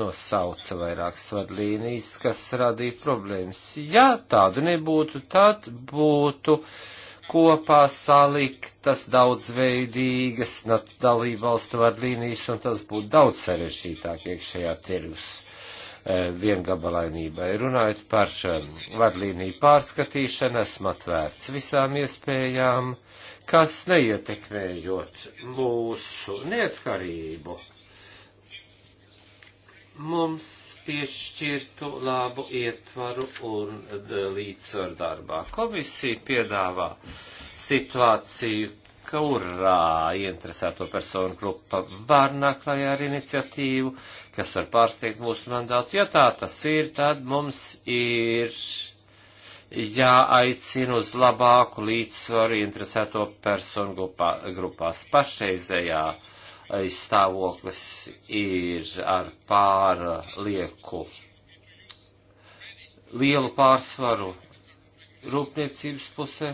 nosauca vairākas vadlīnijas, kas radīja problēmas. Ja tādu nebūtu, tad būtu uh, kopā saliktas daudzveidīgas dalību valstu vadlīnijas, un tas būtu daudz sarežģītāk iekšējā tirgus e, viengabalainībai. Runājot par e, vadlīniju pārskatīšanu, esmu atvērts visām iespējām, kas neietekmējot mūsu neatkarību mums piešķirtu labu ietvaru un e, līdzsvaru darbā. Komisija piedāvā situāciju, kurā interesēto personu grupa var naklajā ar iniciatīvu, kas var pārsteigt mūsu mandātu. Ja tā tas ir, tad mums ir jāaicina uz labāku līdzsvaru interesēto personu grupā, grupās pašreizējā. Ja stāvoklis ir ar pārlieku lielu pārsvaru rūpniecības pusē.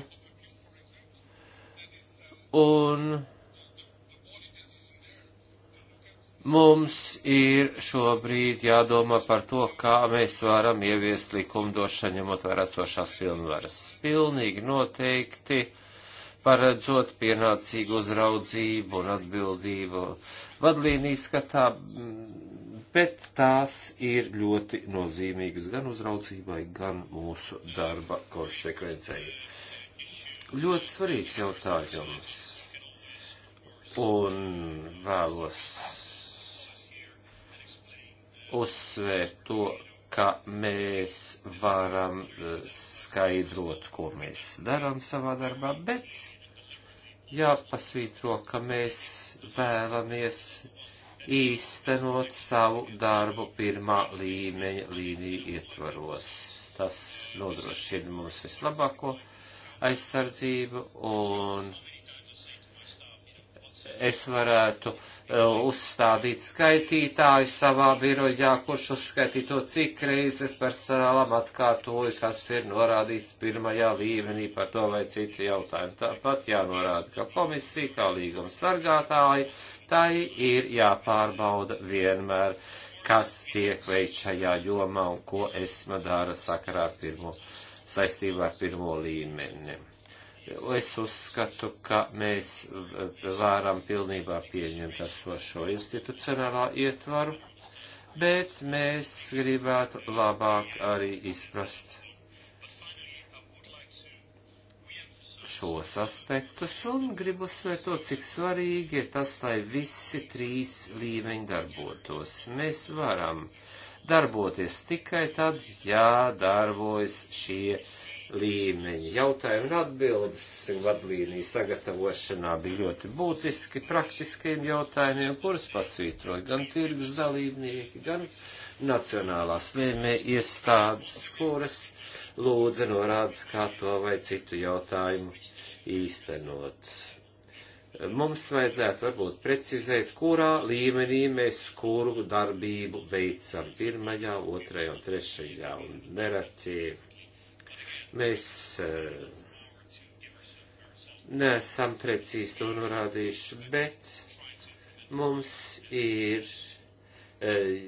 Un mums ir šobrīd jādomā par to, kā mēs varam ieviest likumdošanu, ņemot vērā esošās pilnvaras. Pilnīgi noteikti. Uh, paredzot pienācīgu uzraudzību un atbildību. Vadlīnijas skatā, bet tās ir ļoti nozīmīgas gan uzraudzībai, gan mūsu darba konsekvencei. Ļoti svarīgs jautājums. Un vēlos uzsvērt to, ka mēs varam eh, skaidrot, ko mēs darām savā darbā, bet jāpasvītro, ka mēs vēlamies īstenot savu darbu pirmā līmeņa līniju ietvaros. Tas nodrošina mums vislabāko aizsardzību un es varētu uh, Eh, uzstādīt skaitītāju savā birojā, kurš uzskaitīto, cik reizes personālam atkārtoju, kas ir norādīts pirmajā līmenī par to vai citu jautājumu. Tāpat jānorāda, ka komisija, kā līguma sargātāji, tai ir jāpārbauda vienmēr, kas tiek veikts šajā jomā un ko esma dara sakarā pirmo, saistībā ar pirmo līmeni es uzskatu, ka mēs varam pilnībā pieņemt esošo institucionālā ietvaru, bet mēs gribētu labāk arī izprast šos aspektus un gribu uzsvērt to, cik svarīgi ir tas, lai visi trīs līmeņi darbotos. Mēs varam darboties tikai tad, ja darbojas šie uh, līmeņa. Jautājumi un atbildes vadlīniju sagatavošanā bija ļoti būtiski praktiskiem jautājumiem, kurus pasvītroja gan tirgus dalībnieki, gan nacionālās lēmē iestādes, kuras lūdza norādes, kā to vai citu jautājumu īstenot. Mums vajadzētu varbūt precizēt, kurā līmenī mēs kuru darbību veicam pirmajā, otrajā un trešajā un nereti Mēs eh, neesam precīzi to norādījuši, bet mums ir eh,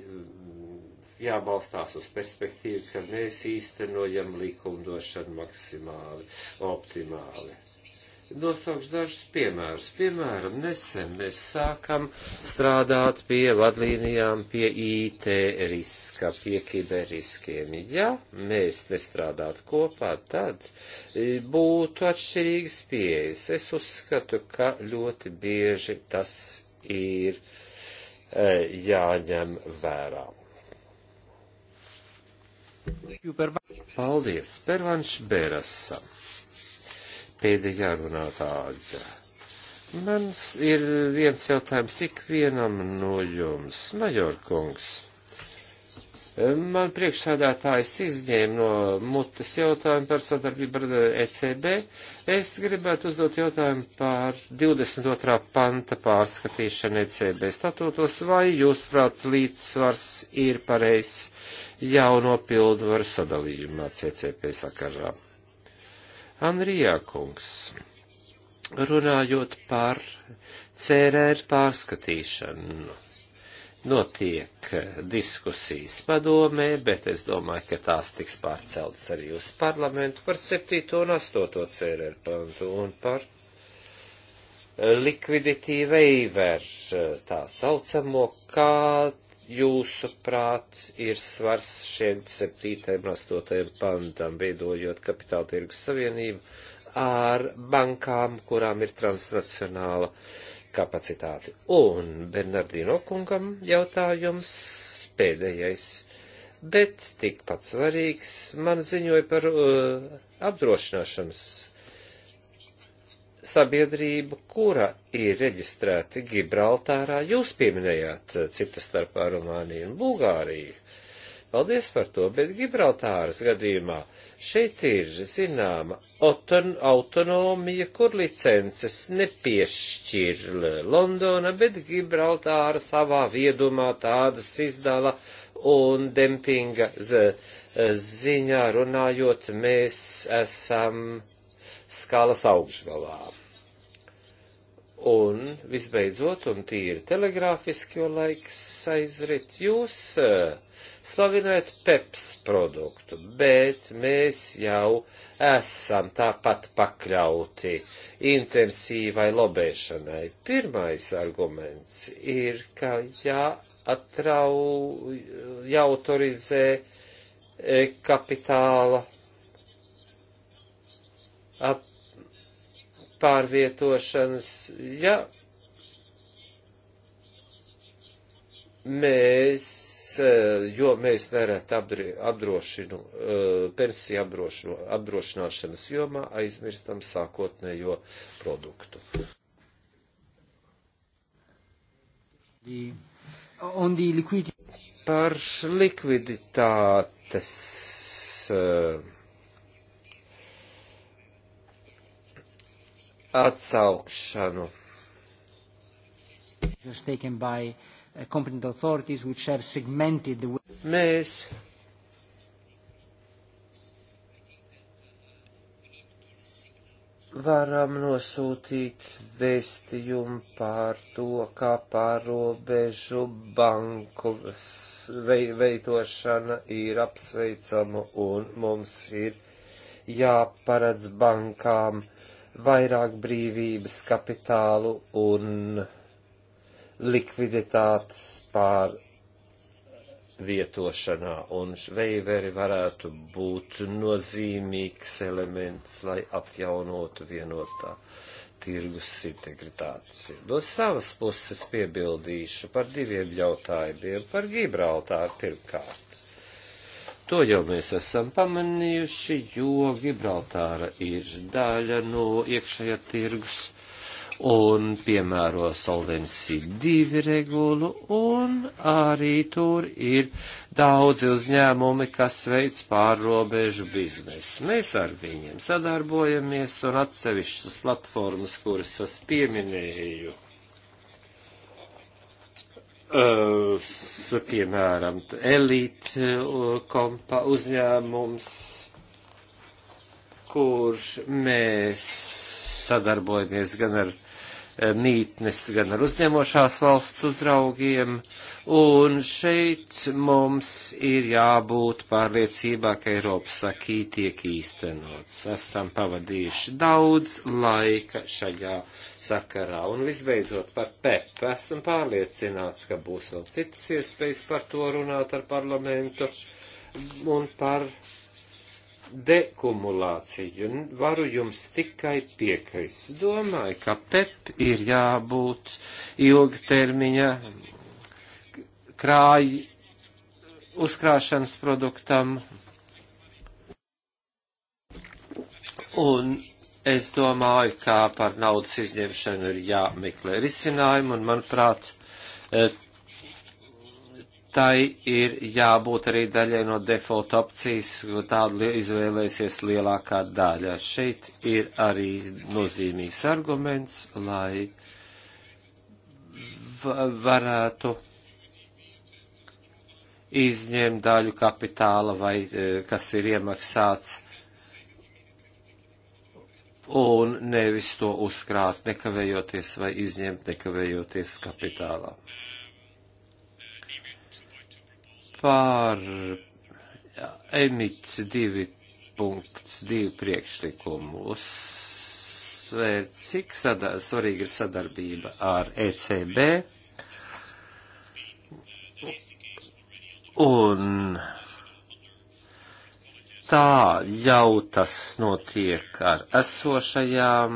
jābalstās uz perspektīvu, ka mēs īstenojam likumdošanu maksimāli, optimāli. Nosaukšu dažus piemērus. Piemēram, nesen mēs sākam strādāt pie vadlīnijām, pie IT riska, pie kiberriskiem. Ja mēs nestrādātu kopā, tad e, būtu atšķirīgas pieejas. Es uzskatu, ka ļoti bieži tas ir e, jāņem vērā. Paldies, Pervanš Berasam! pēdējā runātāja. Mans ir viens jautājums ikvienam no jums, Majorkungs. Man priekšsādātājs izņēma no mutes jautājumu par sadarbību ar ECB. Es gribētu uzdot jautājumu par 22. panta pārskatīšanu ECB statūtos, vai jūs prāt līdzsvars ir pareizs jauno pildvaru sadalījumā CCP sakarā. Andrijā kungs, runājot par CRR pārskatīšanu notiek diskusijas padomē, bet es domāju, ka tās tiks pārceltas arī uz parlamentu par 7. un 8. CRR pantu un par likviditī veiver tā saucamo, kā jūsu prāts ir svars šiem 7. un 8. pantam, veidojot kapitāla tirgus savienību ar bankām, kurām ir transnacionāla kapacitāte. Un Bernardino kungam jautājums pēdējais, bet tikpat svarīgs, man ziņoja par uh, apdrošināšanas sabiedrību, kura ir reģistrēta Gibraltārā. Jūs pieminējāt eh, citas starpā Rumāniju un Bulgāriju. Paldies par to, bet Gibraltāras gadījumā šeit ir zināma autonomija, kur licences nepiešķir Londona, bet Gibraltāra savā viedumā tādas izdala un dempinga ziņā runājot mēs esam skalas augšgalā. Un visbeidzot, un tīri telegrāfiski, jo laiks aizrit, jūs eh, slavinēt PEPS produktu, bet mēs jau esam tāpat pakļauti intensīvai lobēšanai. Pirmais arguments ir, ka jāatrau, jāautorizē eh, kapitāla ap, pārvietošanas, ja mēs, eh, jo mēs nereti apdrošinu, eh, pensiju apdrošinu, apdrošināšanas jomā aizmirstam sākotnējo produktu. Par likviditātes uh, atsaukšanu. Uh, Mēs varam nosūtīt vēstījumu par to, kā pārobežu banku veidošana ir apsveicama un mums ir jāparedz bankām vairāk brīvības kapitālu un likviditātes pār vietošanā, un šveiveri varētu būt nozīmīgs elements, lai atjaunotu vienotā tirgus integritāti. No savas puses piebildīšu par diviem jautājumiem par Gibraltāru pirmkārt. To jau mēs esam pamanījuši, jo Gibraltāra ir daļa no iekšējā tirgus un piemēro solvency divi regulu, un arī tur ir daudzi uzņēmumi, kas veic pārrobežu biznesu. Mēs ar viņiem sadarbojamies un atsevišķas platformas, kuras es pieminēju Uh, piemēram, elīte uh, kompa uzņēmums, kurš mēs sadarbojamies gan ar eh, mītnes, gan ar uzņemošās valsts uzraugiem, un šeit mums ir jābūt pārliecībā, ka Eiropas akī tiek īstenots. Esam pavadījuši daudz laika šajā sakarā. Un visbeidzot par PEP. Esmu pārliecināts, ka būs vēl citas iespējas par to runāt ar parlamentu un par dekumulāciju. Varu jums tikai piekrist. Domāju, ka PEP ir jābūt ilgtermiņa krāj uzkrāšanas produktam. Un Es domāju, kā par naudas izņemšanu ir jāmeklē risinājumu, un manuprāt, e, tai ir jābūt arī daļai no default opcijas, jo tādu izvēlēsies lielākā daļa. Šeit ir arī nozīmīgs arguments, lai varētu izņemt daļu kapitāla vai e, kas ir iemaksāts un nevis to uzkrāt nekavējoties vai izņemt nekavējoties kapitālā. Pār emits 2.2 priekšlikumu uzsver, cik sadar, svarīga ir sadarbība ar ECB. Un tā jau tas notiek ar esošajām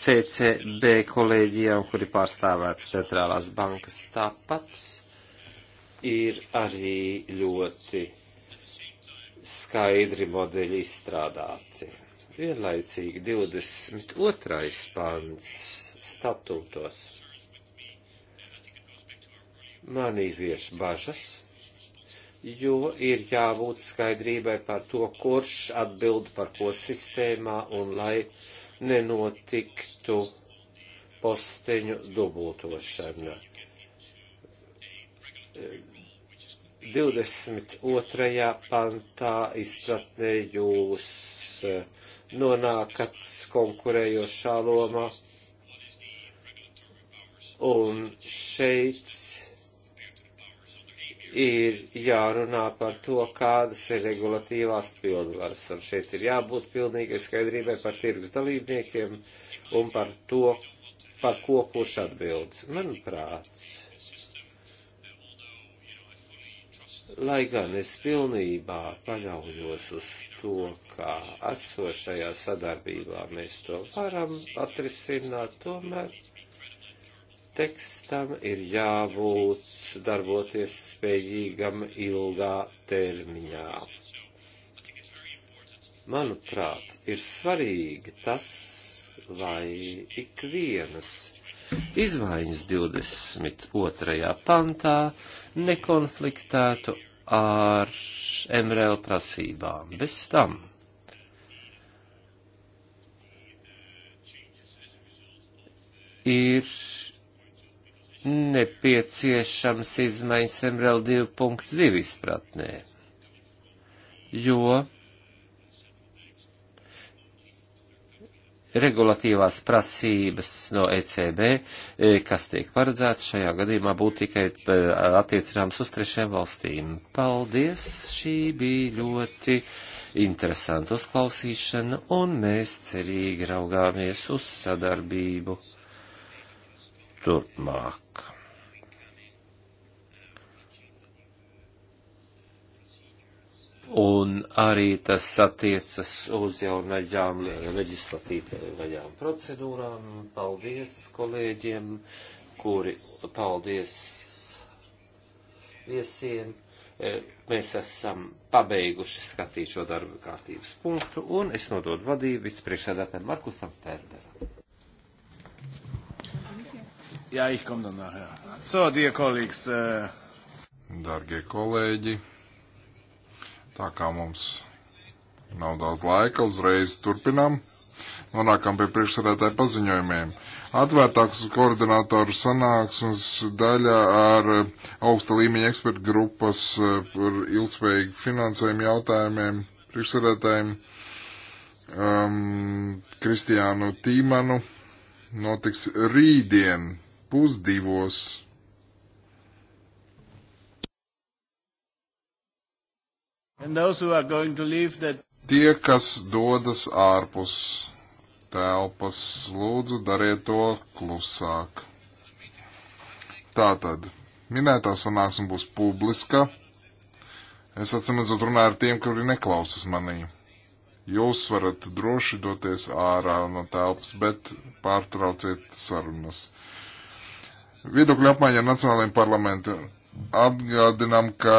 CCB kolēģijām, kuri pārstāvētas centrālās bankas tāpat, ir arī ļoti skaidri modeļi izstrādāti. Vienlaicīgi 22. pants statūtos manī vieš bažas, jo ir jābūt skaidrībai par to, kurš atbild par ko sistēmā un lai nenotiktu posteņu dubultošana. 22. pantā izpratnē jūs eh, nonākat konkurējošā lomā, un šeit ir jārunā par to, kādas ir regulatīvās pilnvaras, un šeit ir jābūt pilnīgai skaidrībai par tirgus dalībniekiem un par to, par ko kurš atbild. Manuprāt, lai gan es pilnībā paļaujos uz to, kā esošajā sadarbībā mēs to varam atrisināt, tomēr tekstam ir jābūt darboties spējīgam ilgā termiņā. Manuprāt, ir svarīgi tas, lai ikvienas izmaiņas 22. pantā nekonfliktētu ar MRL prasībām. Bez tam ir nepieciešams izmaiņas MRL 2.2 izpratnē, jo regulatīvās prasības no ECB, e, kas tiek paredzēta šajā gadījumā, būtu tikai e, attiecināmas uz trešajām valstīm. Paldies! Šī bija ļoti interesanta uzklausīšana, un mēs cerīgi raugāmies uz sadarbību turpmāk. Un arī tas attiecas uz jaunajām leģislatīvajām procedūrām. Paldies kolēģiem, kuri paldies viesiem. E, mēs esam pabeiguši skatīt šo darba kārtības punktu, un es nododu vadību vicepriekšsēdētājiem Markusam Ferberam. Jā, ich komme dann nachher. So, dear colleagues. Uh... Dargie kolēģi, tā kā mums nav daudz laika, uzreiz turpinām. Nonākam pie priekšsarētāja paziņojumiem. Atvērtāks koordinātoru sanāksmes daļa ar augsta līmeņa ekspertu grupas par uh, ilgspējīgu finansējumu jautājumiem priekšsarētājiem um, Kristiānu Tīmanu notiks rītdien pusdivos. That... Tie, kas dodas ārpus telpas, lūdzu, dariet to klusāk. Tātad, minētā sanāksme būs publiska. Es atcīmredzot runāju ar tiem, kuri neklausas manī. Jūs varat droši doties ārā no telpas, bet pārtrauciet sarunas. Viedokļu apmaiņa ar nacionālajiem parlamentiem. Atgādinām, ka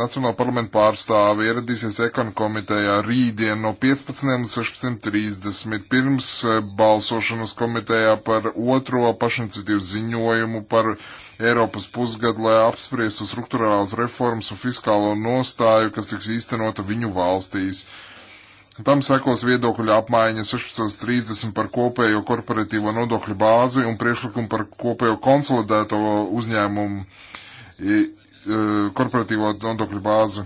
Nacionāla parlamenta pārstāve ieradīsies ekonomikas komitejā rītdien no 15 līdz 16.30 pirms eh, balsošanas komitejā par otro pašiniciatīvu ziņojumu par Eiropas pusgadu, lai apspriestu struktūrālās reformas un fiskālo nostāju, kas tiks īstenota viņu valstīs. Uh, Tam sekos viedokļu apmaiņa 16.30 par kopējo korporatīvo nodokļu bāzi un priekšlikumu par kopējo konsolidēto uzņēmumu e, korporatīvo nodokļu bāzi.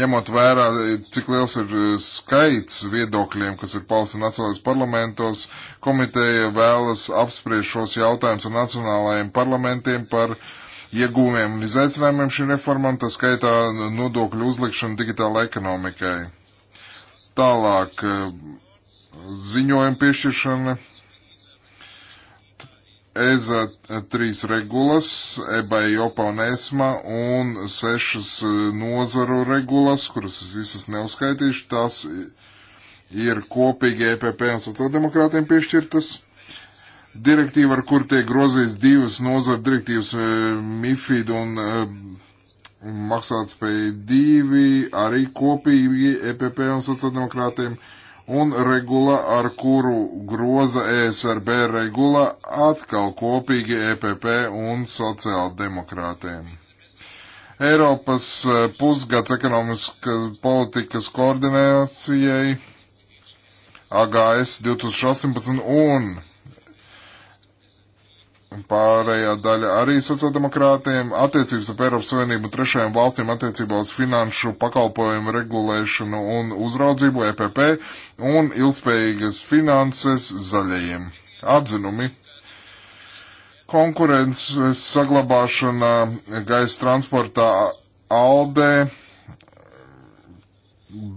Ņemot vērā, e, cik liels ir e, skaits viedokļiem, kas ir pausti nacionālajos parlamentos, komiteja vēlas apspriest šos jautājumus ar nacionālajiem parlamentiem par iegūmiem un izaicinājumiem šīm reformām, tā skaitā nodokļu uzlikšanu digitāla ekonomikai. Tālāk eh, ziņojuma piešķiršana. EZA trīs regulas, EBA, JOPA un ESMA un sešas eh, nozaru regulas, kuras es visas neuzskaitīšu, tās ir kopīgi EPP un sociāldemokrātiem piešķirtas. Direktīva, ar kur tiek grozīts divas nozara direktīvas eh, MIFID un uh, maksātspēja divi, arī kopīgi EPP un sociāldemokrātiem, un regula, ar kuru groza ESRB regula, atkal kopīgi EPP un sociāldemokrātiem. Eiropas eh, pusgads ekonomiskas politikas koordinācijai AGS 2018 un pārējā daļa arī sociāldemokrātiem, attiecības ar Eiropas Savienību un trešajām valstīm attiecībā uz finanšu pakalpojumu regulēšanu un uzraudzību EPP un ilgspējīgas finanses zaļajiem. Atzinumi. Konkurences saglabāšana gaisa transportā Aldē.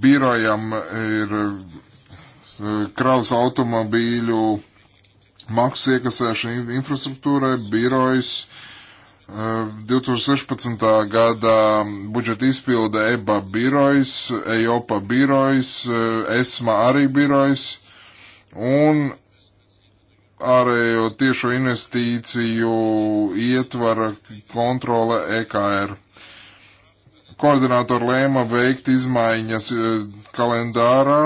Birojam ir eh, kravas automobīļu Maksu iekasēšana infrastruktūrai, birojas. 2016. Eh, gadā budžeta izpilda EBA birojas, EJOPA birojas, ESMA eh, e arī birojas un ārējo tiešo investīciju ietvara kontrole EKR koordinātori lēma veikt izmaiņas eh, kalendārā,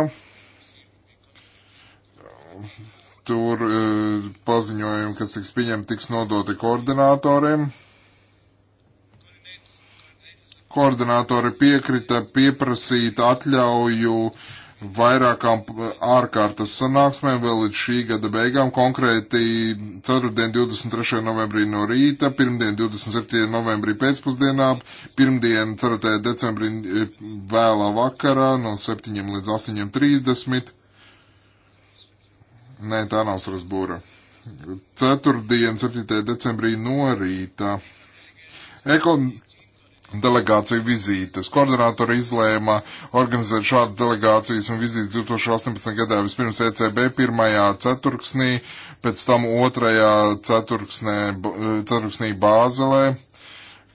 tur e, paziņojumi, kas tiks pieņemti, tiks nodoti koordinatoriem. Koordinatori piekrita pieprasīt atļauju vairākām ārkārtas sanāksmēm vēl līdz šī gada beigām, konkrēti 4. 23. novembrī no rīta, 1. 27. novembrī pēcpusdienā, 1. 4. decembrī e, vēlā vakarā no 7. līdz 8.30 Nē, tā nav Strasbūra. Ceturtdien, 7. decembrī norīta. Ekon delegāciju vizītes. Koordinātori izlēma organizēt šādu delegācijas un vizītes 2018. gadā vispirms ECB pirmajā ceturksnī, pēc tam otrajā ceturksnē, ceturksnī Bāzelē,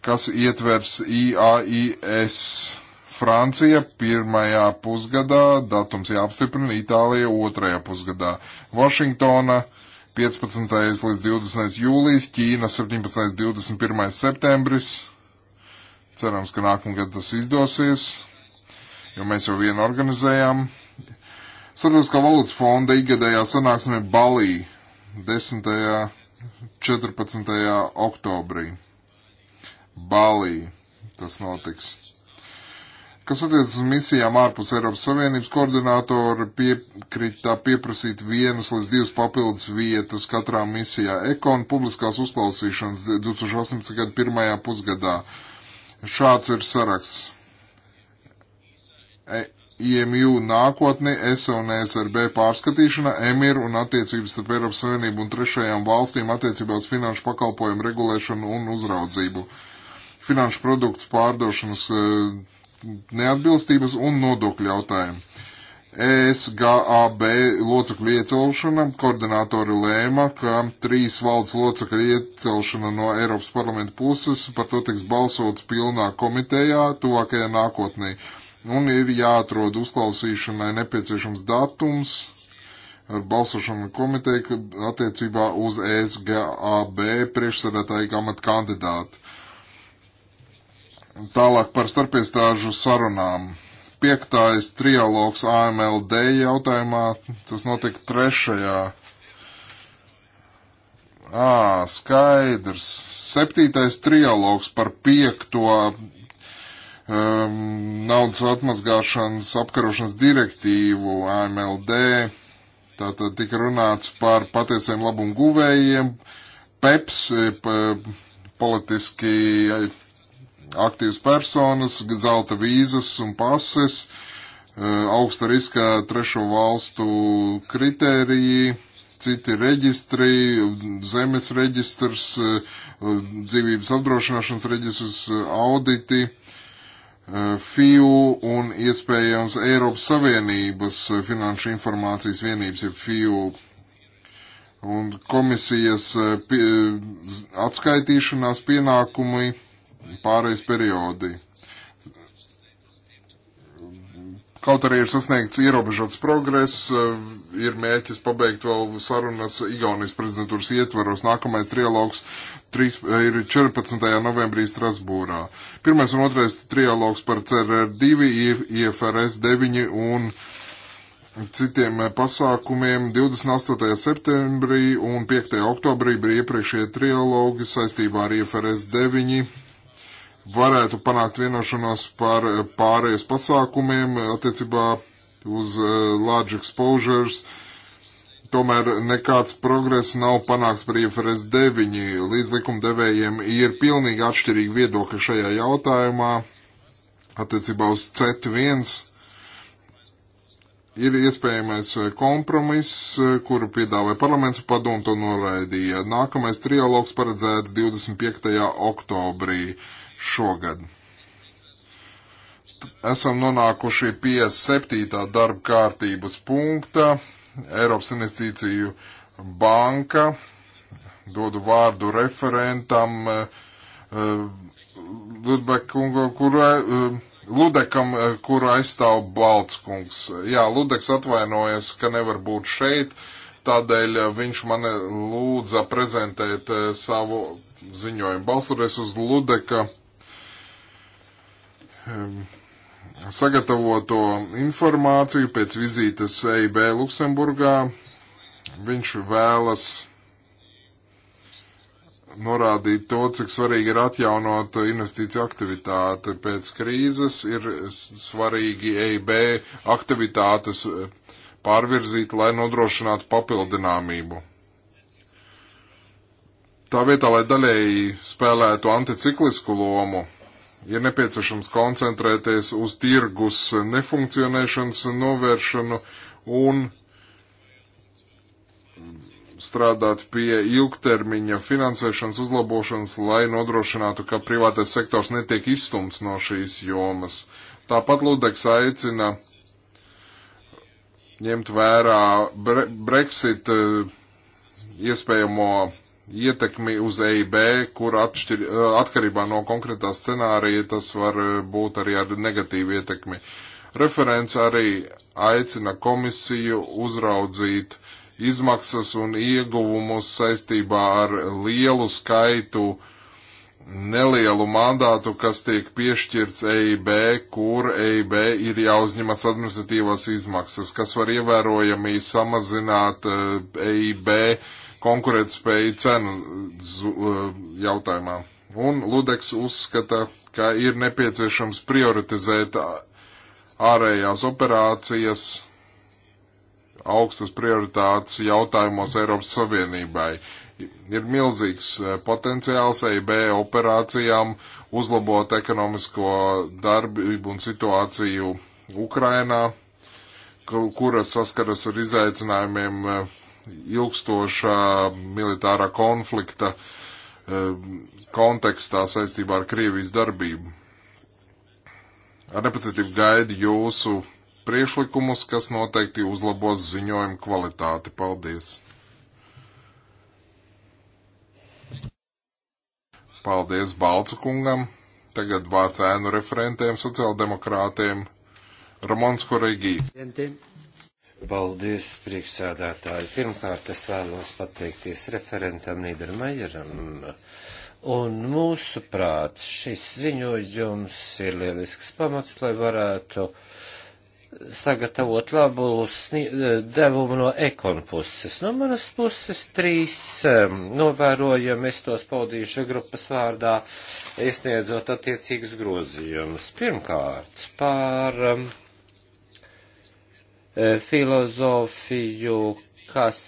kas ietvers IAIS Francija pirmajā pusgadā, datums jāapstiprina, Itālija otrajā pusgadā. Vašingtona 15. līdz 20. jūlijas, Ķīna 17. 21. septembris. Cerams, ka nākamgad tas izdosies, jo mēs jau vienu organizējām. Starptautiskā valūtas fonda ikgadējā sanāksme Balī 10. 14. oktobrī. Balī tas notiks. Kas attiecas uz misijām ārpus Eiropas Savienības, koordinātori piekrita pieprasīt vienas līdz divas papildus vietas katrā misijā. Ekon publiskās uzklausīšanas 2018. gada pirmajā pusgadā. Šāds ir saraksts. E IMU nākotni, ESA un ESRB pārskatīšana, EMIR un attiecības starp Eiropas Savienību un trešajām valstīm attiecībā uz finanšu pakalpojumu regulēšanu un uzraudzību. Finanšu produktu pārdošanas uh, neatbilstības un nodokļu jautājumu. ESGAB locekļu iecelšana koordinātori lēma, ka trīs valdes locekļu iecelšana no Eiropas parlamenta puses par to tiks balsots pilnā komitejā tuvākajā nākotnē. Un ir jāatrod uzklausīšanai nepieciešams datums eh, balsošana komiteja attiecībā uz ESGAB priekšsēdētāju amatu kandidātu. Uh, Tālāk par starpiestāžu sarunām. Piektais trialogs AMLD jautājumā, tas notika trešajā. Ā, skaidrs. Septītais trialogs par piekto um, naudas atmazgāšanas apkarošanas direktīvu AMLD. Tātad tika runāts par patiesiem labumu guvējiem, PEPS, eh, politiski eh, aktīvas personas, zelta vīzas un pases, e, augsta riska trešo valstu kritēriji, citi reģistri, zemes reģistrs, e, dzīvības apdrošināšanas reģistrs, e, auditi. FIU un iespējams Eiropas Savienības finanšu informācijas vienības, ja FIU un komisijas atskaitīšanās pienākumi pārējais periodi. Kaut arī ir sasniegts ierobežots progress, eh, ir mēķis pabeigt vēl sarunas Igaunijas prezidentūras ietvaros. Nākamais trialogs 3, eh, ir 14. novembrī Strasbūrā. Pirmais un otrais trialogs par CRR2, IFRS 9 un citiem eh, pasākumiem 28. septembrī un 5. oktobrī bija iepriekšējie trialogi saistībā ar IFRS 9 varētu panākt vienošanos par eh, pārējais pasākumiem eh, attiecībā uz eh, large exposures. Tomēr nekāds progress nav panākts par IFRS 9. Līdz likumdevējiem ir pilnīgi atšķirīgi viedokļi šajā jautājumā attiecībā uz CET1. Ir iespējamais kompromiss, kuru piedāvāja parlaments, padomu to noraidīja. Nākamais trialogs paredzēts 25. oktobrī. Uh, šogad. Esam nonākuši pie septītā darba kārtības punkta Eiropas investīciju banka. Dodu vārdu referentam eh, eh, Ludbekungam, kurai. Eh, Ludekam, kuru aizstāv Baltskungs. Jā, Ludeks atvainojas, ka nevar būt šeit, tādēļ viņš man lūdza prezentēt savu ziņojumu. Balstoties uz Ludeka sagatavoto informāciju pēc vizītes EIB Luksemburgā. Viņš vēlas norādīt to, cik svarīgi ir atjaunot investīciju aktivitāti pēc krīzes, ir svarīgi EIB aktivitātes e, pārvirzīt, lai nodrošinātu papildināmību. Tā vietā, lai daļēji spēlētu anticiklisku lomu, ir nepieciešams koncentrēties uz tirgus nefunkcionēšanas novēršanu un strādāt pie ilgtermiņa finansēšanas uzlabošanas, lai nodrošinātu, ka privātais sektors netiek izstumts no šīs jomas. Tāpat Ludeks aicina ņemt vērā bre Brexit eh, iespējamo ietekmi uz EIB, kur atšķir, eh, atkarībā no konkrētā scenārija tas var eh, būt arī ar negatīvu ietekmi. Referents arī aicina komisiju uzraudzīt izmaksas un ieguvumus saistībā ar lielu skaitu nelielu mandātu, kas tiek piešķirts EIB, kur EIB ir jāuzņemas administratīvās izmaksas, kas var ievērojami samazināt EIB eh, e uh, konkurētspēju cenu e, jautājumā. Un Ludeks uzskata, ka ir nepieciešams prioritizēt ārējās operācijas augstas prioritātes jautājumos Eiropas Savienībai. Ir milzīgs e, potenciāls EIB operācijām uzlabot ekonomisko darbību un situāciju Ukrainā, kuras saskaras ar izaicinājumiem e, ilgstošā militārā konflikta eh, kontekstā saistībā ar Krievijas darbību. Ar nepacietību gaidu jūsu priešlikumus, kas noteikti uzlabos ziņojumu kvalitāti. Paldies! Paldies Balca kungam! Tagad vārds ēnu referentiem, sociāldemokrātiem. Ramons Koreigī. Presidente. Paldies, priekšsādātāji. Pirmkārt, es vēlos pateikties referentam Nīdermajeram. Un mūsu prāt, šis ziņojums ir lielisks pamats, lai varētu sagatavot labu devumu no ekonu puses. No manas puses trīs novērojumi, es tos paudīšu grupas vārdā, iesniedzot attiecīgus grozījumus. Pirmkārt, par. Um, E, filozofiju, kas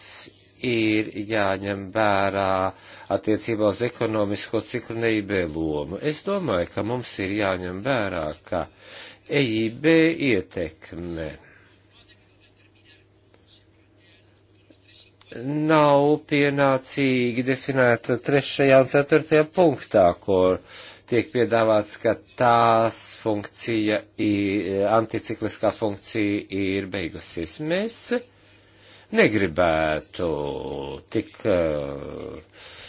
ir jāņem vērā attiecībā uz ekonomisko ciklu neibē lomu. Es domāju, ka mums ir jāņem vērā, ka EIB ietekme nav pienācīgi definēta trešajā un ceturtajā punktā, kur ko tiek piedāvāts, ka tās funkcija, ir, anticikliskā funkcija ir beigusies. Mēs negribētu tik uh,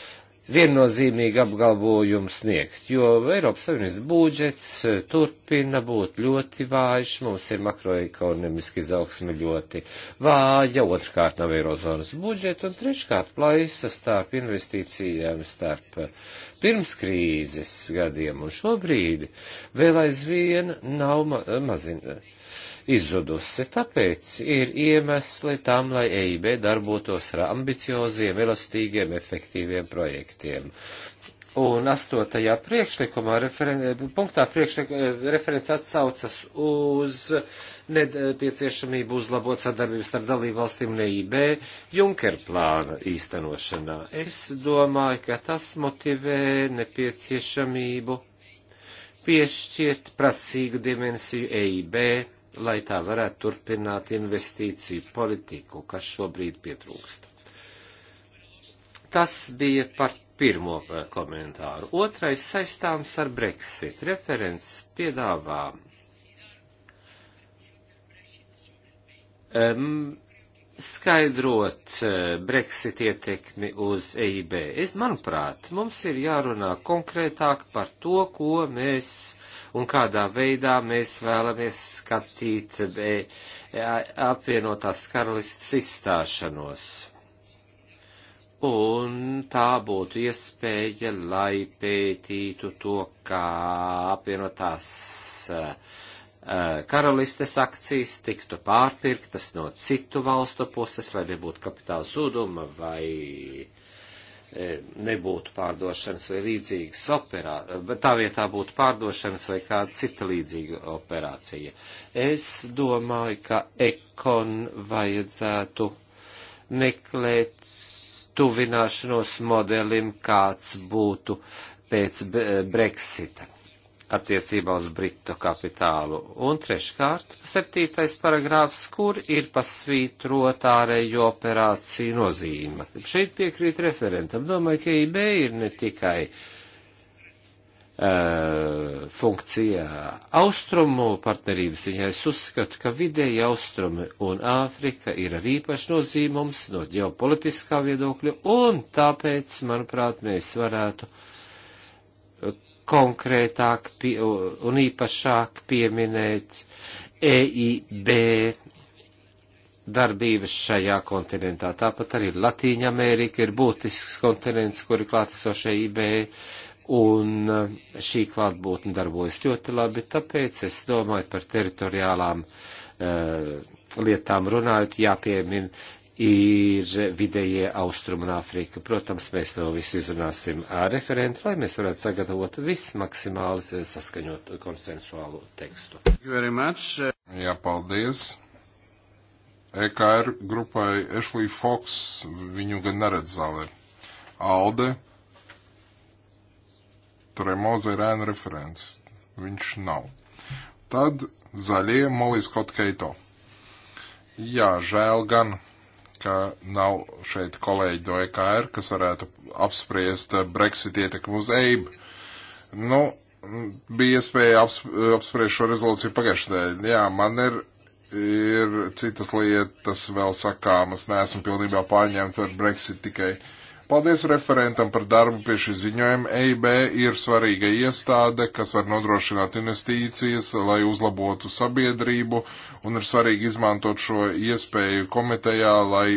viennozīmīgi apgalvojumu sniegt, jo Eiropas Savienības budžets e, turpina būt ļoti vājš, mums ir makroekonomiski izaugsme ļoti vāja, otrkārt nav eirozonas budžeta un treškārt plaisa starp investīcijām, starp e, pirms krīzes gadiem un šobrīd vēl aizvien nav ma mazina izzudusi. Tāpēc ir iemesli tam, lai EIB darbotos ar ambicioziem, elastīgiem, efektīviem projektiem. Un astotajā priekšlikumā, referen, punktā priekšlik, referents atsaucas uz nepieciešamību uzlabot sadarbības starp dalībvalstīm un EIB Junker plāna īstenošanā. Es domāju, ka tas motivē nepieciešamību piešķirt prasīgu dimensiju EIB lai tā varētu turpināt investīciju politiku, kas šobrīd pietrūkst. Tas bija par pirmo eh, komentāru. Otrais saistāms ar Brexit. Referents piedāvā um, skaidrot eh, Brexit ietekmi uz EIB. Es, manuprāt, mums ir jārunā konkrētāk par to, ko mēs un kādā veidā mēs vēlamies skatīt e, apvienotās karalistas izstāšanos. Un tā būtu iespēja, lai pētītu to, kā apvienotās uh, karalistes akcijas tiktu pārpirktas no citu valstu puses, lai nebūtu kapitāla zuduma vai E, nebūtu pārdošanas vai līdzīgas operācijas, bet tā vietā būtu pārdošanas vai kāda cita līdzīga operācija. Es domāju, ka ekon vajadzētu meklēt tuvināšanos modelim, kāds būtu pēc Brexita attiecībā uz Britu kapitālu. Un treškārt, septītais paragrāfs, kur ir pasvītrot ārējo operāciju nozīme. Šeit piekrīt referentam. Domāju, ka IB ir ne tikai uh, funkcija austrumu partnerības, ja es uzskatu, ka vidēji austrumi un Āfrika ir ar īpašu nozīmums no ģeopolitiskā viedokļa, un tāpēc, manuprāt, mēs varētu uh, konkrētāk pie, un īpašāk pieminēt EIB darbības šajā kontinentā. Tāpat arī Latīņa Amerika ir būtisks kontinents, kur ir klātesošie IB, un e, šī klātbūtne darbojas ļoti labi, tāpēc es domāju par teritoriālām uh, lietām runājot, jāpiemin ir vidējie austrumu un Āfrika. Protams, mēs to visu izrunāsim ar referentu, lai mēs varētu sagatavot vismaksimāli saskaņot konsensuālu tekstu. Jā, paldies. EKR er grupai Ashley Fox, viņu gan neredz zālē. Alde, Tremoza ir ēna referents. Viņš nav. Tad zaļie Molijas Kotkeito. Jā, žēl gan ka nav šeit kolēģi no EKR, kas varētu apspriest Brexit ietekmu uz EIB. Nu, bija iespēja apsp apspriest šo rezolūciju pagājušajā nedēļā. Jā, man ir, ir citas lietas vēl sakāmas, neesmu pilnībā pārņemta ar Brexit tikai. Uh, Paldies referentam par darbu pie šī ziņojuma. EIB ir svarīga iestāde, kas var nodrošināt investīcijas, lai uzlabotu sabiedrību, un ir svarīgi izmantot šo iespēju komitejā, lai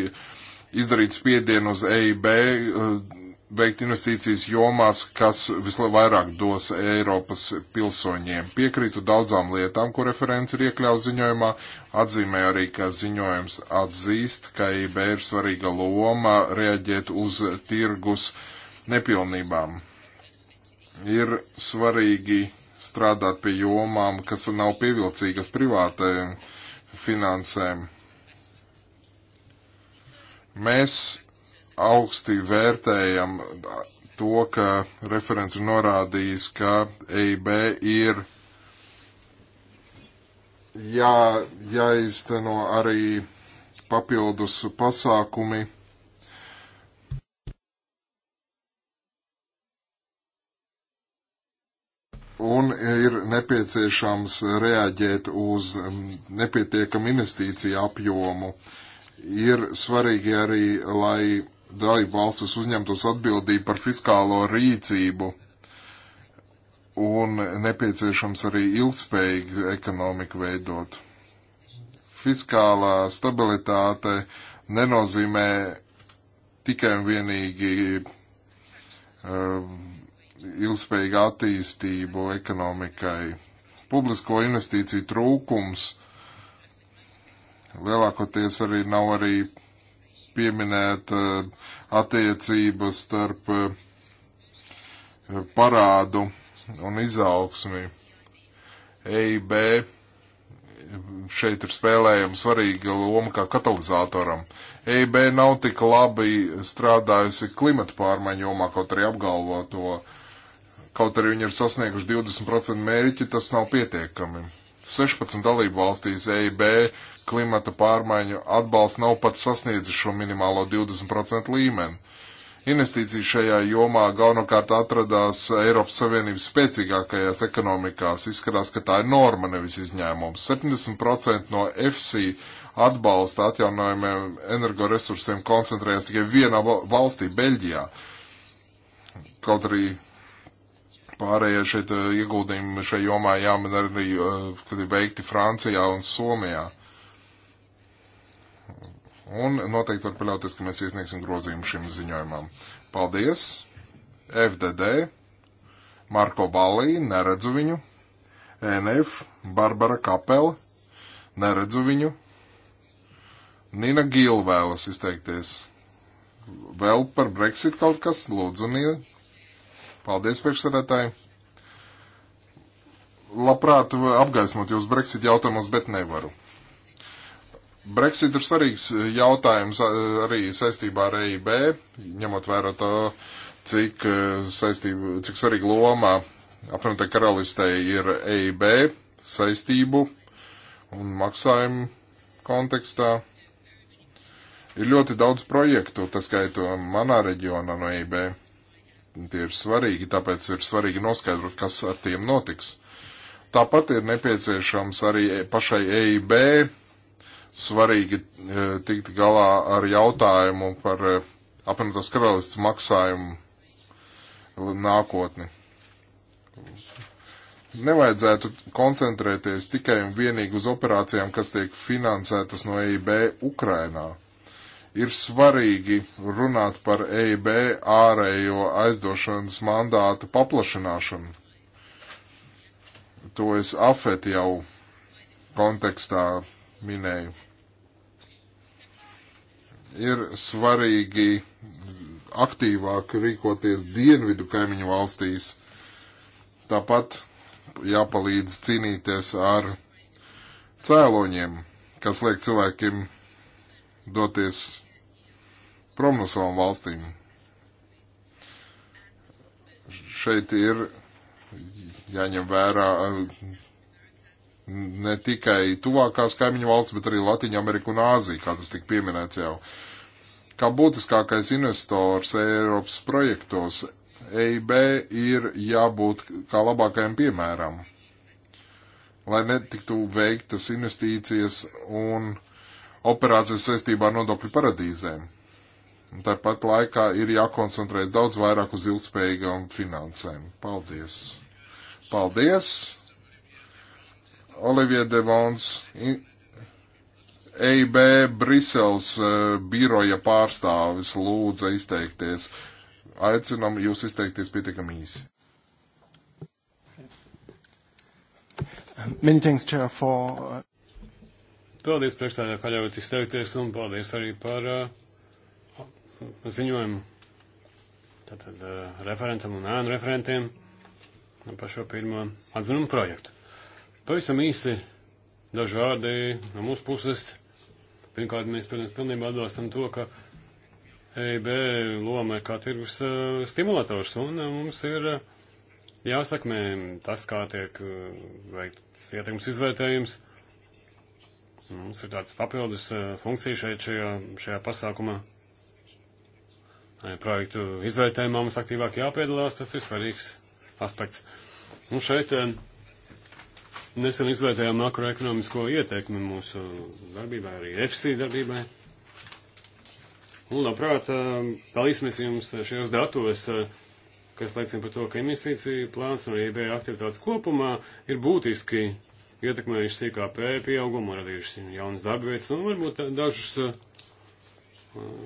izdarītu spiedienu uz EIB veikt investīcijas jomās, kas vislabāk dos Eiropas pilsoņiem. Piekrītu daudzām lietām, ko referents ir iekļauts ziņojumā. Atzīmē arī, ka ziņojums atzīst, ka IB e ir svarīga loma reaģēt uz tirgus nepilnībām. Ir svarīgi strādāt pie jomām, kas nav pievilcīgas privātajiem finansēm. Mēs augsti vērtējam to, ka referents ir norādījis, ka EIB ir jā, jāizteno arī papildus pasākumi. Un ir nepieciešams reaģēt uz mm, nepietiekamu investīciju apjomu. Ir svarīgi arī, lai dalību valstis uzņemtos atbildību par fiskālo rīcību un nepieciešams arī ilgspējīgu ekonomiku veidot. Fiskālā stabilitāte nenozīmē tikai un vienīgi um, ilgspējīgu attīstību ekonomikai. Publisko investīciju trūkums lielākoties arī nav arī pieminēta eh, attiecības starp eh, parādu un izaugsmi. EIB šeit ir spēlējama svarīga loma kā katalizatoram. EIB nav tik labi strādājusi klimata pārmaiņu jomā, kaut arī apgalvo to. Kaut arī viņi ir sasnieguši 20% mērķi, tas nav pietiekami. 16 dalību valstīs EIB uh, klimata pārmaiņu atbalsts nav pat sasniedzis šo minimālo 20% līmeni. Investīcijas šajā jomā galvenokārt atradās Eiropas Savienības spēcīgākajās ekonomikās. Izskatās, ka tā ir norma, nevis izņēmums. 70% no FC atbalsta atjaunojumiem energoresursiem koncentrējas tikai vienā valstī, Beļģijā. Kaut arī pārējie šeit eh, ieguldījumi šai jomā jāmin arī, eh, kad ir veikti Francijā un Somijā. Un noteikti var paļauties, ka mēs iesniegsim grozījumu šim ziņojumam. Paldies! FDD, Marko Balī, neredzu viņu, NF, Barbara Kapela, neredzu viņu, Nina Gīla vēlas izteikties. Vēl par Brexit kaut kas, lūdzu, Nina. Paldies, priekšsēdētāji. Labprāt apgaismot jūs Brexit jautājumos, bet nevaru. Brexit ir svarīgs e, jautājums arī saistībā ar EIB, ņemot vērā to, cik, e, saistību, cik svarīga loma apvienotā karalistē ir EIB saistību un maksājumu kontekstā. Ir ļoti daudz projektu, tas skaito manā reģionā no EIB. Tie ir svarīgi, tāpēc ir svarīgi noskaidrot, kas ar tiem notiks. Tāpat ir nepieciešams arī pašai EIB svarīgi e, tikt galā ar jautājumu par e, apvienotās karalists maksājumu nākotni. Nevajadzētu koncentrēties tikai un vienīgi uz operācijām, kas tiek finansētas no EIB Ukrainā. Ir svarīgi runāt par EIB ārējo aizdošanas mandāta paplašināšanu. To es afet jau kontekstā minēju ir svarīgi aktīvāk rīkoties dienvidu kaimiņu valstīs. Tāpat jāpalīdz cīnīties ar cēloņiem, kas liek cilvēkiem doties prom no savām valstīm. Šeit ir jāņem vērā ne tikai tuvākās kaimiņu valsts, bet arī Latviju Ameriku un Āziju, kā tas tika pieminēts jau. Kā būtiskākais investors Eiropas projektos, EIB ir jābūt kā labākajam piemēram, lai netiktu veiktas investīcijas un operācijas saistībā ar nodokļu paradīzēm. Tāpat laikā ir jākoncentrēs daudz vairāk uz ilgspējīgām finansēm. Paldies! Paldies! Olivier Devons, EIB Briseles e, biroja pārstāvis lūdza izteikties. Aicinam jūs izteikties pietiekami īsi. Many thanks, Chair, for... Uh, paldies, priekšstādā, ka ļaujat izteikties, un paldies arī par uh, ziņojumu tātad uh, referentam un ēnu referentiem par šo pirmo atzinumu projektu. Pavisam īsti daži vārdi no mūsu puses. Pirmkārt, mēs, protams, pilnībā atbalstam to, ka EIB loma ir kā tirgus uh, stimulators, un uh, mums ir uh, jāsakmē tas, kā tiek uh, veikts ietekmes izvērtējums. Mums ir tāds papildus uh, funkcija šeit šajā, šajā pasākumā. Projektu izvērtējumā mums aktīvāk jāpiedalās, tas ir svarīgs aspekts. Un šeit uh, Nesen izvērtējām makroekonomisko ieteikumu mūsu darbībai, arī FC darbībai. Un, labprāt, dalīsimies um, jums šajos datos, uh, kas liecina par to, ka investīcija plāns un IB aktivitātes kopumā ir būtiski ietekmējuši CKP pieaugumu, radījuši jaunas darba vietas un varbūt uh, dažus, uh,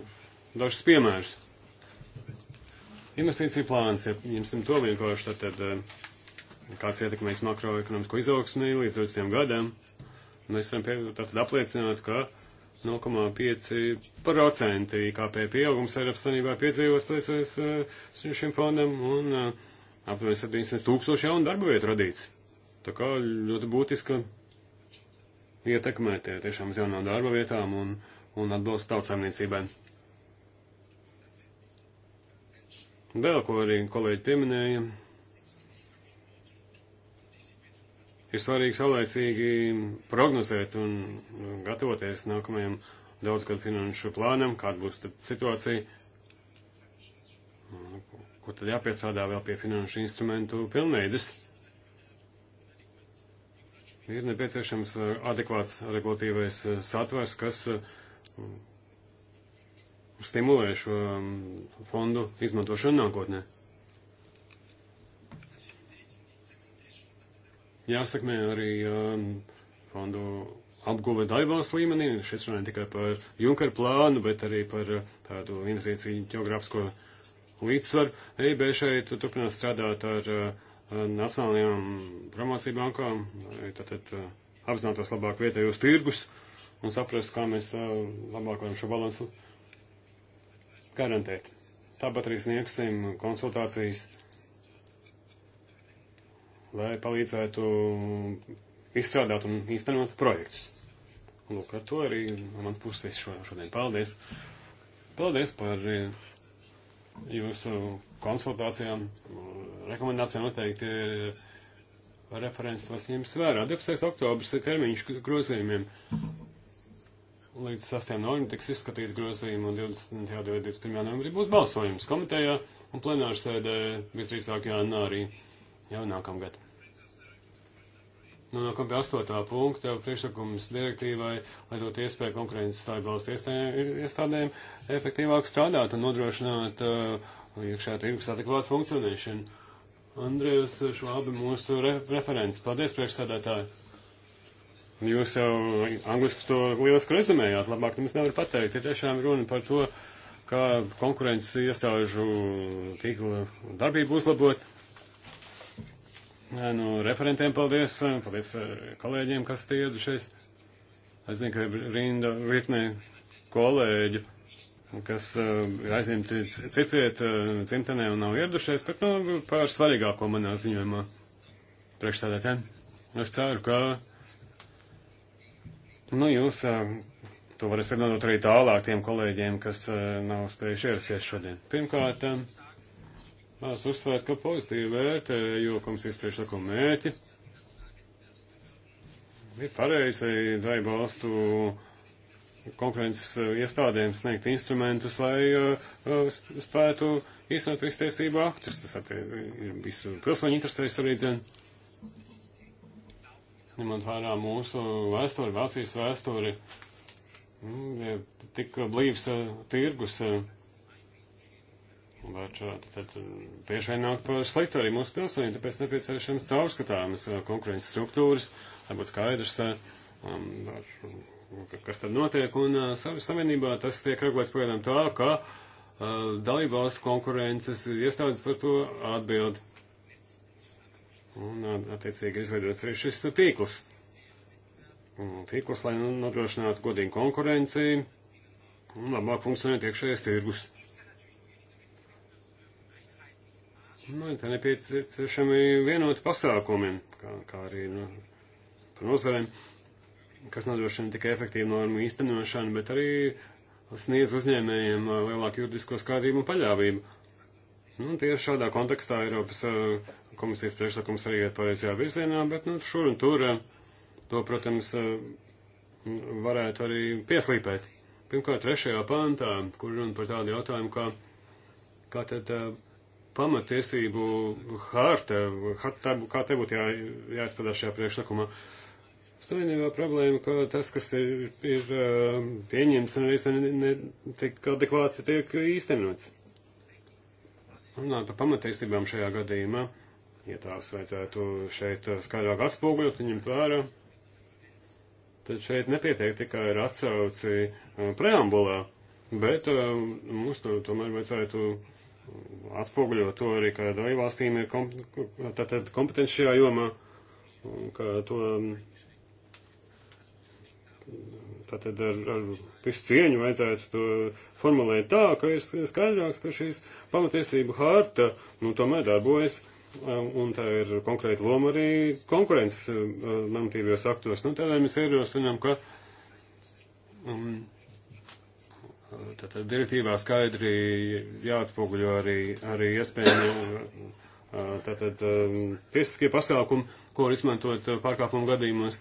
dažus piemērus. Investīcija plāns, ja jums to vienkārši, tad, tad kāds ietekmēs makroekonomisko izaugsmī līdz 20 gadam. Mēs varam pie, apliecināt, ka 0,5% IKP pieaugums Eiropas Savienībā piedzīvos pateicoties uh, šim fondam un uh, aptuveni 700 tūkstoši jaunu darba vietu radīts. Tā kā ļoti būtiska ietekmē tie tiešām uz jaunām darba vietām un, un atbalstu tautsēmniecībai. Vēl ko arī kolēģi pieminēja. ir svarīgi saulēcīgi prognozēt un nu, gatavoties nākamajam daudzgadu finanšu plānam, kāda būs tad situācija, ko tad jāpiesādā vēl pie finanšu instrumentu pilnveides. Ir nepieciešams uh, adekvāts regulatīvais uh, satvers, kas uh, stimulē šo um, fondu izmantošanu nākotnē. jāsakmē arī um, fondu apguve daļvalsts līmenī. Šis runāja tikai par Junkara plānu, bet arī par uh, tādu investīciju geogrāfisko līdzsvaru. EIB šeit turpinās strādāt ar uh, nacionālajām promociju bankām, tātad uh, apzinātos labāk vietējos tirgus un saprast, kā mēs uh, labāk varam šo balansu garantēt. Tāpat arī sniegsim konsultācijas lai palīdzētu izstrādāt un īstenot projektus. Lūk, ar to arī no mans puses šodien paldies. Paldies par eh, jūsu konsultācijām, rekomendācijām noteikti eh, referents tos ņems vērā. 12. oktobrs ir termiņš grozījumiem. Līdz 6. novembrim tiks izskatīti grozījumi un 20. un 21. novembrī būs balsojums komitejā un plenārsēdē visdrīzāk jānā arī jau nākamgad. Nu, no kopja 8. punkta priekšlikums direktīvai, lai dotu iespēju konkurences starpvalstu iestādēm efektīvāk strādāt un nodrošināt uh, iekšējā tirgus adekvātu funkcionēšanu. Andrejs Švābi mūsu re referents. Paldies, priekšstādātāji! Jūs jau angliski to lieliski rezumējāt, labāk jums nevar pateikt. Ir tiešām runa par to, kā konkurences iestāžu tīkla darbību uzlabot Nu, referentiem paldies, paldies eh, kolēģiem, kas tie ieradušies. Es zinu, ka ir rinda virknē kolēģu, kas uh, ir aizņemti citviet uh, eh, cimtenē un nav ieradušies, bet, nu, pār svarīgāko manā ziņojumā priekšstādātēm. Es ceru, ka, nu, jūs uh, to varat sarunāt arī tālāk tiem kolēģiem, kas uh, nav spējuši ierasties šodien. Pirmkārt, uh, Es uzsvērtu, ka pozitīvi vērtēju komisijas priekšlikuma mērķi. Ir pareizi daiba valstu konkurences uh, iestādēm sniegt instrumentus, lai uh, uh spētu īstenot visu tiesību aktus. Tas attie, ir visu pilsoņu interesēs arī dzen. Ņemot vērā mūsu vēsturi, Vācijas vēsturi, mm, ja tik blīvs uh, tirgus. Uh, var uh, tad uh, bieži vien nākt par sliktu arī mūsu pilsoņiem, tāpēc nepieciešams caurskatāmas uh, konkurences struktūras, lai būtu skaidrs, um, kas tad notiek, un savienībā tas tiek regulēts pagaidām tā, ka dalībvalstu konkurences iestādes par to atbild. Un, attiecīgi, izveidots arī šis tīkls. Mm, tīkls, lai nu, nodrošinātu godīgu konkurenciju un labāk funkcionētu iekšējais tirgus. Nu, tā nepieciešami vienoti pasākumi, kā, kā arī nu, par nozarēm, kas nodrošina tikai efektīvu normu īstenošanu, bet arī sniedz uzņēmējiem uh, lielāku juridisko skaidrību un paļāvību. Nu, tieši šādā kontekstā Eiropas uh, komisijas priekšlikums arī iet pareizajā virzienā, bet nu, šur un tur uh, to, protams, varētu arī pieslīpēt. Pirmkārt, trešajā pantā, kur runa par tādu jautājumu, kā, kā tad pamatiesību harta, harta kā te būtu jā, jāizpildās šajā priekšlikumā. Savienībā problēma, ka tas, kas ir, ir um, pieņemts, arī netiek ne, adekvāti tiek īstenots. Runāt par pamatiesībām šajā gadījumā, ja tās vajadzētu šeit skaidrāk atspoguļot un ņemt vērā, tad šeit nepietiek tikai ar atsauci uh, preambulā, bet uh, mums to tomēr vajadzētu atspoguļo to arī, ka dalībvalstīm ir kom, tātad kompetenci šajā jomā, un ka to um, tātad ar, ar visu cieņu vajadzētu to formulēt tā, ka ir skaidrāks, ka šīs pamatiesību harta, nu, tomēr darbojas, um, un tā ir konkrēta loma arī konkurences uh, normatīvajos aktos. Nu, tādēļ mēs ierosinām, ka. Um, Tātad direktīvā skaidri jāatspoguļo arī, arī iespējami tātad tiesiskie pasākumi, ko var izmantot pārkāpumu gadījumos,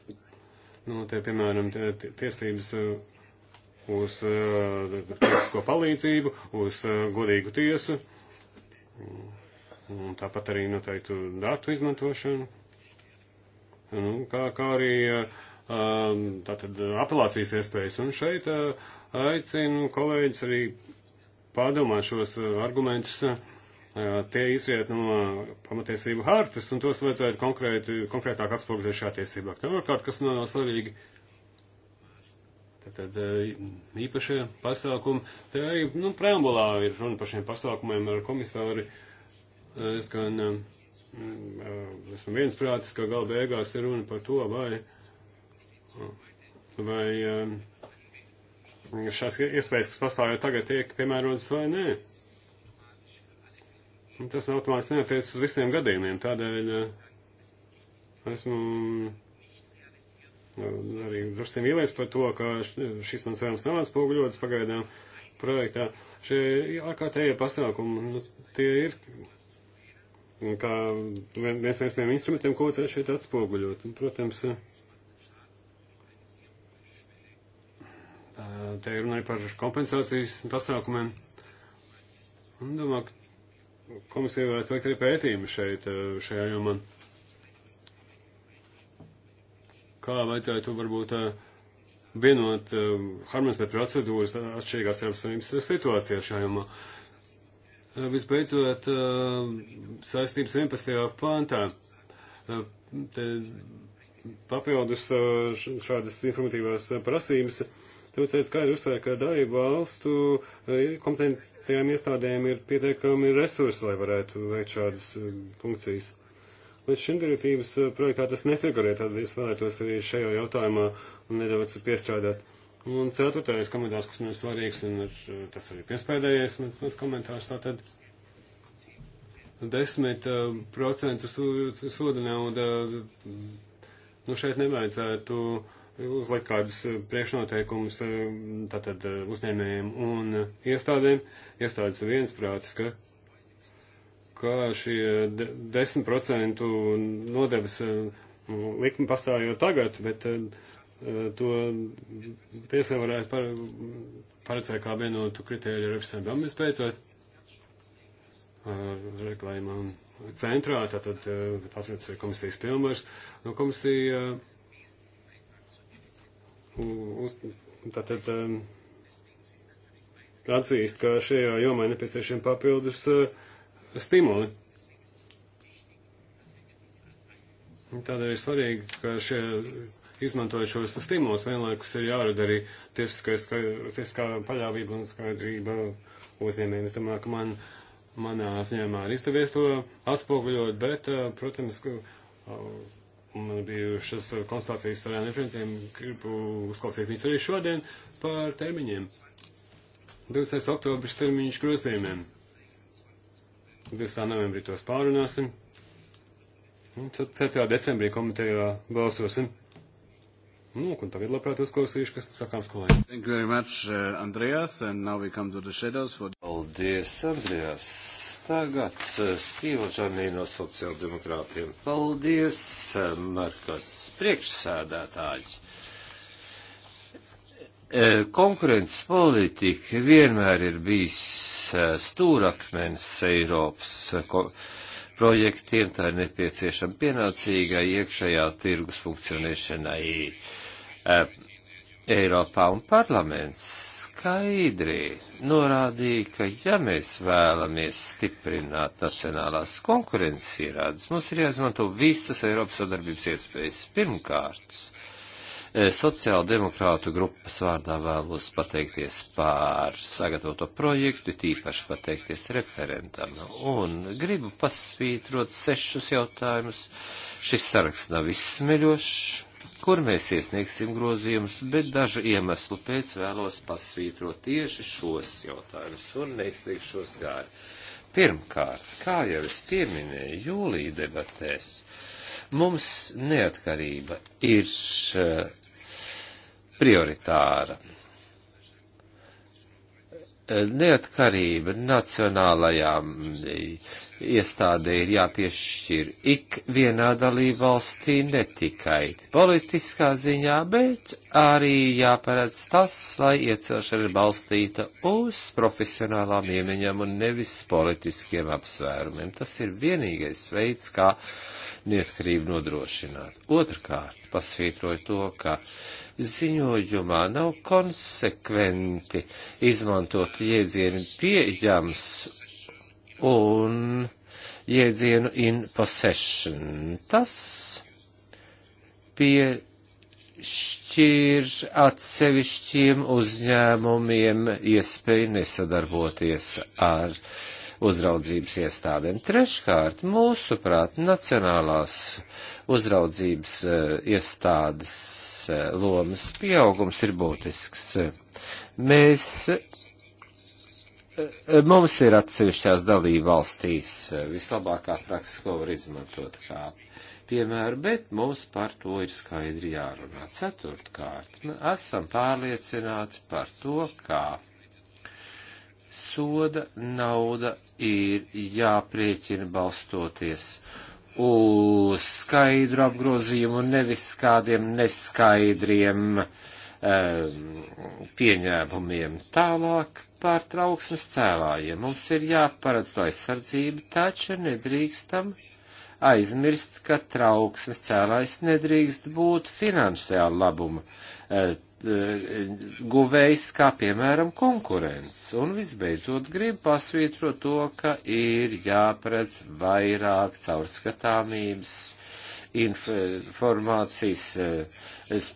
nu, tie, piemēram, tie, tie, tiesības uz tiesisko palīdzību, uz godīgu tiesu, un tāpat arī noteiktu datu izmantošanu, nu, kā, kā arī uh, Um, tātad uh, apelācijas iespējas. Un šeit uh, aicinu kolēģis arī pārdomāt šos uh, argumentus. Tie izriet no pamatiesību hartas, un tos vajadzētu konkrēti, konkrētāk atspoguļot šajā tiesībā. Pirmkārt, kas nav svarīgi, tad īpašie pasākumi, te arī, nu, preambulā ir runa par šiem pasākumiem ar komisāri. Es gan um, esmu viensprātis, ka gala beigās ir runa par to, vai uh, vai eh, šās iespējas, kas pastāv jau tagad, tiek piemērotas vai nē. Tas automātiski neatiec uz visiem gadījumiem, tādēļ eh, esmu eh, arī drusku vīlies par to, ka šis mans vērums nav atspoguļots pagaidām projektā. Šie ārkārtējie pasākumi, nu, tie ir kā viens no iespējamiem instrumentiem, ko ceļš šeit atspoguļot. Un, protams, Te ir runāja par kompensācijas pasākumiem. Un domāju, ka komisija varētu veikt arī pētījumu šeit, eh, šajā jomā. Kā vajadzētu varbūt eh, vienot, eh, harmonizēt procedūras atšķirīgās Eiropas Savienības situācijā šajā jomā. Visbeidzot, saistības 11. pāntā. Te papildus šādas informatīvās prasības Turcija skaidri uzsver, ka dalību valstu e, kompetentajām iestādēm ir pietiekami resursi, lai varētu veikt šādas e, funkcijas. Līdz šim direktīvas e, projektā tas nefigurē, tad es vēlētos arī šajā jautājumā nedaudz piestrādāt. Un ceturtais komentārs, kas man ir svarīgs, un ar, tas arī piespēdējais mans, mans komentārs, tātad desmit uh, procentu soda nauda, nu šeit nevajadzētu uh, uzlikt kādus eh, priekšnoteikumus eh, tātad eh, uzņēmējiem un iestādēm. Iestādes ir viensprātis, ka, ka šie 10% nodevas likme pastāv jau tagad, bet to tiesā varētu par, paredzēt kā vienotu kritēriju ar visām domas beidzot reklāmām centrā, tātad tāds ir komisijas pilnvars. No nu, komisija uz, tātad um, atzīst, ka šajā jomā ir nepieciešami papildus uh, stimuli. Tādēļ ir svarīgi, ka šie izmantojot šos stimulus, vienlaikus ir jārada arī tiesiskā paļāvība un skaidrība uzņēmējiem. Es domāju, ka man, manā ziņā ir izdevies to atspoguļot, bet, uh, protams, ka, uh, Man bijušas konsultācijas ar referentiem, gribu uzklausīt viņus arī šodien par termiņiem. 20. oktobris termiņš grozījumiem. 20. novembrī tos pārunāsim. Un 4. decembrī komitejā balsosim. Nu, un tagad labprāt uzklausīšu, kas sakāms kolēģi. Thank you very much, uh, Andreas, and now we come to the shadows for... Paldies, Andreas tagad eh, Stīva Žanī no sociāldemokrātiem. Paldies, eh, Markas, priekšsēdētāji. Eh, konkurences politika vienmēr ir bijis stūrakmens Eiropas projektiem, tā ir nepieciešama pienācīgai iekšējā tirgus funkcionēšanai Eiropā un parlaments skaidri norādīja, ka ja mēs vēlamies stiprināt nacionālās konkurences ierādes, mums ir jāizmanto visas Eiropas sadarbības iespējas. Pirmkārt, eh, sociāldemokrātu grupas vārdā vēlos pateikties pār sagatavoto projektu, tīpaši pateikties referentam. Un gribu pasvītrot sešus jautājumus. Šis saraksts nav izsmeļošs kur mēs iesniegsim grozījumus, bet dažu iemeslu pēc vēlos pasvītrot tieši šos jautājumus un neizteikšos gāri. Pirmkārt, kā jau es pieminēju, jūlija debatēs mums neatkarība ir eh, prioritāra neatkarība nacionālajām iestādē ir jāpiešķir ik vienā dalībvalstī ne tikai politiskā ziņā, bet arī jāparedz tas, lai iecelšana ir balstīta uz profesionālām iemaņām un nevis politiskiem apsvērumiem. Tas ir vienīgais veids, kā uh, neatkarību nodrošināt. Otrkārt, pasvītroju to, ka ziņojumā nav konsekventi izmantot jēdzienu pieejams un jēdzienu in possession. Tas pie piešķir atsevišķiem uzņēmumiem iespēju nesadarboties ar uh, uzraudzības iestādēm. Treškārt, mūsuprāt, nacionālās uzraudzības e, iestādes e, lomas pieaugums ir būtisks. Mēs, e, mums ir atsevišķās dalība valstīs vislabākā praksa, ko var izmantot kā piemēru, bet mums par to ir skaidri jārunā. Ceturtkārt, esam pārliecināti par to, kā soda nauda ir jāprieķina balstoties uz skaidru apgrozījumu, nevis kādiem neskaidriem um, pieņēmumiem. Tālāk par trauksmes cēlājiem. Mums ir jāparedz to aizsardzību, taču nedrīkstam aizmirst, ka trauksmes cēlājs nedrīkst būt finansiāla labuma uh, Eh, guvējs, kā piemēram konkurence. Un visbeidzot grib pasvītrot to, ka ir jāpredz vairāk caurskatāmības informācijas eh,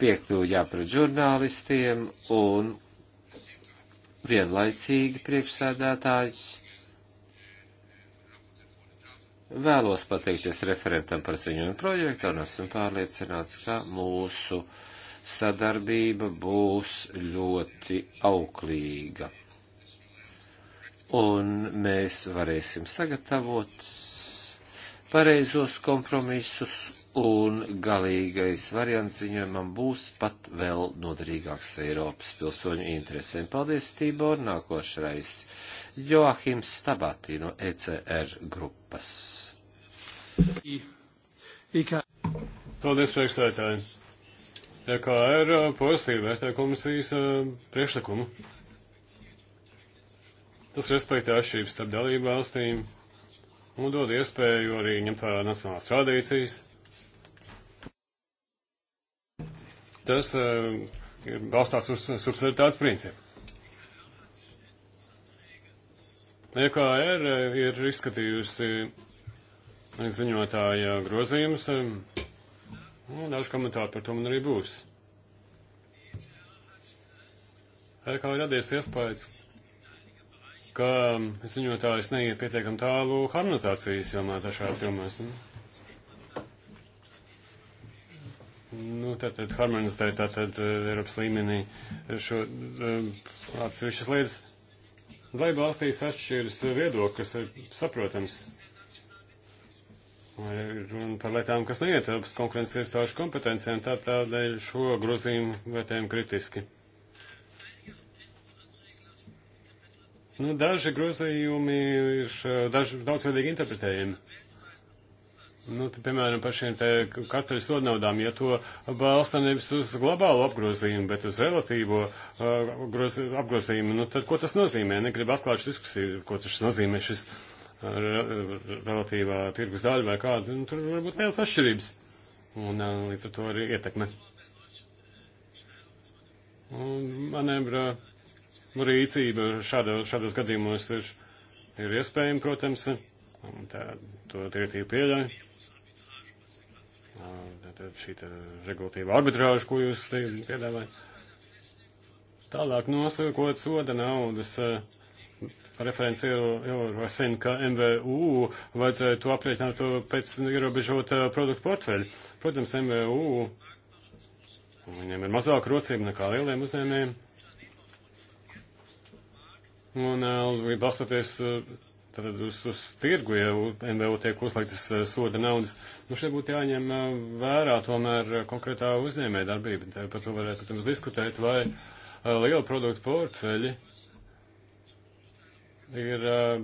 piekļuvi jāpredz žurnālistiem un vienlaicīgi priekšsēdētājs. Vēlos pateikties referentam par ziņojumu projektu un esmu pārliecināts, ka mūsu uh, sadarbība būs ļoti auglīga. Un mēs varēsim sagatavot pareizos kompromisus, un galīgais variants ziņojumam būs pat vēl noderīgāks Eiropas pilsoņu interesēm. Paldies, Tībor, nākošais Joahims Stabatī no ECR grupas. Paldies, priekšstādātāji! EKR uh, pozitīvi vērtē komisijas uh, priekšlikumu. Tas respektē atšķirības starp dalību valstīm un dod iespēju arī ņemt vērā nacionālās tradīcijas. Tas uh, ir balstās uz subsidiaritātes principu. EKR uh, ir izskatījusi ziņotāja grozījumus. Uh, Nu, daži komentāri par to man arī būs. Kā radies iespējas, ka ziņotājs neiet pietiekam tālu harmonizācijas jomā dažās jomās. Ne? Nu? nu, tātad harmonizēt tātad eh, Eiropas līmenī šo eh, atsevišķas lietas. Lai valstīs atšķiras viedoklis, eh, saprotams, runa par lietām, kas neietilpst konkurences iestāžu kompetencijām, tā tādēļ šo grozījumu vērtējam kritiski. Nu, daži grozījumi ir eh, daži, daudzveidīgi interpretējami. Nu, te, piemēram, par šiem te katra sodnaudām, ja to balsta nevis uz globālu apgrozījumu, bet uz relatīvo uh, eh, groz, apgrozījumu, nu, tad ko tas nozīmē? Negribu atklāt diskusiju, ko tas nozīmē šis. Uh, relatīvā tirgus daļa vai kāda, un nu, tur varbūt liels atšķirības. Un līdz ar to arī ietekme. Un manevra nu, rīcība šādos, šādos gadījumos ir, ir iespējama, protams, un tā, to direktīva pieļauj. Tātad šī tā regulatīva arbitrāža, ko jūs piedāvājat. Tālāk nosakot soda naudas. Uh, referents ierosina, ka MVU vajadzētu aprēķināt to pēc ierobežota eh, produktu portfeļa. Protams, MVU, viņiem ir mazāk rocība nekā lieliem uzņēmējiem. Un, eh, balstoties Tātad eh, uz, uz tirgu, ja MVO tiek uzliktas soda naudas, nu šeit būtu jāņem vērā tomēr konkrētā uzņēmē darbība. Par to varētu, protams, diskutēt, vai liela produktu portfeļi ir eh,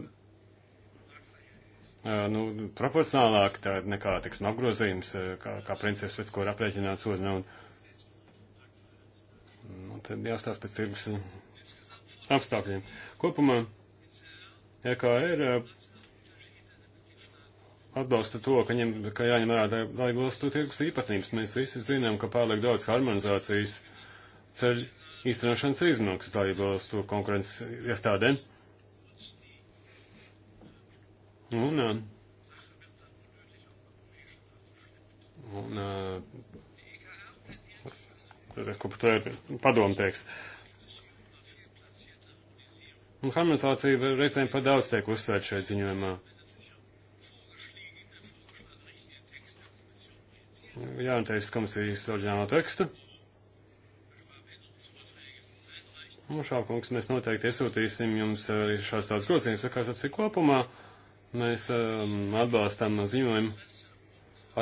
eh, nu, proporcionālāk nekā, teiksim, apgrozījums, eh, kā, kā princips, pēc ko ir aprēķināts sodu naudu. Nu, tad jāstāsta pēc tirgus apstākļiem. Kopumā EKR atbalsta to, ka, ņem, ka jāņem vērā dalībvalstu tirgus īpatnības. Mēs visi zinām, ka pārliek daudz harmonizācijas ceļ īstenošanas izmaksas dalībvalstu konkurences iestādēm. Ja Un, eh, un, eh, un ko par to ir padomu teiks. Un harmonizācija reizēm par daudz tiek uzsvērta šeit ziņojumā. Jā, un teiks komisijas oriģinālo tekstu. Un šā kungs mēs noteikti iesūtīsim jums arī šāds tāds grozījums, kā tas ir kopumā. Uh, Mēs um, atbalstam ziņojumu,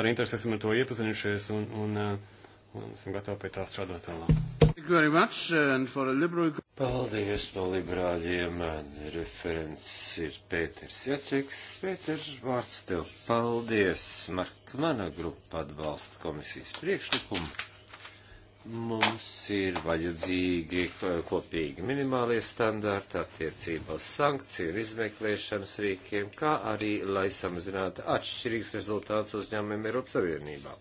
ar interesi esam ar to iepazinušies un, un, uh, un esam gatavi pie tā strādāt tālāk. Paldies no liberāļiem, referents ir Pēters Jačeks. Pēters, vārds tev paldies, Mark, mana grupa atbalsta komisijas priekšlikumu mums ir vajadzīgi eh, kopīgi minimālie standarti attiecībā uz sankciju un izmeklēšanas rīkiem, kā arī, lai samazinātu atšķirīgus rezultātus uzņēmumiem Eiropas Savienībā.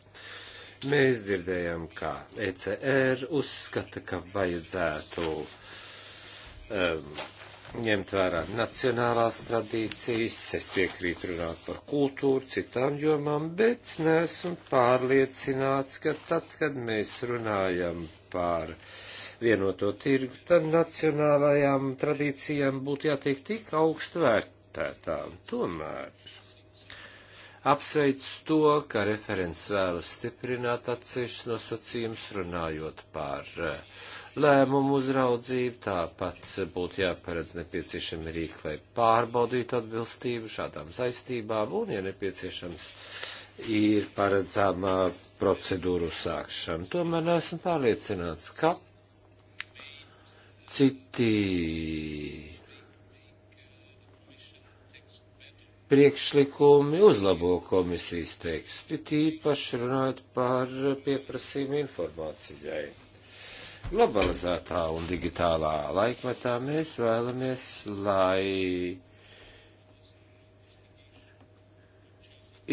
Mēs dzirdējam, ka ECR uzskata, ka vajadzētu um, ņemt vērā nacionālās tradīcijas, es piekrītu runāt par kultūru, citām jomām, bet nesmu pārliecināts, ka tad, kad mēs runājam par vienoto tirgu, tad nacionālajām tradīcijām būtu jātiek tik augstu vērtētām. Tomēr apsveic to, ka referents vēlas stiprināt atsevišķus nosacījumus runājot par uh, lēmumu uzraudzību, tāpat būtu jāparedz nepieciešami rīki, lai pārbaudītu atbilstību šādām saistībām, un, ja nepieciešams, ir paredzama procedūru sākšana. Tomēr esmu pārliecināts, ka citi priekšlikumi uzlabo komisijas tekstu, tīpaši runājot par pieprasījumu informācijai globalizētā un digitālā laikmetā mēs vēlamies, lai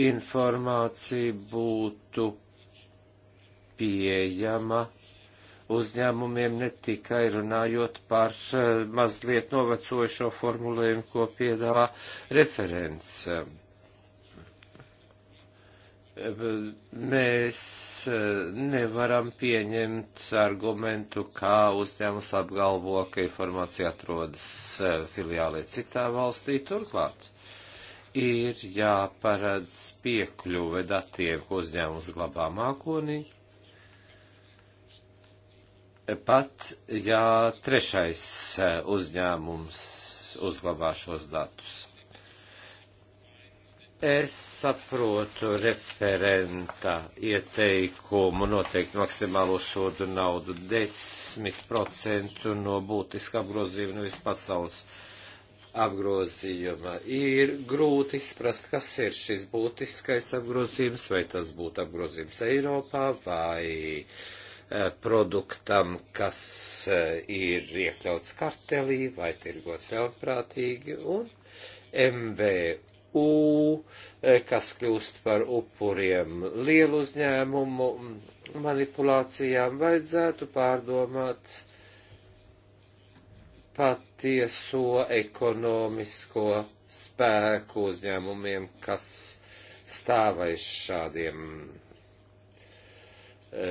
informācija būtu pieejama uzņēmumiem ne tikai runājot par eh, mazliet novecojušo formulējumu, ko piedāvā referents mēs eh, nevaram pieņemt argumentu, kā uzņēmums apgalvo, ka informācija atrodas eh, filiālē citā valstī turklāt ir jāparedz piekļuve datiem, ko uzņēmums glabā mākonī. Pat, ja trešais eh, uzņēmums uzglabā šos datus. Es saprotu referenta ieteikumu noteikti maksimālo sodu naudu 10% no būtiska apgrozījuma nevis pasaules apgrozījuma. Ir grūti izprast, kas ir šis būtiskais apgrozījums, vai tas būtu apgrozījums Eiropā, vai e, produktam, kas e, ir iekļauts kartelī, vai tirgots ļaunprātīgi, un MVU MVU, e, kas kļūst par upuriem lielu uzņēmumu manipulācijām, vajadzētu pārdomāt patieso ekonomisko spēku uzņēmumiem, kas stāvēs šādiem, e,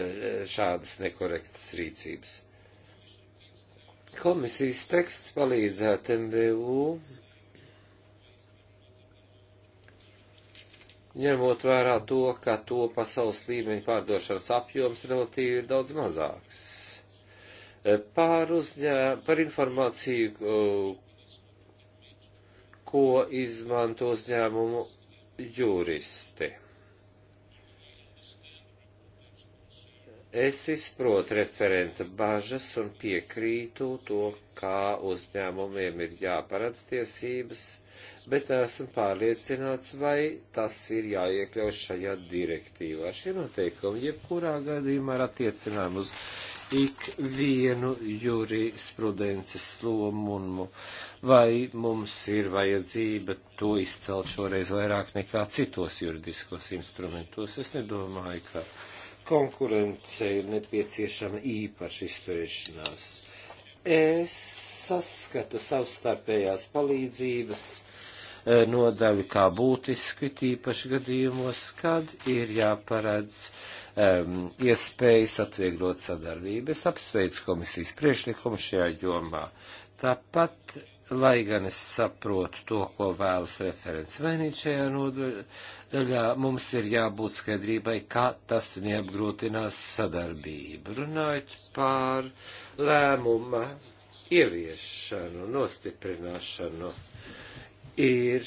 šādas nekorektas rīcības. Komisijas teksts palīdzētu MVU ņemot vērā to, ka to pasaules līmeņa pārdošanas apjoms relatīvi ir daudz mazāks. E, pār, uzņē, par informāciju, e, ko izmanto uzņēmumu juristi. Es izprotu referenta bažas un piekrītu to, kā uzņēmumiem ir jāparedz tiesības, bet esmu pārliecināts, vai tas ir jāiekļaut šajā direktīvā. Šie noteikumi jebkurā gadījumā ir attiecinājumi uz ikvienu jurisprudences lomu un vai mums ir vajadzība to izcelt šoreiz vairāk nekā citos juridiskos instrumentos. Es nedomāju, ka konkurence ir nepieciešama īpaša izturēšanās. Es saskatu savstarpējās palīdzības eh, nodaļu kā būtisku, tīpaši gadījumos, kad ir jāparedz um, iespējas atvieglot sadarbību. Es apsveicu komisijas priešlikumu šajā jomā. Tāpat lai gan es saprotu to, ko vēlas referents mainīt šajā nodaļā, mums ir jābūt skaidrībai, kā tas neapgrūtinās sadarbību. Runājot pār lēmuma ieviešanu, nostiprināšanu, ir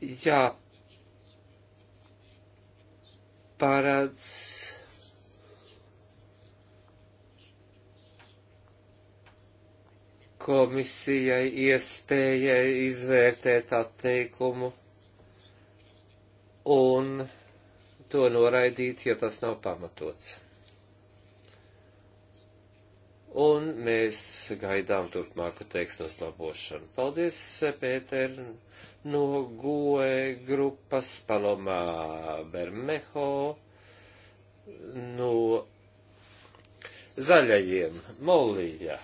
jāparādz komisijai iespējai izvērtēt atteikumu un to noraidīt, ja tas nav pamatots. Un mēs gaidām turpmāku tekstu uzlabošanu. Paldies, Pēter, no GOE grupas Palomā Bermeho, no zaļajiem Molija.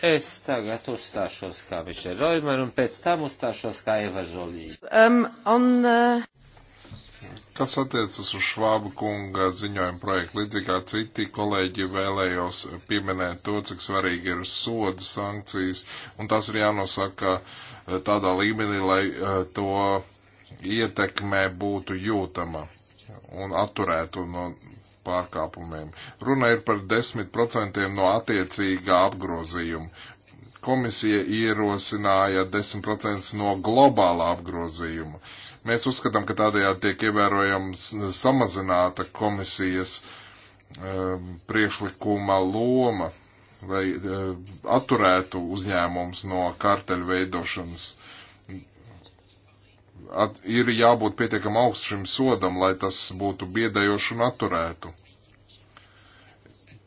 Es tagad uzstāšos kā Mišel Roimer un pēc tam uzstāšos kā Eva Žolī. Um, on, uh... Kas attiecas uz Švābu kunga ziņojumu projektu, līdzīgi kā citi kolēģi vēlējos pieminēt to, cik svarīgi ir soda sankcijas, un tas ir jānosaka uh, tādā līmenī, lai uh, to ietekmē būtu jūtama un atturētu no pārkāpumiem. Runa ir par 10% no attiecīgā apgrozījuma. Komisija ierosināja 10% no globālā apgrozījuma. Mēs uzskatām, ka tādējādi tiek ievērojams samazināta komisijas um, priekšlikuma loma, lai uh, atturētu uzņēmums no karteļu veidošanas at, ir jābūt pietiekam augstšim sodam, lai tas būtu biedējoši un atturētu.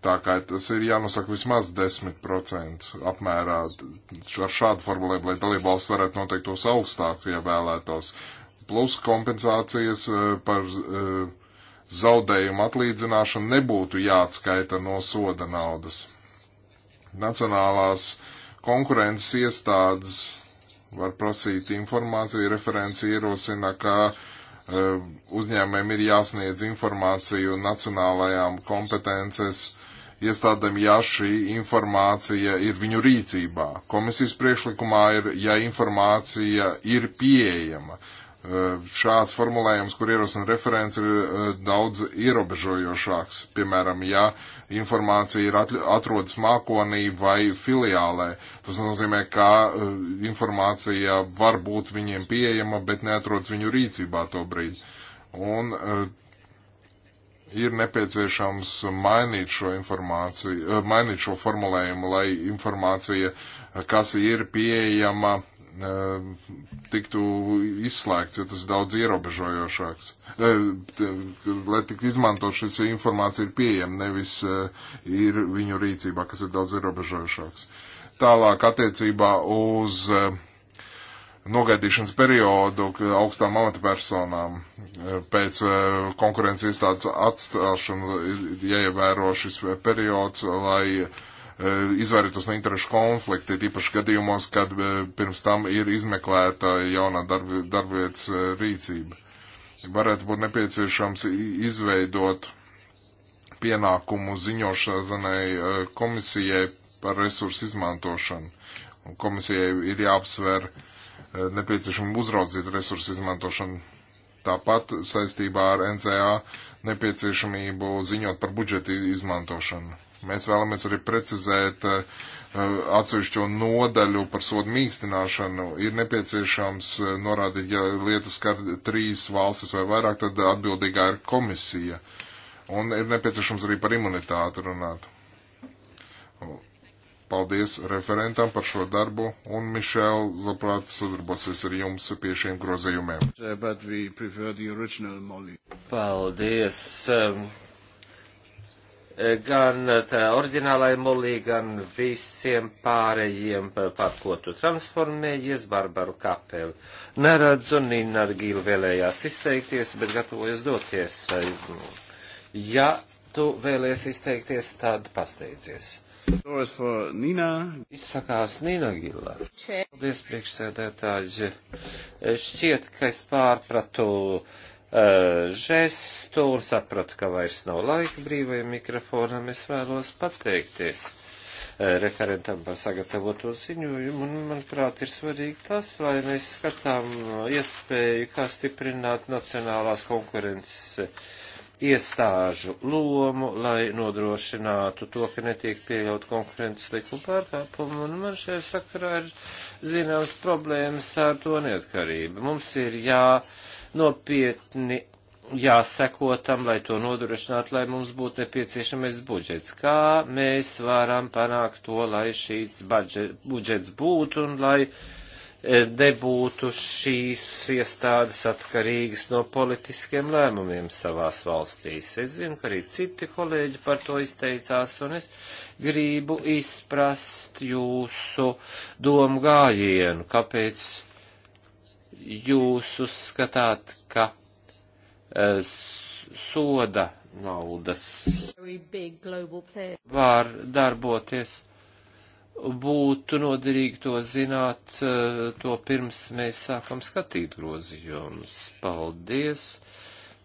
Tā kā tas ir jānosaka vismaz 10% apmērā ar šādu formulēm, lai dalībvalsts varētu noteikt tos augstāk, ja vēlētos. Plus kompensācijas eh, par eh, zaudējumu atlīdzināšanu nebūtu jāatskaita no soda naudas. Nacionālās konkurences iestādes var prasīt informāciju. Referenci ierosina, ka uh, eh, uzņēmēm ir jāsniedz informāciju nacionālajām kompetences iestādēm, ja šī informācija ir viņu rīcībā. Komisijas priekšlikumā ir, ja informācija ir pieejama. Uh, Eh, šāds formulējums, kur ierosina referents, ir eh, daudz ierobežojošāks. Piemēram, ja informācija ir atrodas mākonī vai filiālē, tas nozīmē, ka eh, informācija var būt viņiem pieejama, bet neatrodas viņu rīcībā to brīdi. Un ir nepieciešams mainīt šo informāciju, mainīt šo formulējumu, lai informācija, kas ir pieejama Eh, tiktu izslēgts, jo tas ir daudz ierobežojošāks. Eh, lai tiktu izmantot šis informācija ir pieejama, nevis eh, ir viņu rīcībā, kas ir daudz ierobežojošāks. Tālāk attiecībā uz nogaidīšanas periodu augstām amatpersonām pēc konkurences iestādes atstāšana jāievēro šis periods, lai E, izvairītos no interešu konflikta, tīpaši gadījumos, kad e, pirms tam ir izmeklēta jaunā darb, darbvietas e, rīcība. Varētu būt nepieciešams izveidot pienākumu ziņošanai komisijai par resursu izmantošanu. Komisijai ir jāapsver nepieciešama uzraudzīt resursu izmantošanu. Tāpat saistībā ar NCA nepieciešamību ziņot par budžeta izmantošanu. Mēs vēlamies arī precizēt uh, atsevišķo nodaļu par sodu mīkstināšanu. Ir nepieciešams uh, norādīt, ja lietas skar trīs valstis vai vairāk, tad atbildīgā ir komisija. Un ir nepieciešams arī par imunitāti runāt. Paldies referentam par šo darbu, un Mišēl, labprāt, sadarbosies ar jums pie šiem grozījumiem. Paldies! Um, gan tā oriģinālai mulī, gan visiem pārējiem, par ko tu transformējies, Barbaru Kapeli. Neredzu, Nina Argīla vēlējās izteikties, bet gatavojas doties. Ja tu vēlies izteikties, tad pasteidzies. Doris for Nina. Izsakās Nina Gila. Paldies, priekšsēdētāji. Šķiet, ka es pārpratu. Uh, Eh, žestu un sapratu, ka vairs nav laika brīvajam mikrofonam. Es vēlos pateikties eh, referentam par sagatavoto ziņojumu, un, manuprāt, ir svarīgi tas, vai mēs skatām iespēju, kā stiprināt nacionālās konkurences eh, iestāžu lomu, lai nodrošinātu to, ka netiek pieļaut konkurences likuma pārkāpumu, un man šajā sakarā ir zināmas problēmas ar to neatkarību. Mums ir jā. Ja nopietni jāseko tam, lai to nodrošinātu, lai mums būtu nepieciešamais budžets. Kā mēs varam panākt to, lai šīs budžets būtu un lai e, nebūtu šīs iestādes atkarīgas no politiskiem lēmumiem savās valstīs. Es zinu, ka arī citi kolēģi par to izteicās, un es gribu izprast jūsu domu gājienu, kāpēc jūs uzskatāt, ka e, soda naudas var darboties. Būtu noderīgi to zināt, e, to pirms mēs sākam skatīt grozījumus. Paldies!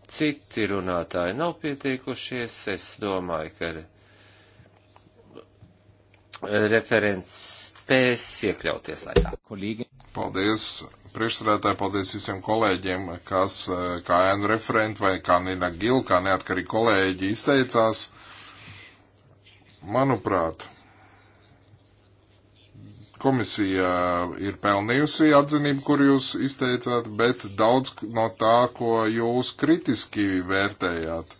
Citi runātāji nav pieteikušies. Es domāju, ka referents spēs iekļauties laikā. Kolīgi. Paldies! priekšsēdētāji, paldies visiem kolēģiem, kas eh, kā ēnu referenti vai kā Nina Gil, kā neatkarīgi kolēģi izteicās. Manuprāt, komisija ir pelnījusi atzinību, kur jūs izteicāt, bet daudz no tā, ko jūs kritiski vērtējāt,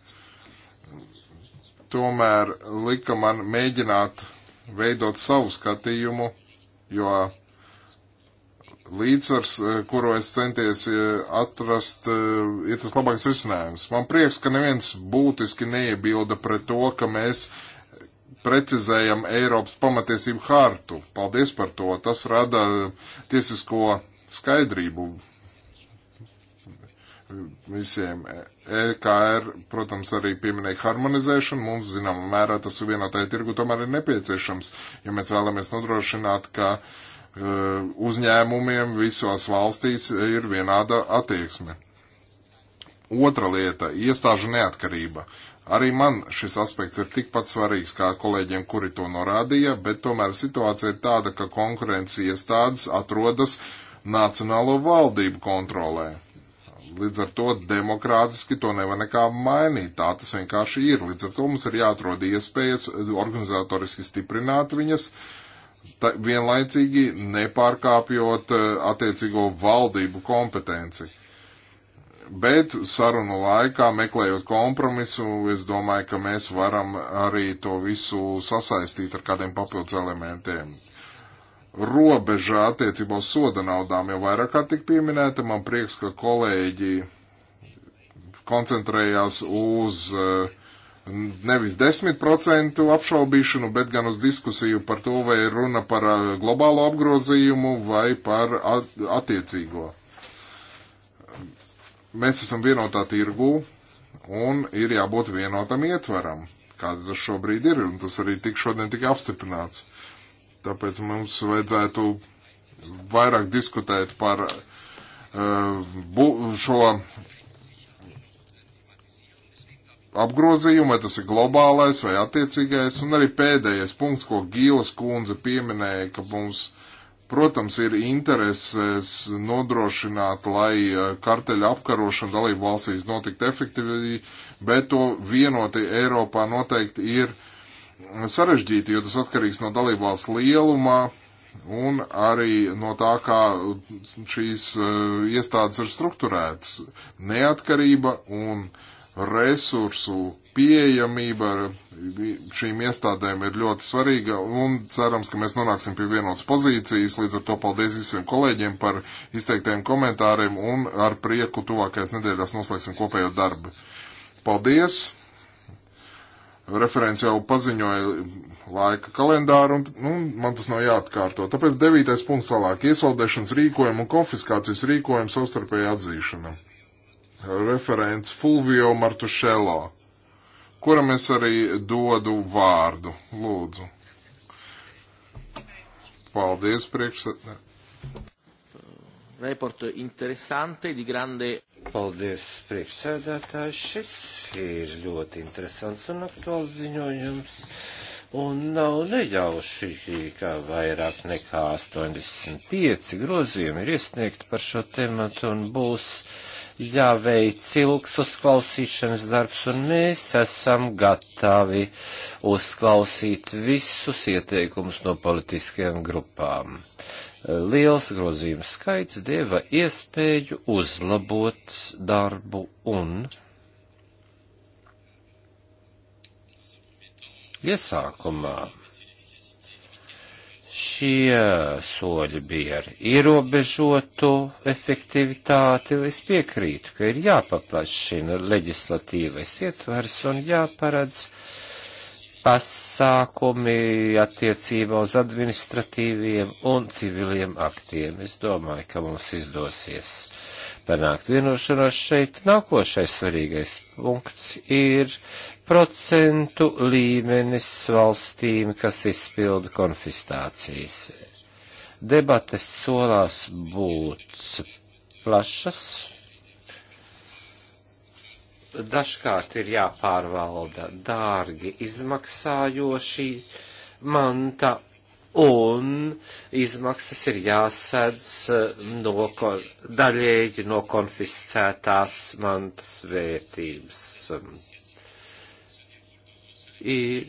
tomēr lika man mēģināt veidot savu skatījumu, jo līdzsvars, eh, kuru es centies eh, atrast, eh, ir tas labākais risinājums. Man prieks, ka neviens būtiski neiebilda pret to, ka mēs precizējam Eiropas pamatiesību hārtu. Paldies par to. Tas rada tiesisko skaidrību visiem. EKR, protams, arī pieminēja harmonizēšanu. Mums, zinām, mērā tas ir vienotāja tirgu tomēr ir nepieciešams, ja mēs vēlamies nodrošināt, ka uh, Eh, uzņēmumiem visos valstīs ir vienāda attieksme. Otra lieta - iestāžu neatkarība. Arī man šis aspekts ir tikpat svarīgs kā kolēģiem, kuri to norādīja, bet tomēr situācija ir tāda, ka konkurences iestādes atrodas Nacionālo valdību kontrolē. Līdz ar to demokrātiski to nevar nekā mainīt. Tā tas vienkārši ir. Līdz ar to mums ir jāatrod iespējas organizatoriski stiprināt viņas, uh, ta, vienlaicīgi nepārkāpjot eh, attiecīgo valdību kompetenci. Bet sarunu laikā, meklējot kompromisu, es domāju, ka mēs varam arī to visu sasaistīt ar kādiem papildus elementiem. Robeža attiecībā uz soda naudām jau vairāk kā tik pieminēta. Man prieks, ka kolēģi koncentrējās uz uh, nevis 10% apšaubīšanu, bet gan uz diskusiju par to, vai runa par uh, globālo apgrozījumu vai par attiecīgo. Mēs esam vienotā tirgū un ir jābūt vienotam ietveram, kāda tas šobrīd ir, un tas arī tik šodien tika apstiprināts. Tāpēc mums vajadzētu vairāk diskutēt par uh, bu, šo apgrozījumu, vai tas ir globālais vai attiecīgais. Un arī pēdējais punkts, ko Gīlas kundze pieminēja, ka mums, protams, ir intereses nodrošināt, lai eh, karteļa apkarošana dalību valstīs notikt efektīvi, bet to vienoti Eiropā noteikti ir sarežģīti, jo tas atkarīgs no dalību valsts lielumā. Un arī no tā, kā šīs uh, iestādes ir strukturētas. Neatkarība un uh, resursu pieejamība šīm iestādēm ir ļoti svarīga un cerams, ka mēs nonāksim pie vienotas pozīcijas. Līdz ar to paldies visiem kolēģiem par izteiktajiem komentāriem un ar prieku tuvākajās nedēļās noslēgsim kopējo darbu. Paldies! Referents jau paziņoja laika kalendāru, un nu, man tas nav jāatkārto. Tāpēc devītais punkts tālāk - iesaldēšanas rīkojumu un konfiskācijas rīkojumu savstarpēji atzīšana referents Fulvio Martušelo, kuram es arī dodu vārdu. Lūdzu. Paldies, priekšsēdētāji. Report interesante, di grande. Paldies, priekšsēdētāji. Šis ir ļoti interesants un aktuāls ziņojums. Uh, Un nav nejauši, ka vairāk nekā 85 grozījumi ir iesniegti par šo tematu un būs jāveic ilgs uzklausīšanas darbs, un mēs esam gatavi uzklausīt visus ieteikumus no politiskajām grupām. Liels grozījums skaits deva iespēju uzlabot darbu un Iesākumā šie soļi bija ar ierobežotu efektivitāti. Es piekrītu, ka ir jāpaplašina leģislatīvais ietvers un jāparedz pasākumi attiecībā uz administratīviem un civiliem aktiem. Es domāju, ka mums izdosies panākt vienošanos šeit. Nākošais svarīgais punkts ir procentu līmenis valstīm, kas izpilda konfistācijas. Debates solās būt plašas. Dažkārt ir jāpārvalda dārgi izmaksājoši manta un izmaksas ir jāsēdz eh, no, daļēji no konfiscētās mantas vērtības ir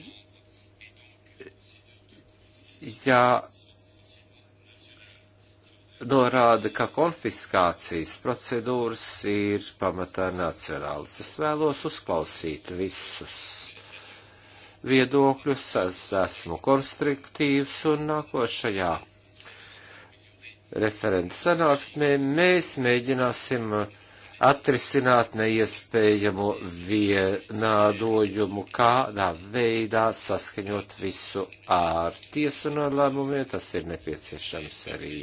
jā. Norāda, ka konfiskācijas procedūras ir pamatā nacionālas. Es vēlos uzklausīt visus viedokļus, es esmu konstruktīvs un nākošajā referenta sanāksmē mēs mēģināsim uh, atrisināt neiespējamo vienādojumu, kādā veidā saskaņot visu ar tiesu nolēmumiem, tas ir nepieciešams arī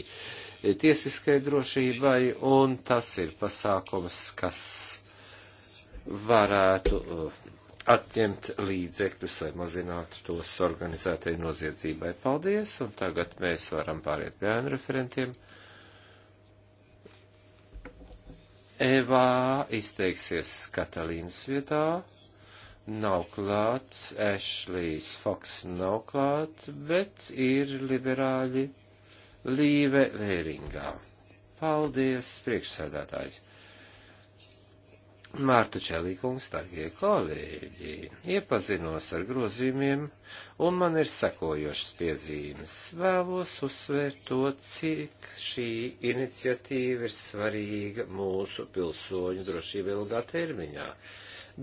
tiesiskai drošībai, un tas ir pasākums, kas varētu uh, atņemt līdzekļus vai mazināt tos organizētai noziedzībai. Paldies, un tagad mēs varam pāriet pie ēnu referentiem. Evā izteiksies Katalīnas vietā, nav klāts, Ešlijs Foks nav klāts, bet ir liberāļi Līve Vēringā. Paldies, priekšsēdētāji! Mārtu Čelīkungs, darbie kolēģi, iepazinos ar grozījumiem, un man ir sekojošas piezīmes. Vēlos uzsvērt to, cik šī iniciatīva ir svarīga mūsu pilsoņu drošība ilgā termiņā,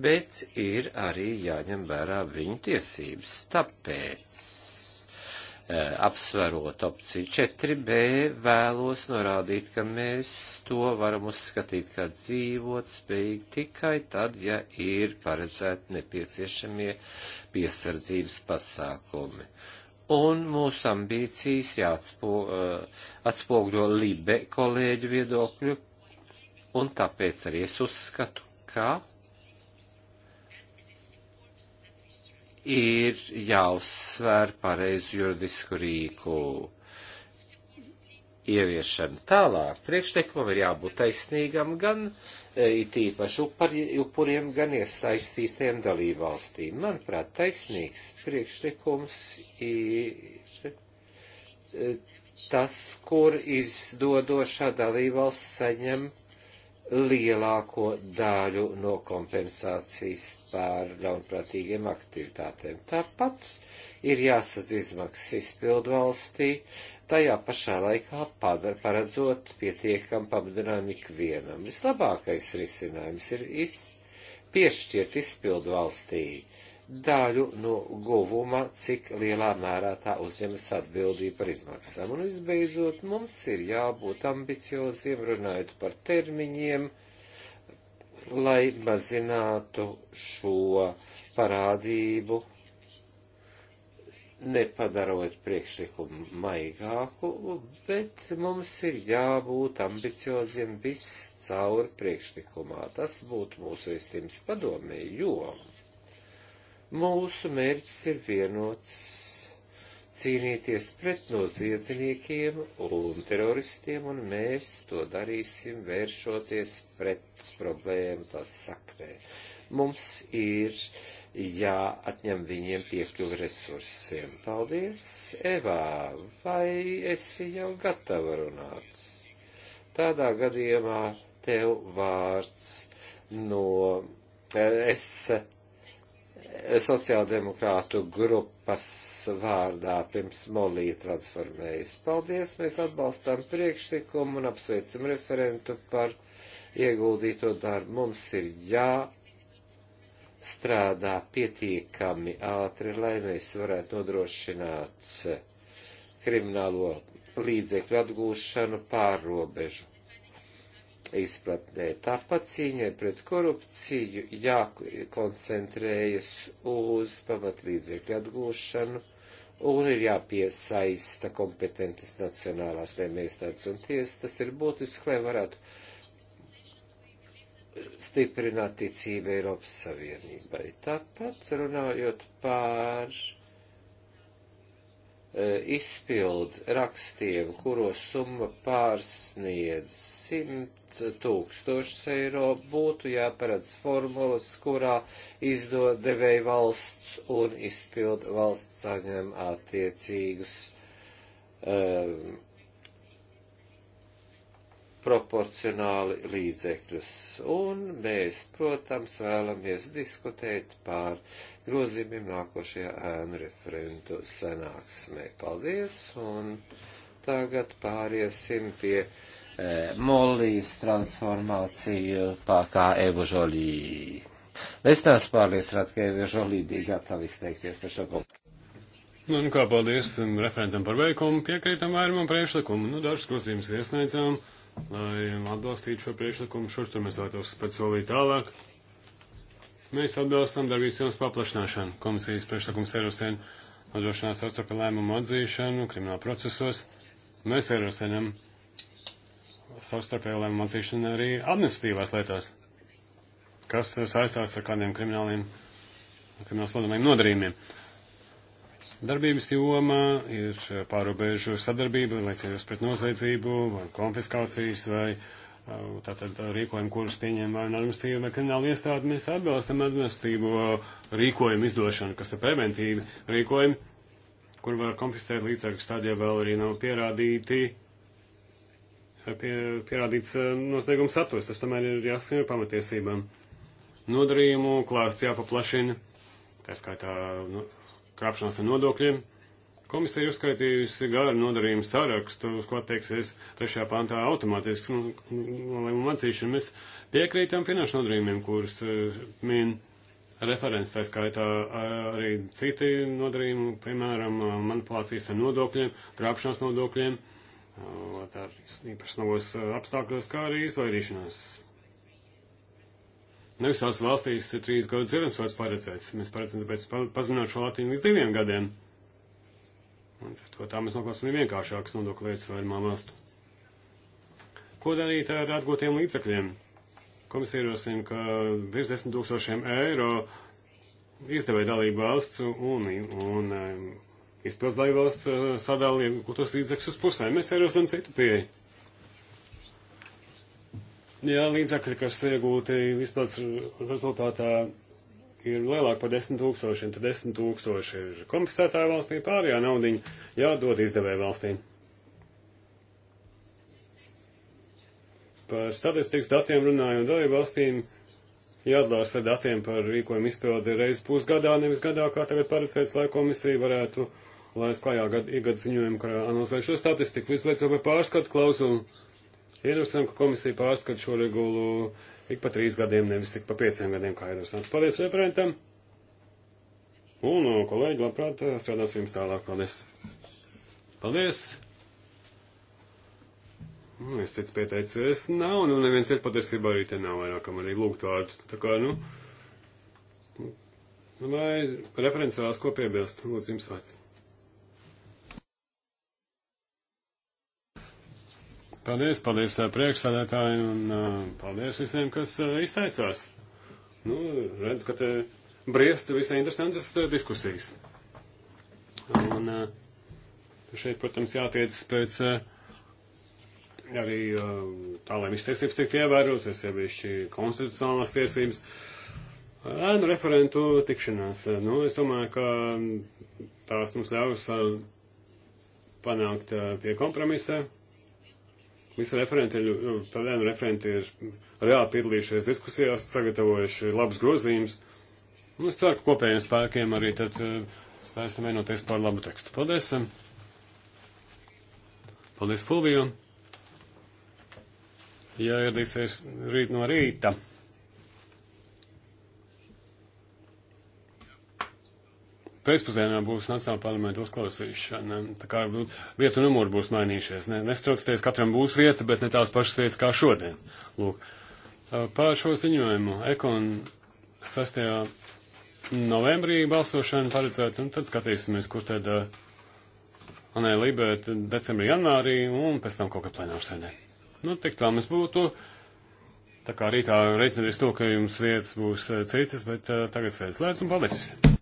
bet ir arī jāņem vērā viņu tiesības. Tāpēc Eh, apsverot opciju 4b, vēlos norādīt, ka mēs to varam uzskatīt kā dzīvot spējīgi tikai tad, ja ir paredzēti nepieciešamie piesardzības pasākumi. Un mūsu ambīcijas jāatspo, eh, atspogļo libe kolēģu viedokļu, un tāpēc arī es uzskatu, ka ir jāuzsver pareizu juridisku rīku ieviešana. Tālāk priekšlikumam ir jābūt taisnīgam gan e, it īpaši upuriem, gan iesaistītiem dalībvalstīm. Manuprāt, taisnīgs priekšlikums ir e, tas, kur izdodošā dalībvalsts saņem lielāko daļu no kompensācijas par ļaunprātīgiem aktivitātēm. Tāpat ir jāsadz izmaksas izpildu valstī, tajā pašā laikā padar, paredzot pietiekam pamudinājumu ikvienam. Vislabākais risinājums ir iz, piešķirt izpildu valstī uh, daļu no guvuma, cik lielā mērā tā uzņemas atbildību par izmaksām. Un visbeidzot, mums ir jābūt ambicioziem, runājot par termiņiem, lai mazinātu šo parādību, nepadarot priekšlikumu maigāku, bet mums ir jābūt ambicioziem viss cauri priekšlikumā. Tas būtu mūsu vēstījums padomē, jo Mūsu mērķis ir vienots - cīnīties pret noziedzniekiem un teroristiem, un mēs to darīsim vēršoties pret problēmu tās saknē. Mums ir jāatņem viņiem piekļuvi resursiem. Paldies, Evā, vai esi jau gatava runāt? Tādā gadījumā tev vārds no es sociāldemokrātu grupas vārdā pirms Molija transformējas. Paldies, mēs atbalstām priekšlikumu un apsveicam referentu par ieguldīto darbu. Mums ir jā strādā pietiekami ātri, lai mēs varētu nodrošināt kriminālo līdzekļu atgūšanu pārrobežu izpratnē. Tāpat cīņai pret korupciju jākoncentrējas uz pamatlīdzekļu atgūšanu un ir jāpiesaista kompetentas nacionālās lēmējas un tiesas. Tas ir būtiski, lai varētu stiprināt ticību Eiropas Savienībai. Tāpat runājot pār E, izpild rakstiem, kuros summa pārsniedz 100 tūkstošus eiro, būtu jāparedz formulas, kurā izdod devēja valsts un izpild valsts saņem attiecīgus um, proporcionāli līdzekļus. Un mēs, protams, vēlamies diskutēt pār grozījumiem nākošajā ēnu referentu sanāksmē. Paldies! Un tagad pāriesim pie e, eh, Mollijas transformāciju pārkā Evu Žolī. Es neesmu pārliecināts, ka Evu Žolī bija gatava izteikties par šo punktu. Nu, nu kā paldies um, referentam par veikumu, piekrītam vairumam priekšlikumu. Nu, dažas grozījumus iesniedzām lai atbalstītu šo priekšlikumu. Šur tur mēs vēlētos pēc solīt tālāk. Mēs atbalstam darbības jomas paplašināšanu. Komisijas priekšlikums Eirosēn nodrošinās starptautiskā lēmumu atzīšanu krimināla procesos. Mēs Eirosēnam savstarpēju lēmumu atzīšanu arī administratīvās lietās, kas saistās ar kādiem krimināliem, krimināls nodomiem nodarījumiem darbības jomā, ir pārobežu sadarbība, lai cīnītos pret noslēdzību, vai konfiskācijas, vai uh, tātad uh, rīkojumu, kurus pieņem vai administratīva vai krimināla iestāde, mēs atbalstam administratīvo rīkojumu izdošanu, kas ir preventīvi rīkojumi, kur var konfiscēt līdzekļus tad, ja vēl arī nav pierādīti, uh, pie, pierādīts noslēguma saturs. Tas tomēr ir jāskan ar pamatiesībām. Nodarījumu klāsts jāpaplašina, tā skaitā nu, krāpšanās ar nodokļiem. Komisija ir uzskaitījusi garu nodarījumu sarakstu, uz ko attieksies trešajā pantā automātiski, nu, lai mums atzīšana mēs piekrītam finanšu nodarījumiem, kurus uh, min referents, tā skaitā arī citi nodarījumi, piemēram, manipulācijas ar nodokļiem, krāpšanās nodokļiem, uh, tā īpaši novos apstākļos, kā arī izvairīšanās Nu, visās valstīs ir trīs gadu dzirnums paredzēts. Mēs paredzam, tāpēc pazināt šo Latviju līdz diviem gadiem. Un ar to tā mēs noklāsim vienkāršākas nodokļu lietas vairumā valstu. Ko darīt ar atgūtiem līdzekļiem? Komisija ierosina, ka virs 10 tūkstošiem eiro izdevēja dalību valsts un, un um, izpildus dalību valsts uh, sadalīja kultūras līdzekļus uz pusēm. Mēs ierosinām citu pieeju. Jā, līdzekļi, kas iegūti izpildes rezultātā, ir lielāk par desmit tūkstošiem, tad desmit tūkstoši ir konfiscētāja valstī, pārējā naudiņa jādod izdevēja valstī. Par statistikas datiem runājot dalību valstīm, jāatdalās ar datiem par rīkojumu izpildi reiz pusgadā, nevis gadā, kā tagad paredzēts, lai komisija varētu laist klājā gad, ikgad ziņojumu, kurā analizē šo statistiku, vispēc vēl par pārskatu klauzulu Ierosinām, ka komisija pārskat šo regulu ik pa trīs gadiem, nevis ik pa pieciem gadiem, kā ierosināts. Paldies referentam! Un, kolēģi, labprāt, eh, strādāsim jums tālāk. Paldies! Paldies! Nu, es teicu, pieteicies, nav, nu, neviens iet patiesībā arī te nav vairākam arī lūgt vārdu. Tā kā, nu, vai nu, referents vēlas ko piebilst? Lūdzu, jums vārds. Paldies, paldies priekšsādētāji un paldies visiem, kas izteicās. Nu, redzu, ka te briest visai interesantas diskusijas. Un šeit, protams, jātiecas pēc arī tā, lai viss tiesības tiktu ievērotas, es ievišķi konstitucionālās tiesības. Ēnu referentu tikšanās. Nu, es domāju, ka tās mums ļaus panākt pie kompromisa. Visi referenti, nu, nu, tādēļ referenti ir reāli piedalījušies diskusijās, sagatavojuši labus grozījumus. Un nu, es ceru, ka kopējiem spēkiem arī tad eh, spēsim vienoties par labu tekstu. Paldies! Paldies, Fulvijam! Ja ieradīsies rīt no rīta. pēcpusdienā būs Nacionāla parlamenta uzklausīšana. Tā kā vietu numuri būs mainījušies. Ne? Nestraucieties, katram būs vieta, bet ne tās pašas vietas kā šodien. Lūk. Pār šo ziņojumu Ekon 6. novembrī balsošana paredzēta, un tad skatīsimies, kur tad Anē Libē decembrī, janvārī, un pēc tam kaut kā plenārsēdē. Nu, tik tā mēs būtu. Tā kā rītā reiķināties to, ka jums vietas būs citas, bet uh, tagad sēdz slēdz un paldies visiem!